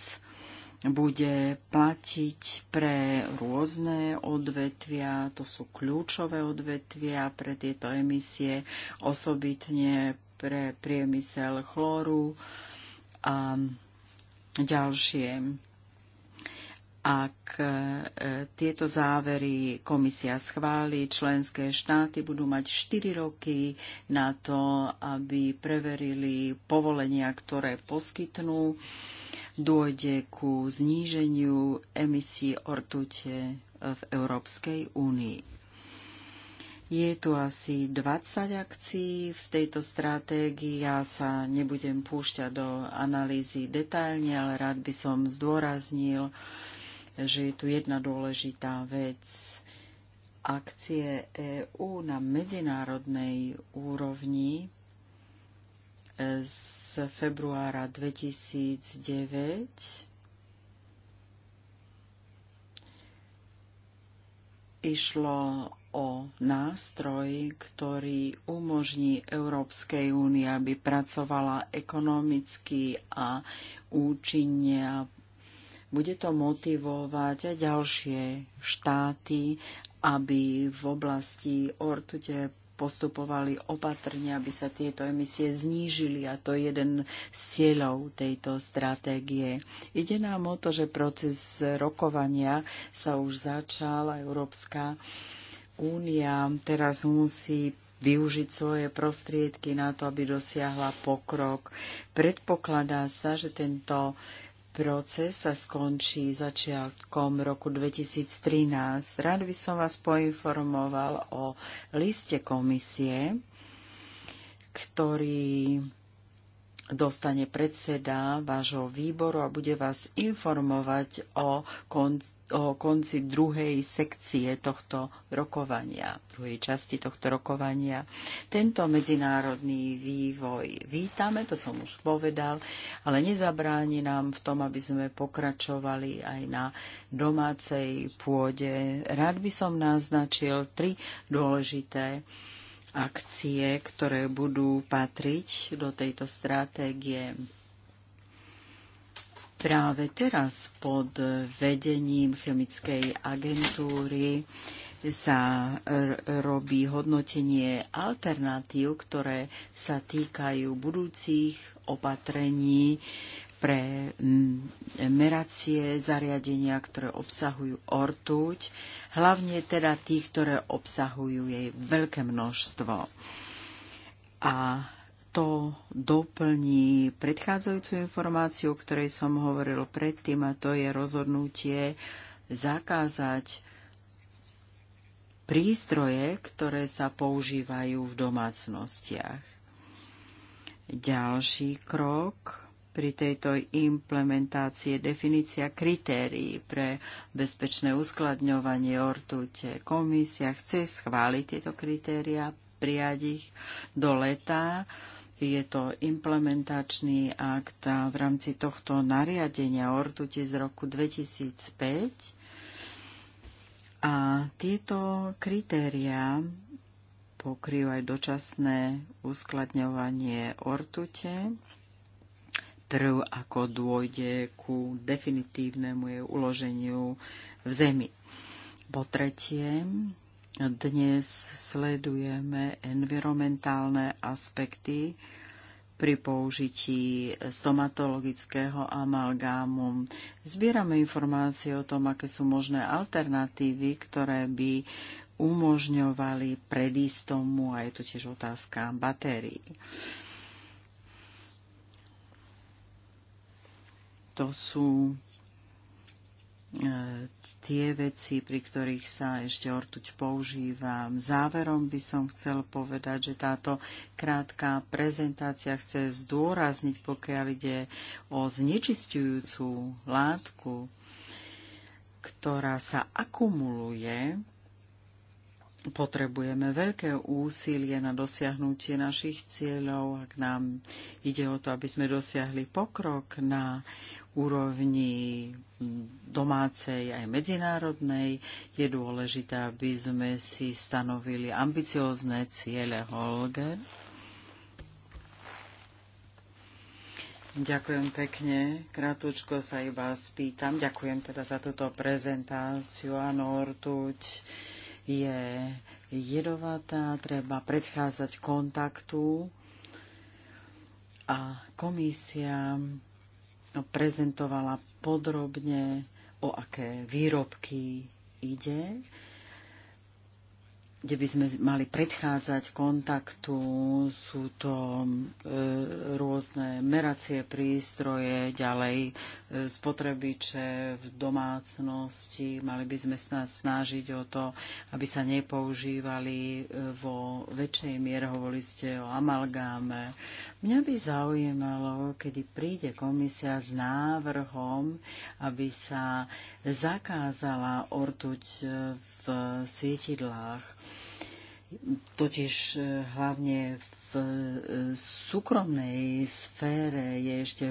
bude platiť pre rôzne odvetvia, to sú kľúčové odvetvia pre tieto emisie, osobitne pre priemysel chloru a ďalšie ak e, tieto závery komisia schváli, členské štáty budú mať 4 roky na to, aby preverili povolenia, ktoré poskytnú. Dôjde ku zníženiu emisí ortute v Európskej únii. Je tu asi 20 akcií v tejto stratégii. Ja sa nebudem púšťať do analýzy detailne, ale rád by som zdôraznil, že je tu jedna dôležitá vec. Akcie EÚ na medzinárodnej úrovni e, z februára 2009 išlo o nástroj, ktorý umožní Európskej únie, aby pracovala ekonomicky a účinne a bude to motivovať aj ďalšie štáty, aby v oblasti ortute postupovali opatrne, aby sa tieto emisie znížili a to je jeden z cieľov tejto stratégie. Ide nám o to, že proces rokovania sa už začal a Európska únia teraz musí využiť svoje prostriedky na to, aby dosiahla pokrok. Predpokladá sa, že tento proces sa skončí začiatkom roku 2013. Rád by som vás poinformoval o liste komisie, ktorý dostane predseda vášho výboru a bude vás informovať o konci o konci druhej sekcie tohto rokovania, druhej časti tohto rokovania. Tento medzinárodný vývoj vítame, to som už povedal, ale nezabráni nám v tom, aby sme pokračovali aj na domácej pôde. Rád by som naznačil tri dôležité akcie, ktoré budú patriť do tejto stratégie práve teraz pod vedením chemickej agentúry sa robí hodnotenie alternatív, ktoré sa týkajú budúcich opatrení pre meracie zariadenia, ktoré obsahujú ortuť, hlavne teda tých, ktoré obsahujú jej veľké množstvo. A to doplní predchádzajúcu informáciu, o ktorej som hovoril predtým, a to je rozhodnutie zakázať prístroje, ktoré sa používajú v domácnostiach. Ďalší krok pri tejto implementácii je definícia kritérií pre bezpečné uskladňovanie ortute. Komisia chce schváliť tieto kritéria, prijať ich do leta. Je to implementačný akt v rámci tohto nariadenia ortuti z roku 2005. A tieto kritériá pokrývajú aj dočasné uskladňovanie ortute, Prv, ako dôjde ku definitívnemu jej uloženiu v zemi. Po tretie, dnes sledujeme environmentálne aspekty pri použití stomatologického amalgámu. Zbierame informácie o tom, aké sú možné alternatívy, ktoré by umožňovali predísť tomu, a je to tiež otázka batérií. To sú e, tie veci, pri ktorých sa ešte ortuť používa. Záverom by som chcel povedať, že táto krátka prezentácia chce zdôrazniť, pokiaľ ide o znečistujúcu látku, ktorá sa akumuluje, potrebujeme veľké úsilie na dosiahnutie našich cieľov, ak nám ide o to, aby sme dosiahli pokrok na úrovni domácej aj medzinárodnej. Je dôležité, aby sme si stanovili ambiciozne ciele Holger. Ďakujem pekne. Krátučko sa iba spýtam. Ďakujem teda za túto prezentáciu. Áno, rtuť je jedovatá, treba predchádzať kontaktu a komisia No, prezentovala podrobne, o aké výrobky ide kde by sme mali predchádzať kontaktu. Sú to e, rôzne meracie prístroje, ďalej e, spotrebiče v domácnosti. Mali by sme sa snažiť o to, aby sa nepoužívali e, vo väčšej miere. Hovorili ste o amalgáme. Mňa by zaujímalo, kedy príde komisia s návrhom, aby sa zakázala ortuť e, v svietidlách totiž e, hlavne v e, súkromnej sfére je ešte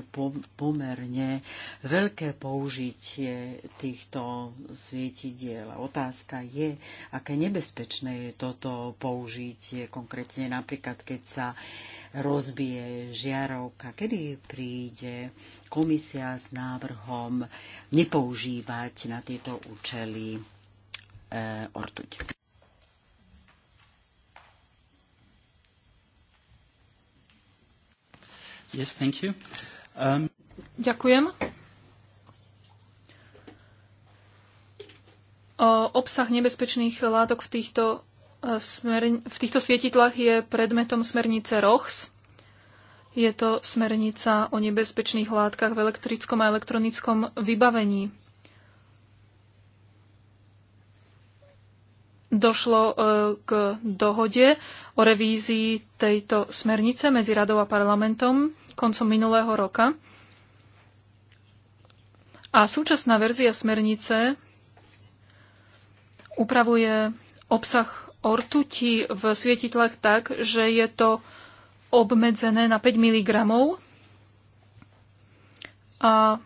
pomerne veľké použitie týchto svietidiel. Otázka je, aké nebezpečné je toto použitie, konkrétne napríklad, keď sa rozbije žiarovka, kedy príde komisia s návrhom nepoužívať na tieto účely e, ortuť. Yes, thank you. Um... Ďakujem. O obsah nebezpečných látok v týchto, e, smer... v týchto svietitlách je predmetom smernice ROHS. Je to smernica o nebezpečných látkach v elektrickom a elektronickom vybavení. došlo e, k dohode o revízii tejto smernice medzi radou a parlamentom koncom minulého roka. A súčasná verzia smernice upravuje obsah ortuti v svietitlách tak, že je to obmedzené na 5 mg. A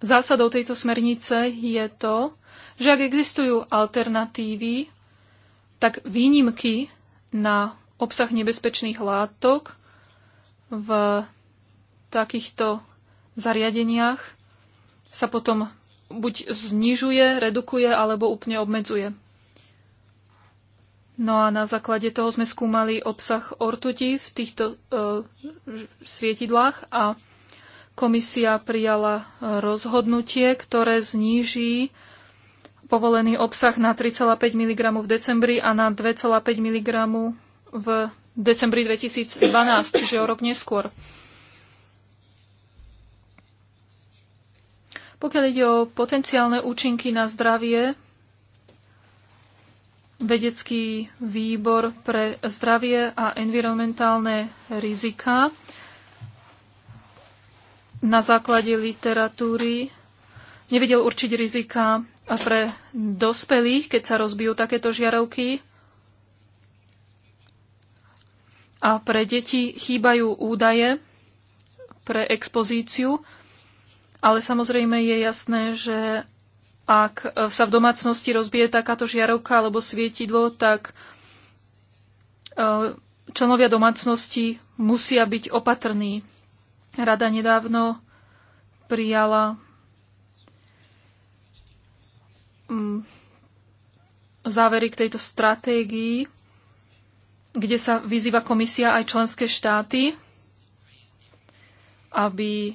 zásadou tejto smernice je to, že ak existujú alternatívy, tak výnimky na obsah nebezpečných látok v takýchto zariadeniach sa potom buď znižuje, redukuje alebo úplne obmedzuje. No a na základe toho sme skúmali obsah ortuti v týchto e, svietidlách a komisia prijala rozhodnutie, ktoré zníži povolený obsah na 3,5 mg v decembri a na 2,5 mg v decembri 2012, čiže o rok neskôr. Pokiaľ ide o potenciálne účinky na zdravie, vedecký výbor pre zdravie a environmentálne rizika na základe literatúry nevedel určiť rizika a pre dospelých, keď sa rozbijú takéto žiarovky, a pre deti chýbajú údaje pre expozíciu, ale samozrejme je jasné, že ak sa v domácnosti rozbije takáto žiarovka alebo svietidlo, tak e, členovia domácnosti musia byť opatrní. Rada nedávno prijala Mm, závery k tejto stratégii, kde sa vyzýva komisia aj členské štáty, aby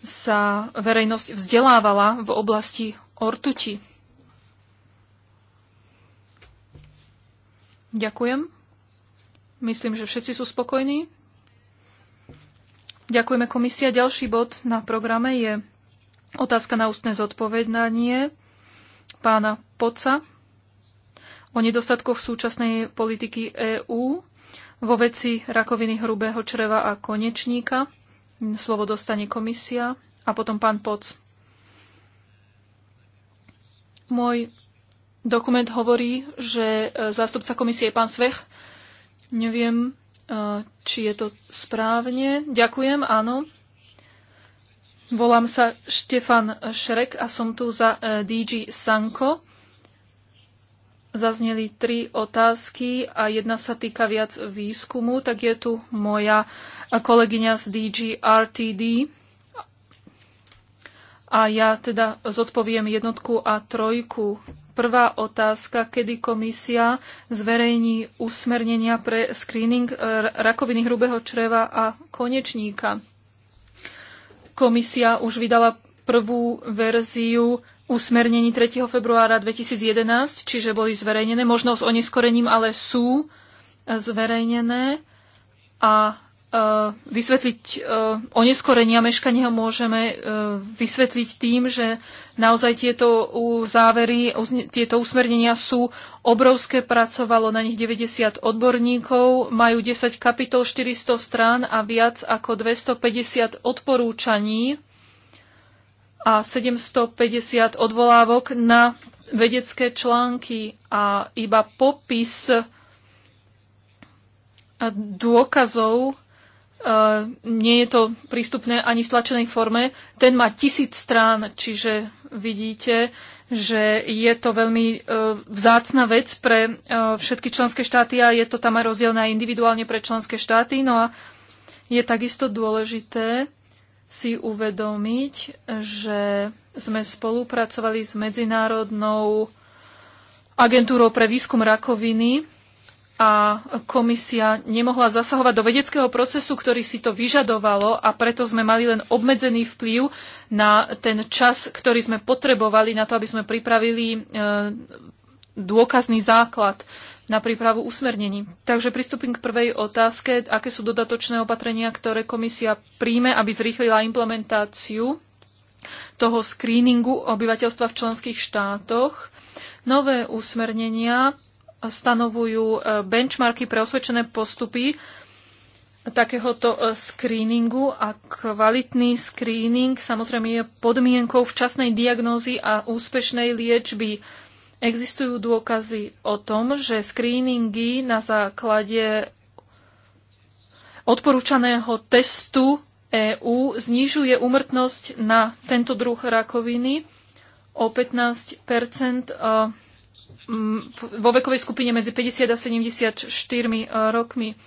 sa verejnosť vzdelávala v oblasti ortuti. Ďakujem. Myslím, že všetci sú spokojní. Ďakujeme komisia. Ďalší bod na programe je otázka na ústne zodpovedanie pána Poca o nedostatkoch súčasnej politiky EÚ vo veci rakoviny hrubého čreva a konečníka. Slovo dostane komisia a potom pán Poc. Môj dokument hovorí, že e, zástupca komisie je pán Svech. Neviem, e, či je to správne. Ďakujem, áno. Volám sa Štefan Šrek a som tu za e, DG Sanko. Zazneli tri otázky a jedna sa týka viac výskumu, tak je tu moja kolegyňa z DG RTD. A ja teda zodpoviem jednotku a trojku. Prvá otázka, kedy komisia zverejní usmernenia pre screening e, rakoviny hrubého čreva a konečníka. Komisia už vydala prvú verziu usmernení 3. februára 2011, čiže boli zverejnené, možno s oneskorením, ale sú zverejnené. A E, vysvetliť e, oneskorenie a meškanie ho môžeme e, vysvetliť tým, že naozaj tieto závery, tieto usmernenia sú obrovské. Pracovalo na nich 90 odborníkov, majú 10 kapitol, 400 strán a viac ako 250 odporúčaní a 750 odvolávok na vedecké články a iba popis dôkazov, Eh, nie je to prístupné ani v tlačenej forme. Ten má tisíc strán, čiže vidíte, že je to veľmi eh, vzácna vec pre eh, všetky členské štáty a je to tam aj rozdielne aj individuálne pre členské štáty. No a je takisto dôležité si uvedomiť, že sme spolupracovali s Medzinárodnou agentúrou pre výskum rakoviny a komisia nemohla zasahovať do vedeckého procesu, ktorý si to vyžadovalo a preto sme mali len obmedzený vplyv na ten čas, ktorý sme potrebovali na to, aby sme pripravili e, dôkazný základ na prípravu usmernení. Takže pristúpim k prvej otázke, aké sú dodatočné opatrenia, ktoré komisia príjme, aby zrýchlila implementáciu toho screeningu obyvateľstva v členských štátoch. Nové usmernenia stanovujú e, benchmarky pre osvedčené postupy takéhoto e, screeningu a kvalitný screening samozrejme je podmienkou včasnej diagnózy a úspešnej liečby. Existujú dôkazy o tom, že screeningy na základe odporúčaného testu EÚ znižuje úmrtnosť na tento druh rakoviny o 15 vo vekovej skupine medzi 50 a 74 e, rokmi.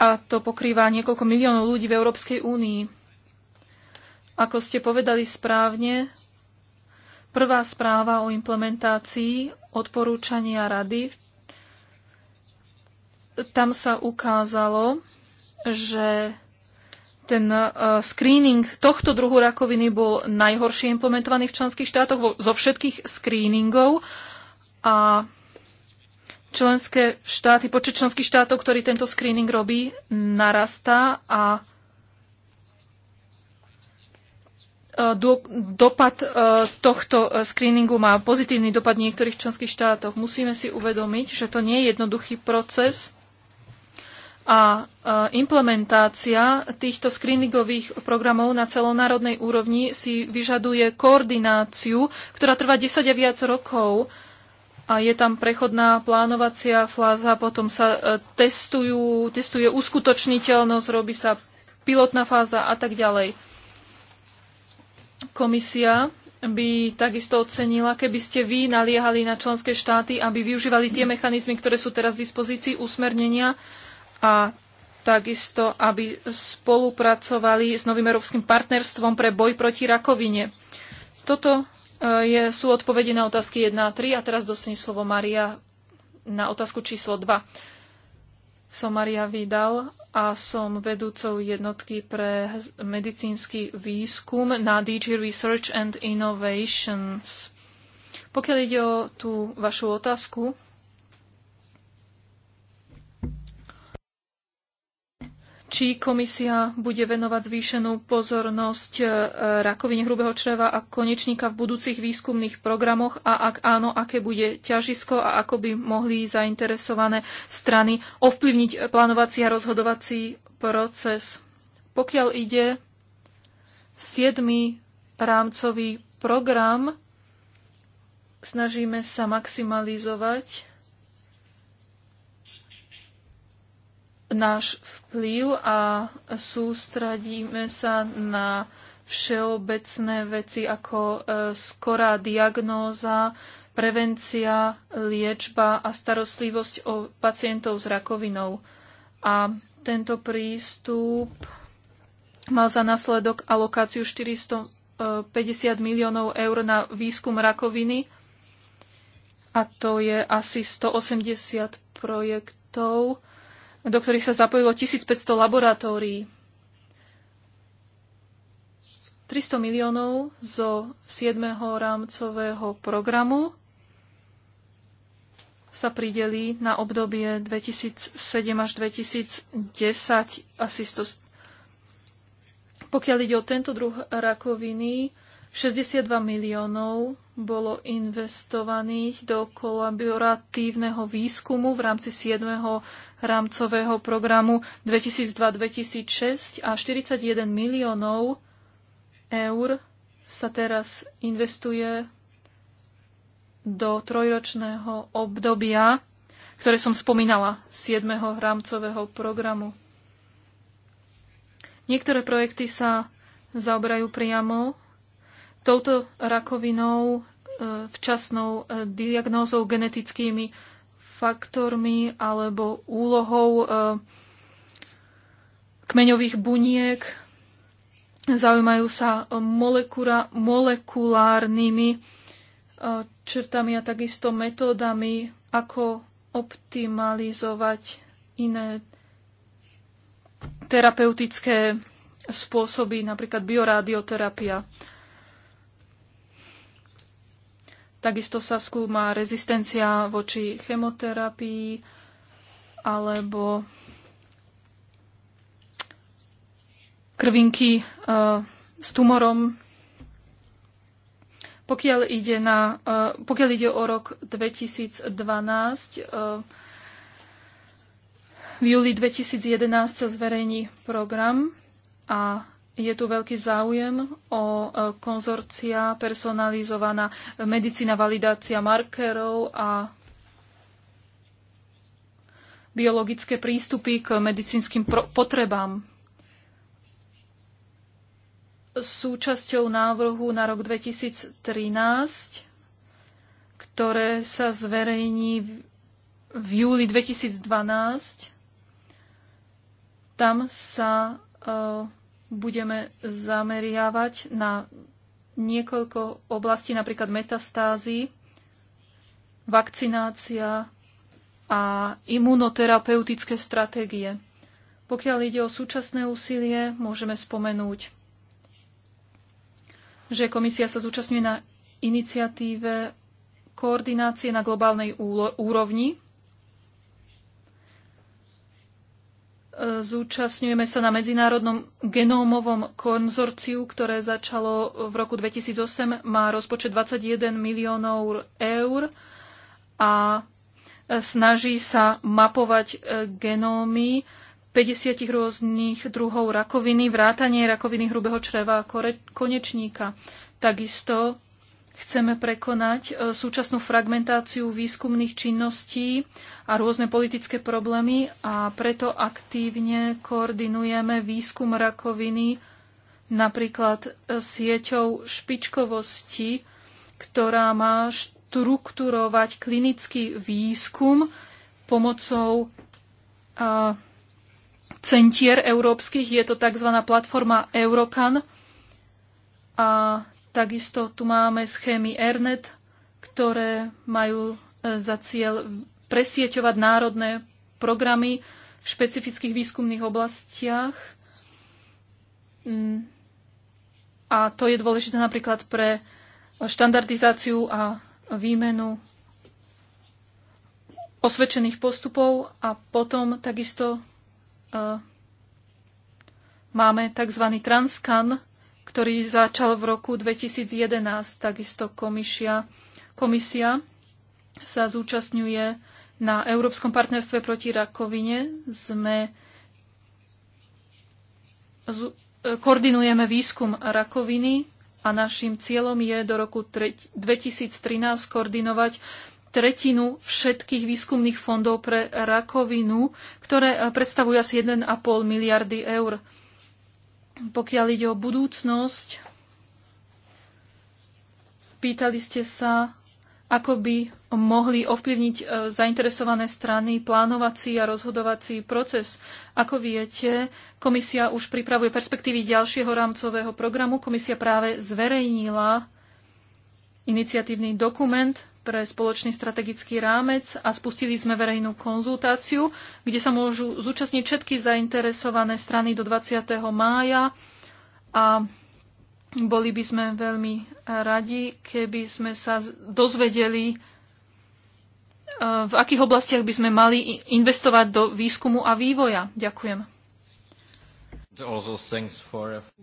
A to pokrýva niekoľko miliónov ľudí v Európskej únii. Ako ste povedali správne, prvá správa o implementácii odporúčania rady, tam sa ukázalo, že ten uh, screening tohto druhu rakoviny bol najhoršie implementovaný v členských štátoch vo, zo všetkých screeningov a členské štáty, počet členských štátov, ktorý tento screening robí, narastá a e, dopad e, tohto screeningu má pozitívny dopad v niektorých členských štátoch. Musíme si uvedomiť, že to nie je jednoduchý proces a e, implementácia týchto screeningových programov na celonárodnej úrovni si vyžaduje koordináciu, ktorá trvá 10 a viac rokov a je tam prechodná plánovacia fáza, potom sa e, testujú, testuje uskutočniteľnosť, robí sa pilotná fáza a tak ďalej. Komisia by takisto ocenila, keby ste vy naliehali na členské štáty, aby využívali tie mechanizmy, ktoré sú teraz v dispozícii, usmernenia, a takisto, aby spolupracovali s novým európskym partnerstvom pre boj proti rakovine. Toto e, je, sú odpovede na otázky 1 a 3 a teraz dostane slovo Maria na otázku číslo 2. Som Maria Vidal a som vedúcou jednotky pre medicínsky výskum na DG Research and Innovations. Pokiaľ ide o tú vašu otázku, či komisia bude venovať zvýšenú pozornosť e, rakovine hrubého čreva a konečníka v budúcich výskumných programoch a ak áno, aké bude ťažisko a ako by mohli zainteresované strany ovplyvniť plánovací a rozhodovací proces. Pokiaľ ide 7. rámcový program, snažíme sa maximalizovať náš vplyv a sústradíme sa na všeobecné veci ako e, skorá diagnóza, prevencia, liečba a starostlivosť o pacientov s rakovinou. A tento prístup mal za následok alokáciu 450 miliónov eur na výskum rakoviny a to je asi 180 projektov do ktorých sa zapojilo 1500 laboratórií. 300 miliónov zo 7. rámcového programu sa prideli na obdobie 2007 až 2010 asi 100. Pokiaľ ide o tento druh rakoviny, 62 miliónov bolo investovaných do kolaboratívneho výskumu v rámci 7. rámcového programu 2002-2006 a 41 miliónov eur sa teraz investuje do trojročného obdobia, ktoré som spomínala, 7. rámcového programu. Niektoré projekty sa zaoberajú priamo touto rakovinou, e, včasnou e, diagnózou, genetickými faktormi alebo úlohou e, kmeňových buniek. Zaujímajú sa molekula, molekulárnymi črtami a takisto metódami, ako optimalizovať iné terapeutické spôsoby, napríklad bioradioterapia. Takisto sa skúma rezistencia voči chemoterapii alebo krvinky e, s tumorom. Pokiaľ ide, na, e, pokiaľ ide o rok 2012, e, v júli 2011 sa zverejní program a je tu veľký záujem o e, konzorcia, personalizovaná medicína, validácia markerov a biologické prístupy k medicínskym potrebám. Súčasťou návrhu na rok 2013, ktoré sa zverejní v júli 2012, tam sa e, budeme zameriavať na niekoľko oblastí, napríklad metastázy, vakcinácia a imunoterapeutické stratégie. Pokiaľ ide o súčasné úsilie, môžeme spomenúť, že komisia sa zúčastňuje na iniciatíve koordinácie na globálnej úrovni Zúčastňujeme sa na medzinárodnom genómovom konzorciu, ktoré začalo v roku 2008. Má rozpočet 21 miliónov eur a snaží sa mapovať e, genómy 50 rôznych druhov rakoviny, vrátanie rakoviny hrubého čreva a konečníka. Takisto chceme prekonať e, súčasnú fragmentáciu výskumných činností a rôzne politické problémy a preto aktívne koordinujeme výskum rakoviny napríklad e, sieťou špičkovosti, ktorá má štrukturovať klinický výskum pomocou a, centier európskych. Je to tzv. platforma Eurocan. A takisto tu máme schémy ERNET, ktoré majú e, za cieľ presieťovať národné programy v špecifických výskumných oblastiach. Mm. A to je dôležité napríklad pre štandardizáciu a výmenu osvedčených postupov a potom takisto uh, máme tzv. Transkan, ktorý začal v roku 2011. Takisto komisia, komisia sa zúčastňuje na Európskom partnerstve proti rakovine sme e, koordinujeme výskum rakoviny a našim cieľom je do roku 2013 koordinovať tretinu všetkých výskumných fondov pre rakovinu, ktoré e, predstavujú asi 1,5 miliardy eur. Pokiaľ ide o budúcnosť, pýtali ste sa, ako by mohli ovplyvniť e, zainteresované strany plánovací a rozhodovací proces. Ako viete, komisia už pripravuje perspektívy ďalšieho rámcového programu. Komisia práve zverejnila iniciatívny dokument pre spoločný strategický rámec a spustili sme verejnú konzultáciu, kde sa môžu zúčastniť všetky zainteresované strany do 20. mája a boli by sme veľmi radi, keby sme sa dozvedeli, e, v akých oblastiach by sme mali investovať do výskumu a vývoja. Ďakujem.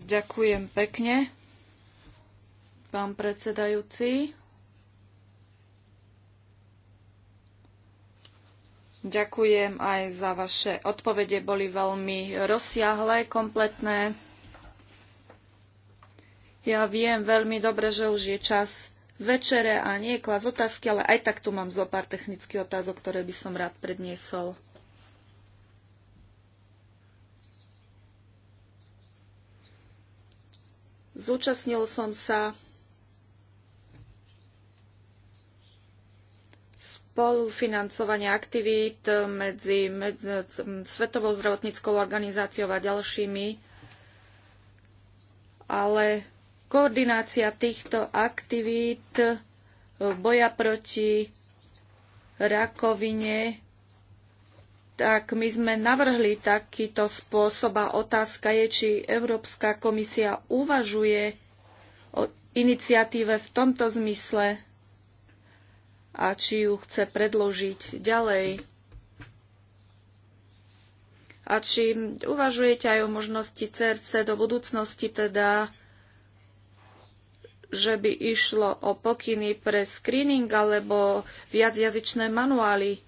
Ďakujem pekne, pán predsedajúci. Ďakujem aj za vaše odpovede, boli veľmi rozsiahle, kompletné. Ja viem veľmi dobre, že už je čas večere a nie klas otázky, ale aj tak tu mám zo pár technických otázok, ktoré by som rád predniesol. Zúčastnil som sa spolufinancovania aktivít medzi, medzi Svetovou zdravotníckou organizáciou a ďalšími, ale Koordinácia týchto aktivít e, boja proti rakovine, tak my sme navrhli takýto spôsob a otázka je, či Európska komisia uvažuje o iniciatíve v tomto zmysle a či ju chce predložiť ďalej. A či uvažujete aj o možnosti CRC do budúcnosti, teda že by išlo o pokyny pre screening alebo viacjazyčné manuály.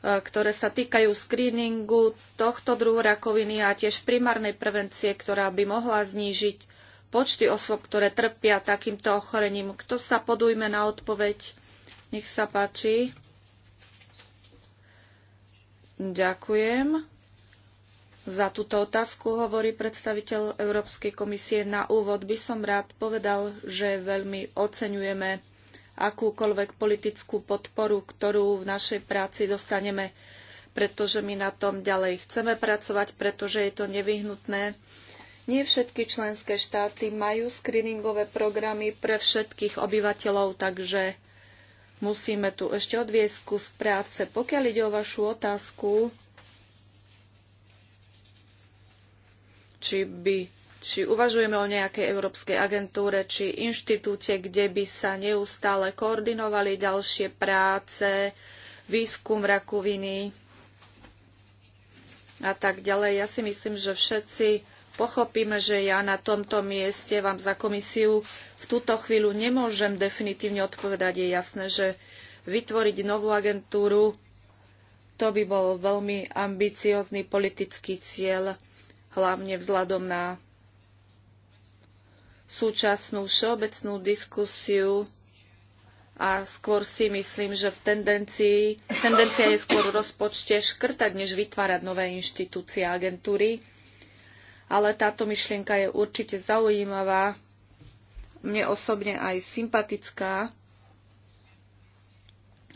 E, ktoré sa týkajú screeningu tohto druhu rakoviny a tiež primárnej prevencie, ktorá by mohla znížiť počty osôb, ktoré trpia takýmto ochorením. Kto sa podujme na odpoveď? Nech sa páči. Ďakujem za túto otázku, hovorí predstaviteľ Európskej komisie. Na úvod by som rád povedal, že veľmi oceňujeme akúkoľvek politickú podporu, ktorú v našej práci dostaneme, pretože my na tom ďalej chceme pracovať, pretože je to nevyhnutné. Nie všetky členské štáty majú screeningové programy pre všetkých obyvateľov, takže musíme tu ešte odviesť kus práce. Pokiaľ ide o vašu otázku, či, by, či uvažujeme o nejakej európskej agentúre či inštitúte, kde by sa neustále koordinovali ďalšie práce, výskum rakoviny a tak ďalej. Ja si myslím, že všetci pochopíme, že ja na tomto mieste vám za komisiu v túto chvíľu nemôžem definitívne odpovedať. Je jasné, že vytvoriť novú agentúru, to by bol veľmi ambiciózny politický cieľ hlavne vzhľadom na súčasnú všeobecnú diskusiu a skôr si myslím, že v tendencii, tendencia je skôr v rozpočte škrtať, než vytvárať nové inštitúcie a agentúry. Ale táto myšlienka je určite zaujímavá, mne osobne aj sympatická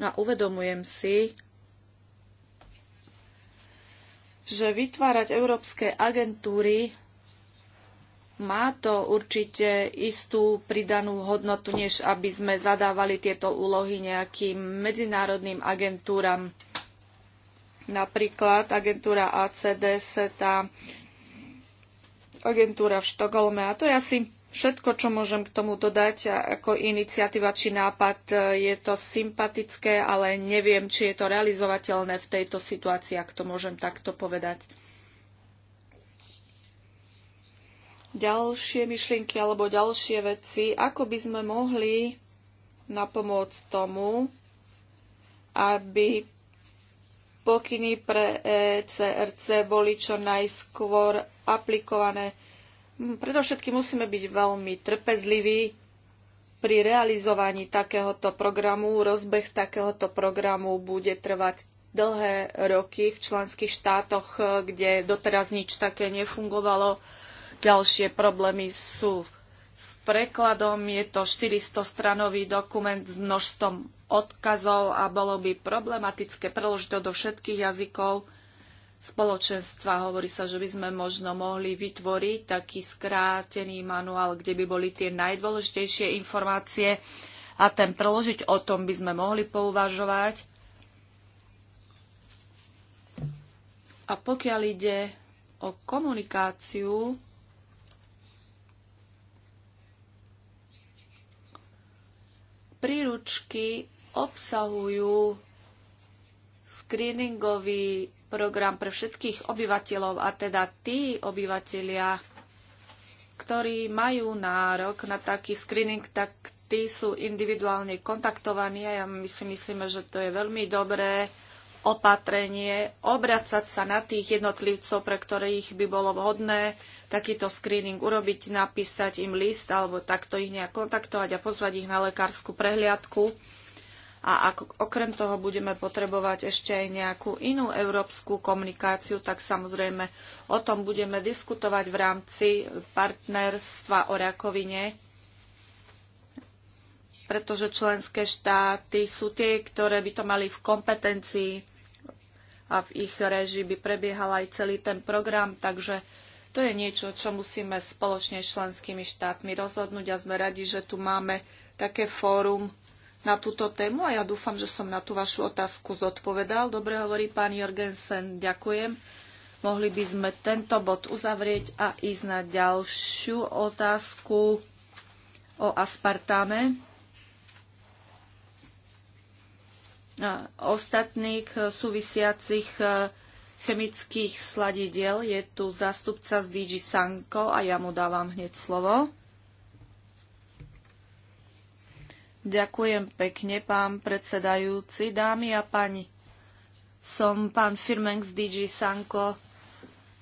a uvedomujem si, že vytvárať európske agentúry má to určite istú pridanú hodnotu, než aby sme zadávali tieto úlohy nejakým medzinárodným agentúram. Napríklad agentúra ACDS, tá, agentúra v Štokholme. A to je asi Všetko, čo môžem k tomu dodať ako iniciatíva či nápad, e, je to sympatické, ale neviem, či je to realizovateľné v tejto situácii, ak to môžem takto povedať. Ďalšie myšlienky alebo ďalšie veci, ako by sme mohli napomôcť tomu, aby pokyny pre ECRC boli čo najskôr aplikované Predovšetkým musíme byť veľmi trpezliví pri realizovaní takéhoto programu. Rozbeh takéhoto programu bude trvať dlhé roky v členských štátoch, kde doteraz nič také nefungovalo. Ďalšie problémy sú s prekladom. Je to 400-stranový dokument s množstvom odkazov a bolo by problematické preložiť to do všetkých jazykov spoločenstva. Hovorí sa, že by sme možno mohli vytvoriť taký skrátený manuál, kde by boli tie najdôležitejšie informácie a ten preložiť. O tom by sme mohli pouvažovať. A pokiaľ ide o komunikáciu, príručky obsahujú screeningový program pre všetkých obyvateľov a teda tí obyvateľia, ktorí majú nárok na taký screening, tak tí sú individuálne kontaktovaní a my si myslíme, že to je veľmi dobré opatrenie obracať sa na tých jednotlivcov, pre ktorých by bolo vhodné takýto screening urobiť, napísať im list alebo takto ich nejak kontaktovať a pozvať ich na lekárskú prehliadku a ak okrem toho budeme potrebovať ešte aj nejakú inú európsku komunikáciu, tak samozrejme o tom budeme diskutovať v rámci partnerstva o rakovine, pretože členské štáty sú tie, ktoré by to mali v kompetencii a v ich režii by prebiehal aj celý ten program, takže to je niečo, čo musíme spoločne s členskými štátmi rozhodnúť a sme radi, že tu máme také fórum na túto tému a ja dúfam, že som na tú vašu otázku zodpovedal. Dobre hovorí pán Jorgensen, ďakujem. Mohli by sme tento bod uzavrieť a ísť na ďalšiu otázku o aspartame. A ostatných súvisiacich e, chemických sladidiel je tu zástupca z DG Sanko a ja mu dávam hneď slovo. Ďakujem pekne, pán predsedajúci, dámy a pani. Som pán Firmenk z DG Sanko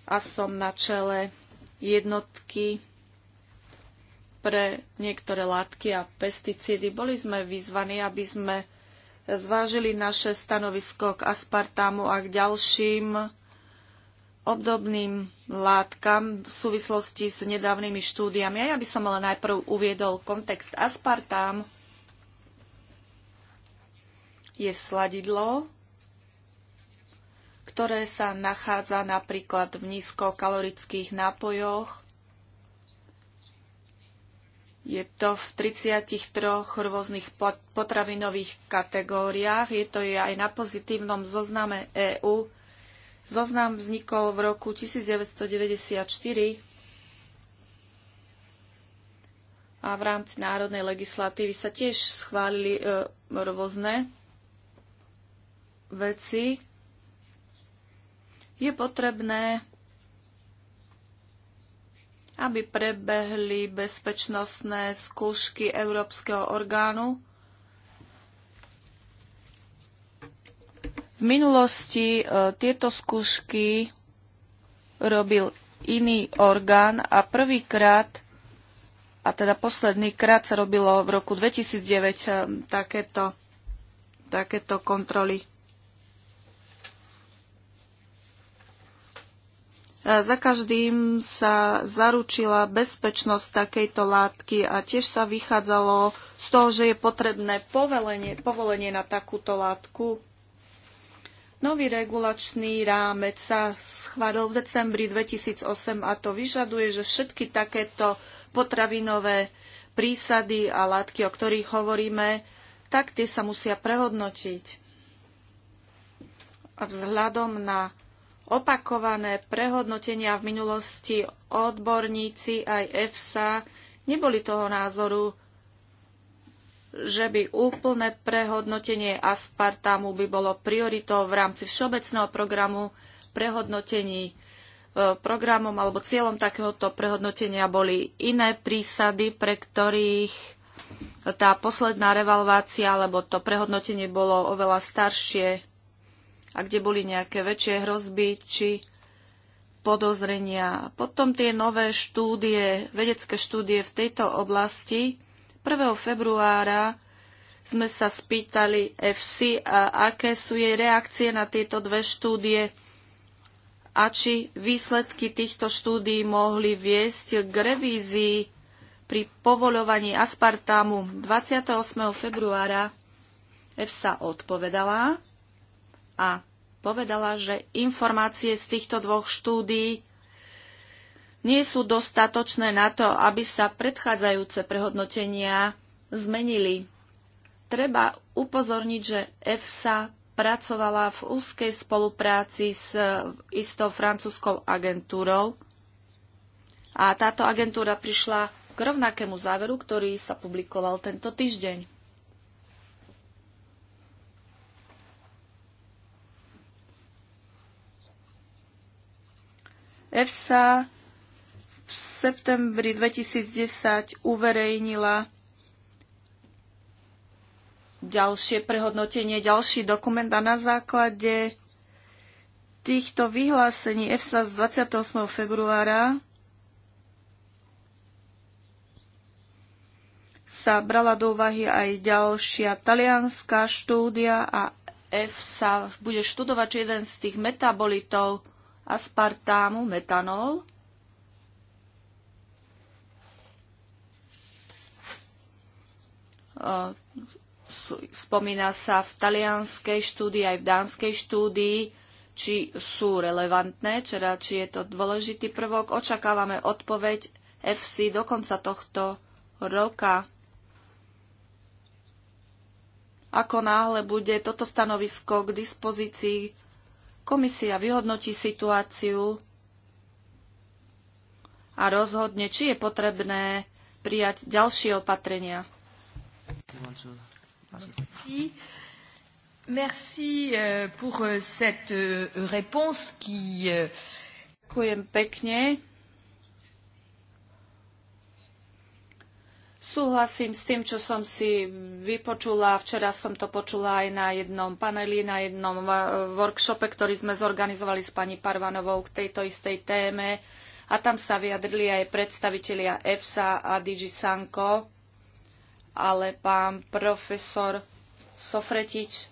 a som na čele jednotky pre niektoré látky a pesticídy. Boli sme vyzvaní, aby sme zvážili naše stanovisko k aspartámu a k ďalším obdobným látkam v súvislosti s nedávnymi štúdiami. A ja by som ale najprv uviedol kontext aspartám je sladidlo, ktoré sa nachádza napríklad v nízkokalorických nápojoch. Je to v 33 rôznych potravinových kategóriách. Je to aj na pozitívnom zozname EÚ. Zoznam vznikol v roku 1994 a v rámci národnej legislatívy sa tiež schválili e, rôzne veci, je potrebné, aby prebehli bezpečnostné skúšky Európskeho orgánu. V minulosti e, tieto skúšky robil iný orgán a prvýkrát, a teda posledný krát sa robilo v roku 2009 e, takéto, takéto kontroly. Za každým sa zaručila bezpečnosť takejto látky a tiež sa vychádzalo z toho, že je potrebné povolenie, povolenie na takúto látku. Nový regulačný rámec sa schválil v decembri 2008 a to vyžaduje, že všetky takéto potravinové prísady a látky, o ktorých hovoríme, tak tie sa musia prehodnotiť. A vzhľadom na Opakované prehodnotenia v minulosti odborníci aj EFSA neboli toho názoru, že by úplné prehodnotenie aspartamu by bolo prioritou v rámci všeobecného programu prehodnotení. E, programom alebo cieľom takéhoto prehodnotenia boli iné prísady, pre ktorých tá posledná revalvácia alebo to prehodnotenie bolo oveľa staršie a kde boli nejaké väčšie hrozby či podozrenia. Potom tie nové štúdie, vedecké štúdie v tejto oblasti. 1. februára sme sa spýtali FC, a aké sú jej reakcie na tieto dve štúdie a či výsledky týchto štúdií mohli viesť k revízii pri povoľovaní aspartámu. 28. februára EFSA odpovedala, a povedala, že informácie z týchto dvoch štúdií nie sú dostatočné na to, aby sa predchádzajúce prehodnotenia zmenili. Treba upozorniť, že EFSA pracovala v úzkej spolupráci s istou francúzskou agentúrou a táto agentúra prišla k rovnakému záveru, ktorý sa publikoval tento týždeň. EFSA v septembri 2010 uverejnila ďalšie prehodnotenie, ďalší dokument a na základe týchto vyhlásení EFSA z 28. februára sa brala do úvahy aj ďalšia talianská štúdia a EFSA bude študovať, či jeden z tých metabolitov aspartámu, metanol. Spomína sa v talianskej štúdii aj v dánskej štúdii, či sú relevantné, čera, či je to dôležitý prvok. Očakávame odpoveď FC do konca tohto roka. Ako náhle bude toto stanovisko k dispozícii Komisia vyhodnotí situáciu a rozhodne, či je potrebné prijať ďalšie opatrenia. Merci eh, pour eh, cette eh, réponse qui... Ďakujem pekne Súhlasím s tým, čo som si vypočula. Včera som to počula aj na jednom paneli, na jednom eh, workshope, ktorý sme zorganizovali s pani Parvanovou k tejto istej téme. A tam sa vyjadrili aj predstavitelia EFSA a DG Sanko, ale pán profesor Sofretič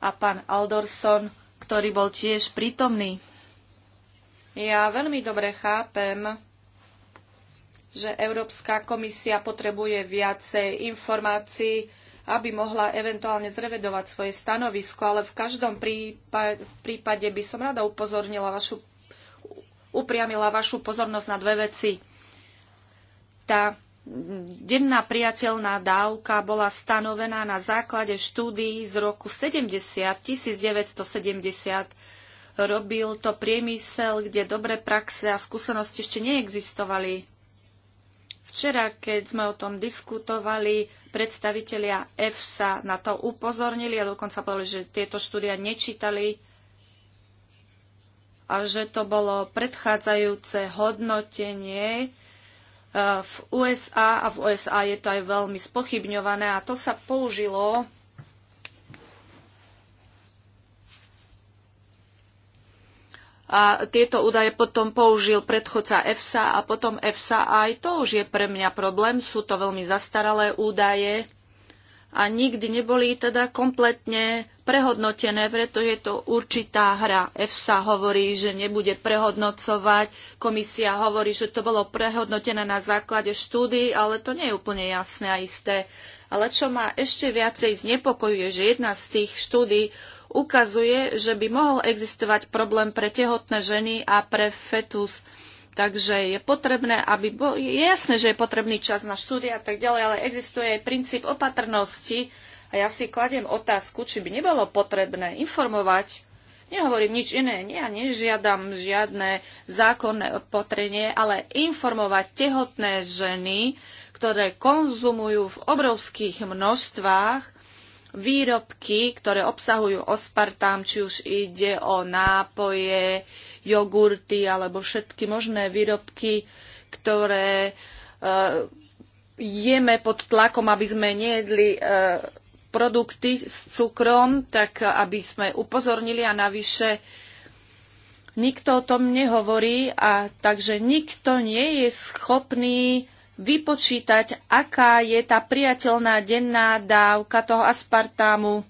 a pán Aldorson, ktorý bol tiež prítomný. Ja veľmi dobre chápem, že Európska komisia potrebuje viacej informácií, aby mohla eventuálne zrevedovať svoje stanovisko, ale v každom prípade by som rada upozornila vašu, upriamila vašu pozornosť na dve veci. Tá denná priateľná dávka bola stanovená na základe štúdií z roku 70, 1970. Robil to priemysel, kde dobré praxe a skúsenosti ešte neexistovali. Včera, keď sme o tom diskutovali, predstavitelia EFSA na to upozornili a dokonca povedali, že tieto štúdia nečítali a že to bolo predchádzajúce hodnotenie eh, v USA a v USA je to aj veľmi spochybňované a to sa použilo a tieto údaje potom použil predchodca EFSA a potom EFSA a aj to už je pre mňa problém. Sú to veľmi zastaralé údaje a nikdy neboli teda kompletne prehodnotené, pretože je to určitá hra. EFSA hovorí, že nebude prehodnocovať, komisia hovorí, že to bolo prehodnotené na základe štúdy, ale to nie je úplne jasné a isté. Ale čo ma ešte viacej znepokojuje, že jedna z tých štúdí ukazuje, že by mohol existovať problém pre tehotné ženy a pre fetus. Takže je potrebné, aby... Bo... Je jasné, že je potrebný čas na štúdia a tak ďalej, ale existuje aj princíp opatrnosti. A ja si kladiem otázku, či by nebolo potrebné informovať. Nehovorím nič iné, ja nežiadam žiadne zákonné opatrenie, ale informovať tehotné ženy, ktoré konzumujú v obrovských množstvách výrobky, ktoré obsahujú aspartám, či už ide o nápoje, jogurty alebo všetky možné výrobky, ktoré e, jeme pod tlakom, aby sme nejedli e, produkty s cukrom, tak eh, aby sme upozornili a navyše nikto o tom nehovorí a takže nikto nie je schopný vypočítať, aká je tá priateľná denná dávka toho aspartámu.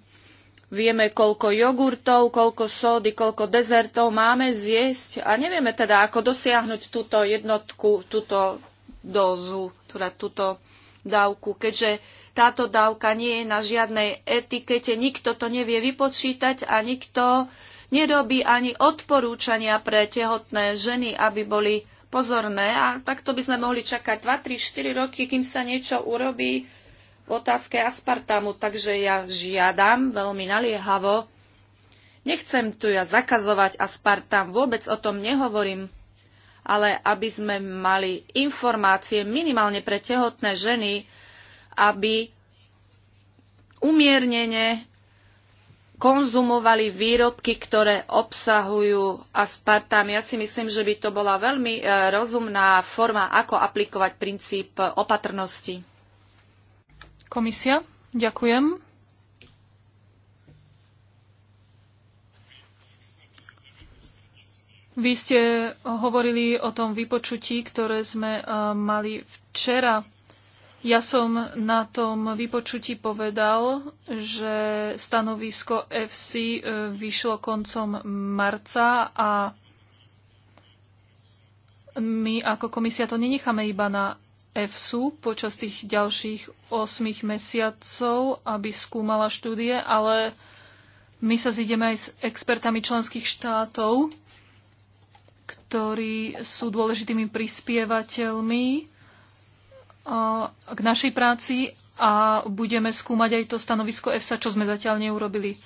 Vieme, koľko jogurtov, koľko sódy, koľko dezertov máme zjesť a nevieme teda, ako dosiahnuť túto jednotku, túto dozu, teda túto dávku, keďže táto dávka nie je na žiadnej etikete, nikto to nevie vypočítať a nikto nerobí ani odporúčania pre tehotné ženy, aby boli pozorné a takto by sme mohli čakať 2, 3, 4 roky, kým sa niečo urobí v otázke aspartamu. Takže ja žiadam veľmi naliehavo. Nechcem tu ja zakazovať aspartam, vôbec o tom nehovorím, ale aby sme mali informácie minimálne pre tehotné ženy, aby umiernene konzumovali výrobky, ktoré obsahujú aspartám. Ja si myslím, že by to bola veľmi e, rozumná forma, ako aplikovať princíp opatrnosti. Komisia, ďakujem. Vy ste hovorili o tom vypočutí, ktoré sme e, mali včera ja som na tom vypočutí povedal, že stanovisko FC e, vyšlo koncom marca a my ako komisia to nenecháme iba na EFSU počas tých ďalších 8 mesiacov, aby skúmala štúdie, ale my sa zídeme aj s expertami členských štátov, ktorí sú dôležitými prispievateľmi k našej práci a budeme skúmať aj to stanovisko EFSA, čo sme zatiaľ neurobili.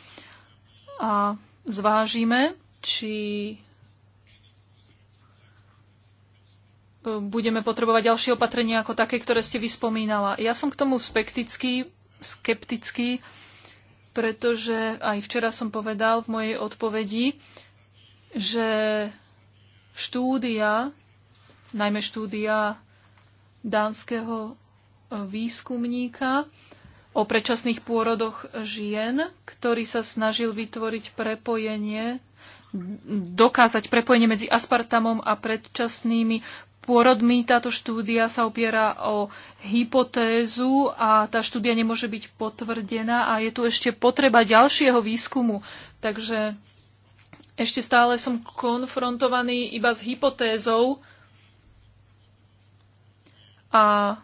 A zvážime, či e, budeme potrebovať ďalšie opatrenia ako také, ktoré ste vyspomínala. Ja som k tomu spektický, skeptický, pretože aj včera som povedal v mojej odpovedi, že štúdia, najmä štúdia dánskeho e, výskumníka o predčasných pôrodoch žien, ktorý sa snažil vytvoriť prepojenie, dokázať prepojenie medzi aspartamom a predčasnými pôrodmi. Táto štúdia sa opiera o hypotézu a tá štúdia nemôže byť potvrdená a je tu ešte potreba ďalšieho výskumu. Takže ešte stále som konfrontovaný iba s hypotézou, a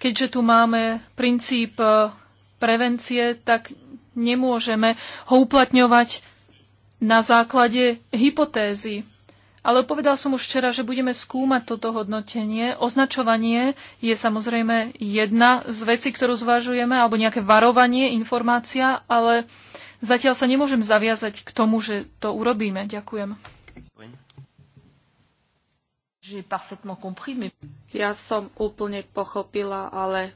keďže tu máme princíp e, prevencie, tak nemôžeme ho uplatňovať na základe hypotézy. Ale povedal som už včera, že budeme skúmať toto hodnotenie. Označovanie je samozrejme jedna z vecí, ktorú zvažujeme, alebo nejaké varovanie, informácia, ale zatiaľ sa nemôžem zaviazať k tomu, že to urobíme. Ďakujem. Ja som úplne pochopila, ale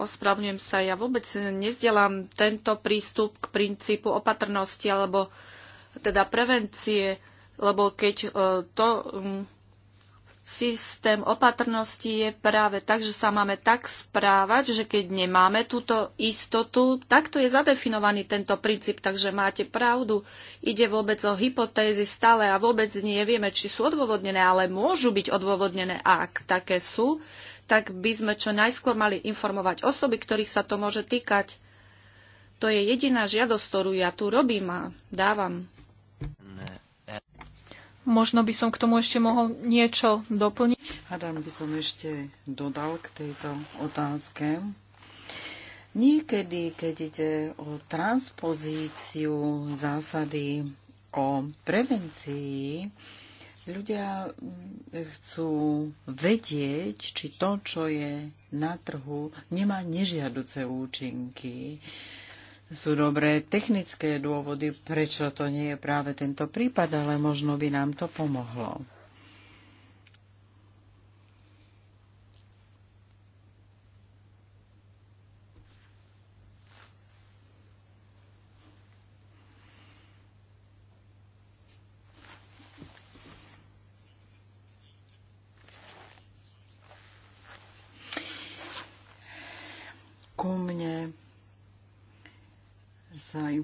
ospravňujem sa, ja vôbec nezdelám tento prístup k princípu opatrnosti alebo teda prevencie, lebo keď e, to mm, systém opatrnosti je práve tak, že sa máme tak správať, že keď nemáme túto istotu, takto je zadefinovaný tento princíp, takže máte pravdu. Ide vôbec o hypotézy stále a vôbec nevieme, či sú odôvodnené, ale môžu byť odôvodnené, ak také sú, tak by sme čo najskôr mali informovať osoby, ktorých sa to môže týkať. To je jediná žiadosť, ktorú ja tu robím a dávam. Ne. Možno by som k tomu ešte mohol niečo doplniť. Hadam by som ešte dodal k tejto otázke. Niekedy, keď ide o transpozíciu zásady o prevencii, ľudia chcú vedieť, či to, čo je na trhu, nemá nežiaduce účinky. Uh, sú dobré technické dôvody, prečo to nie je práve tento prípad, ale možno by nám to pomohlo.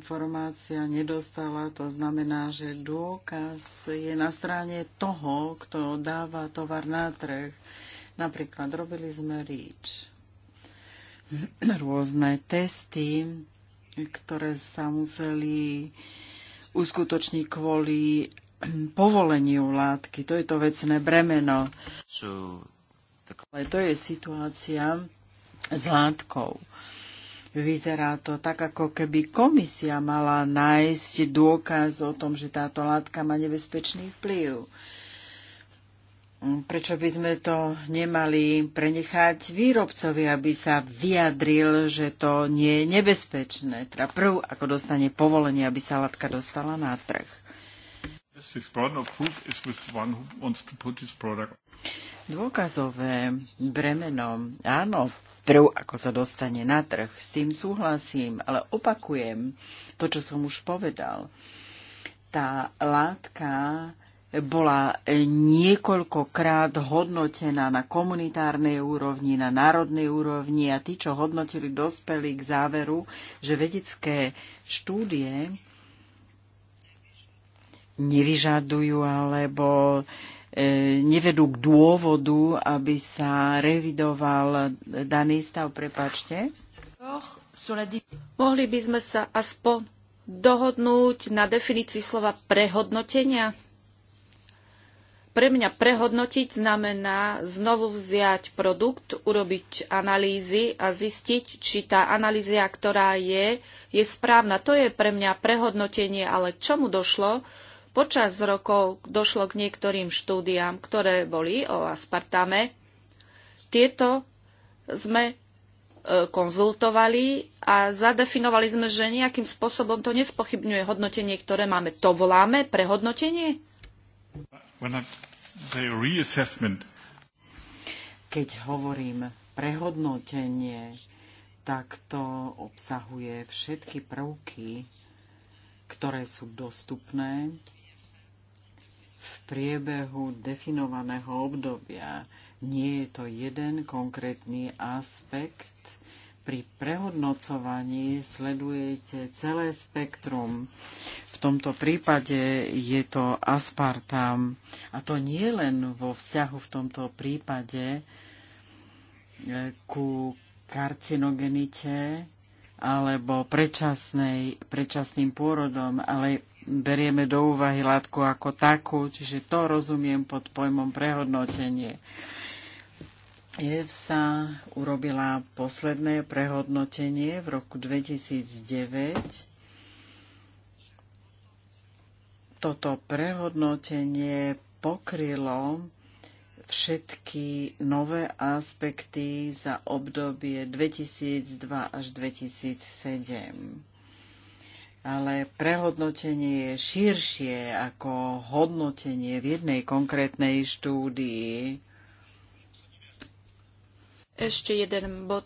informácia nedostala. To znamená, že dôkaz je na strane toho, kto dáva tovar na trh. Napríklad robili sme ríč. Rôzne testy, ktoré sa museli uskutočniť kvôli povoleniu látky. To je to vecné bremeno. Ale to je situácia s látkou. Vyzerá to tak, ako keby komisia mala nájsť dôkaz o tom, že táto látka má nebezpečný vplyv. Prečo by sme to nemali prenechať výrobcovi, aby sa vyjadril, že to nie je nebezpečné? Teda prv, ako dostane povolenie, aby sa látka dostala na trh. Dôkazové bremeno. Áno, prv, ako sa dostane na trh. S tým súhlasím, ale opakujem to, čo som už povedal. Tá látka bola niekoľkokrát hodnotená na komunitárnej úrovni, na národnej úrovni a tí, čo hodnotili, dospeli k záveru, že vedecké štúdie nevyžadujú alebo E, nevedú k dôvodu, aby sa revidoval daný stav. Prepačte. Mohli by sme sa aspoň dohodnúť na definícii slova prehodnotenia? Pre mňa prehodnotiť znamená znovu vziať produkt, urobiť analýzy a zistiť, či tá analýzia, ktorá je, je správna. To je pre mňa prehodnotenie, ale čomu došlo? Počas rokov došlo k niektorým štúdiám, ktoré boli o aspartame. Tieto sme e, konzultovali a zadefinovali sme, že nejakým spôsobom to nespochybňuje hodnotenie, ktoré máme. To voláme prehodnotenie? Keď hovorím prehodnotenie, tak to obsahuje všetky prvky, ktoré sú dostupné v priebehu definovaného obdobia. Nie je to jeden konkrétny aspekt. Pri prehodnocovaní sledujete celé spektrum. V tomto prípade je to aspartam. A to nie len vo vzťahu v tomto prípade e, ku karcinogenite alebo predčasným pôrodom, ale berieme do úvahy látku ako takú, čiže to rozumiem pod pojmom prehodnotenie. EFSA urobila posledné prehodnotenie v roku 2009 toto prehodnotenie pokrylo všetky nové aspekty za obdobie 2002 až 2007 ale prehodnotenie je širšie ako hodnotenie v jednej konkrétnej štúdii. Ešte jeden bod.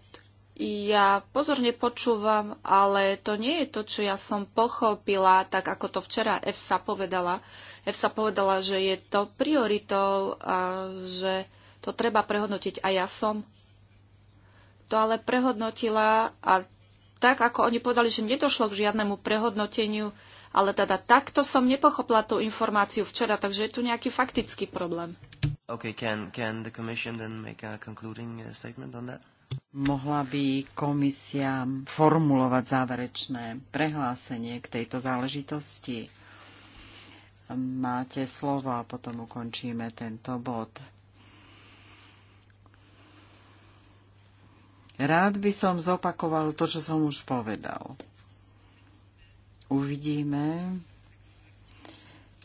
Ja pozorne počúvam, ale to nie je to, čo ja som pochopila, tak ako to včera EFSA povedala. EFSA povedala, že je to prioritou a že to treba prehodnotiť. A ja som to ale prehodnotila a tak, ako oni povedali, že nedošlo k žiadnemu prehodnoteniu, ale teda takto som nepochopila tú informáciu včera, takže je tu nejaký faktický problém. Uh, Mohla by komisia formulovať záverečné prehlásenie k tejto záležitosti? Máte slovo a potom ukončíme tento bod. Rád by som zopakoval to, čo som už povedal. Uvidíme,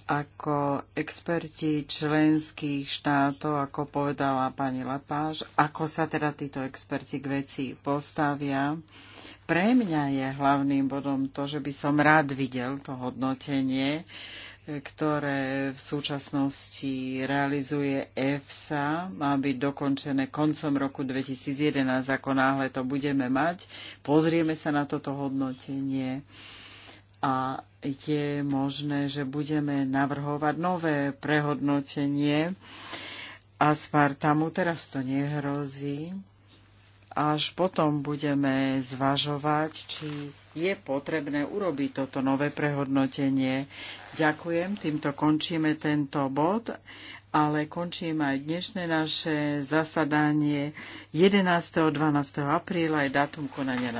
ako experti členských štátov, ako povedala pani Lapáš, ako sa teda títo experti k veci postavia. Pre mňa je hlavným bodom to, že by som rád videl to hodnotenie, ktoré v súčasnosti realizuje EFSA, má byť dokončené koncom roku 2011, ako náhle to budeme mať. Pozrieme sa na toto hodnotenie a je možné, že budeme navrhovať nové prehodnotenie a spartamu Teraz to nehrozí, až potom budeme zvažovať, či je potrebné urobiť toto nové prehodnotenie. Ďakujem, týmto končíme tento bod, ale končím aj dnešné naše zasadanie 11. 12. apríla je dátum konania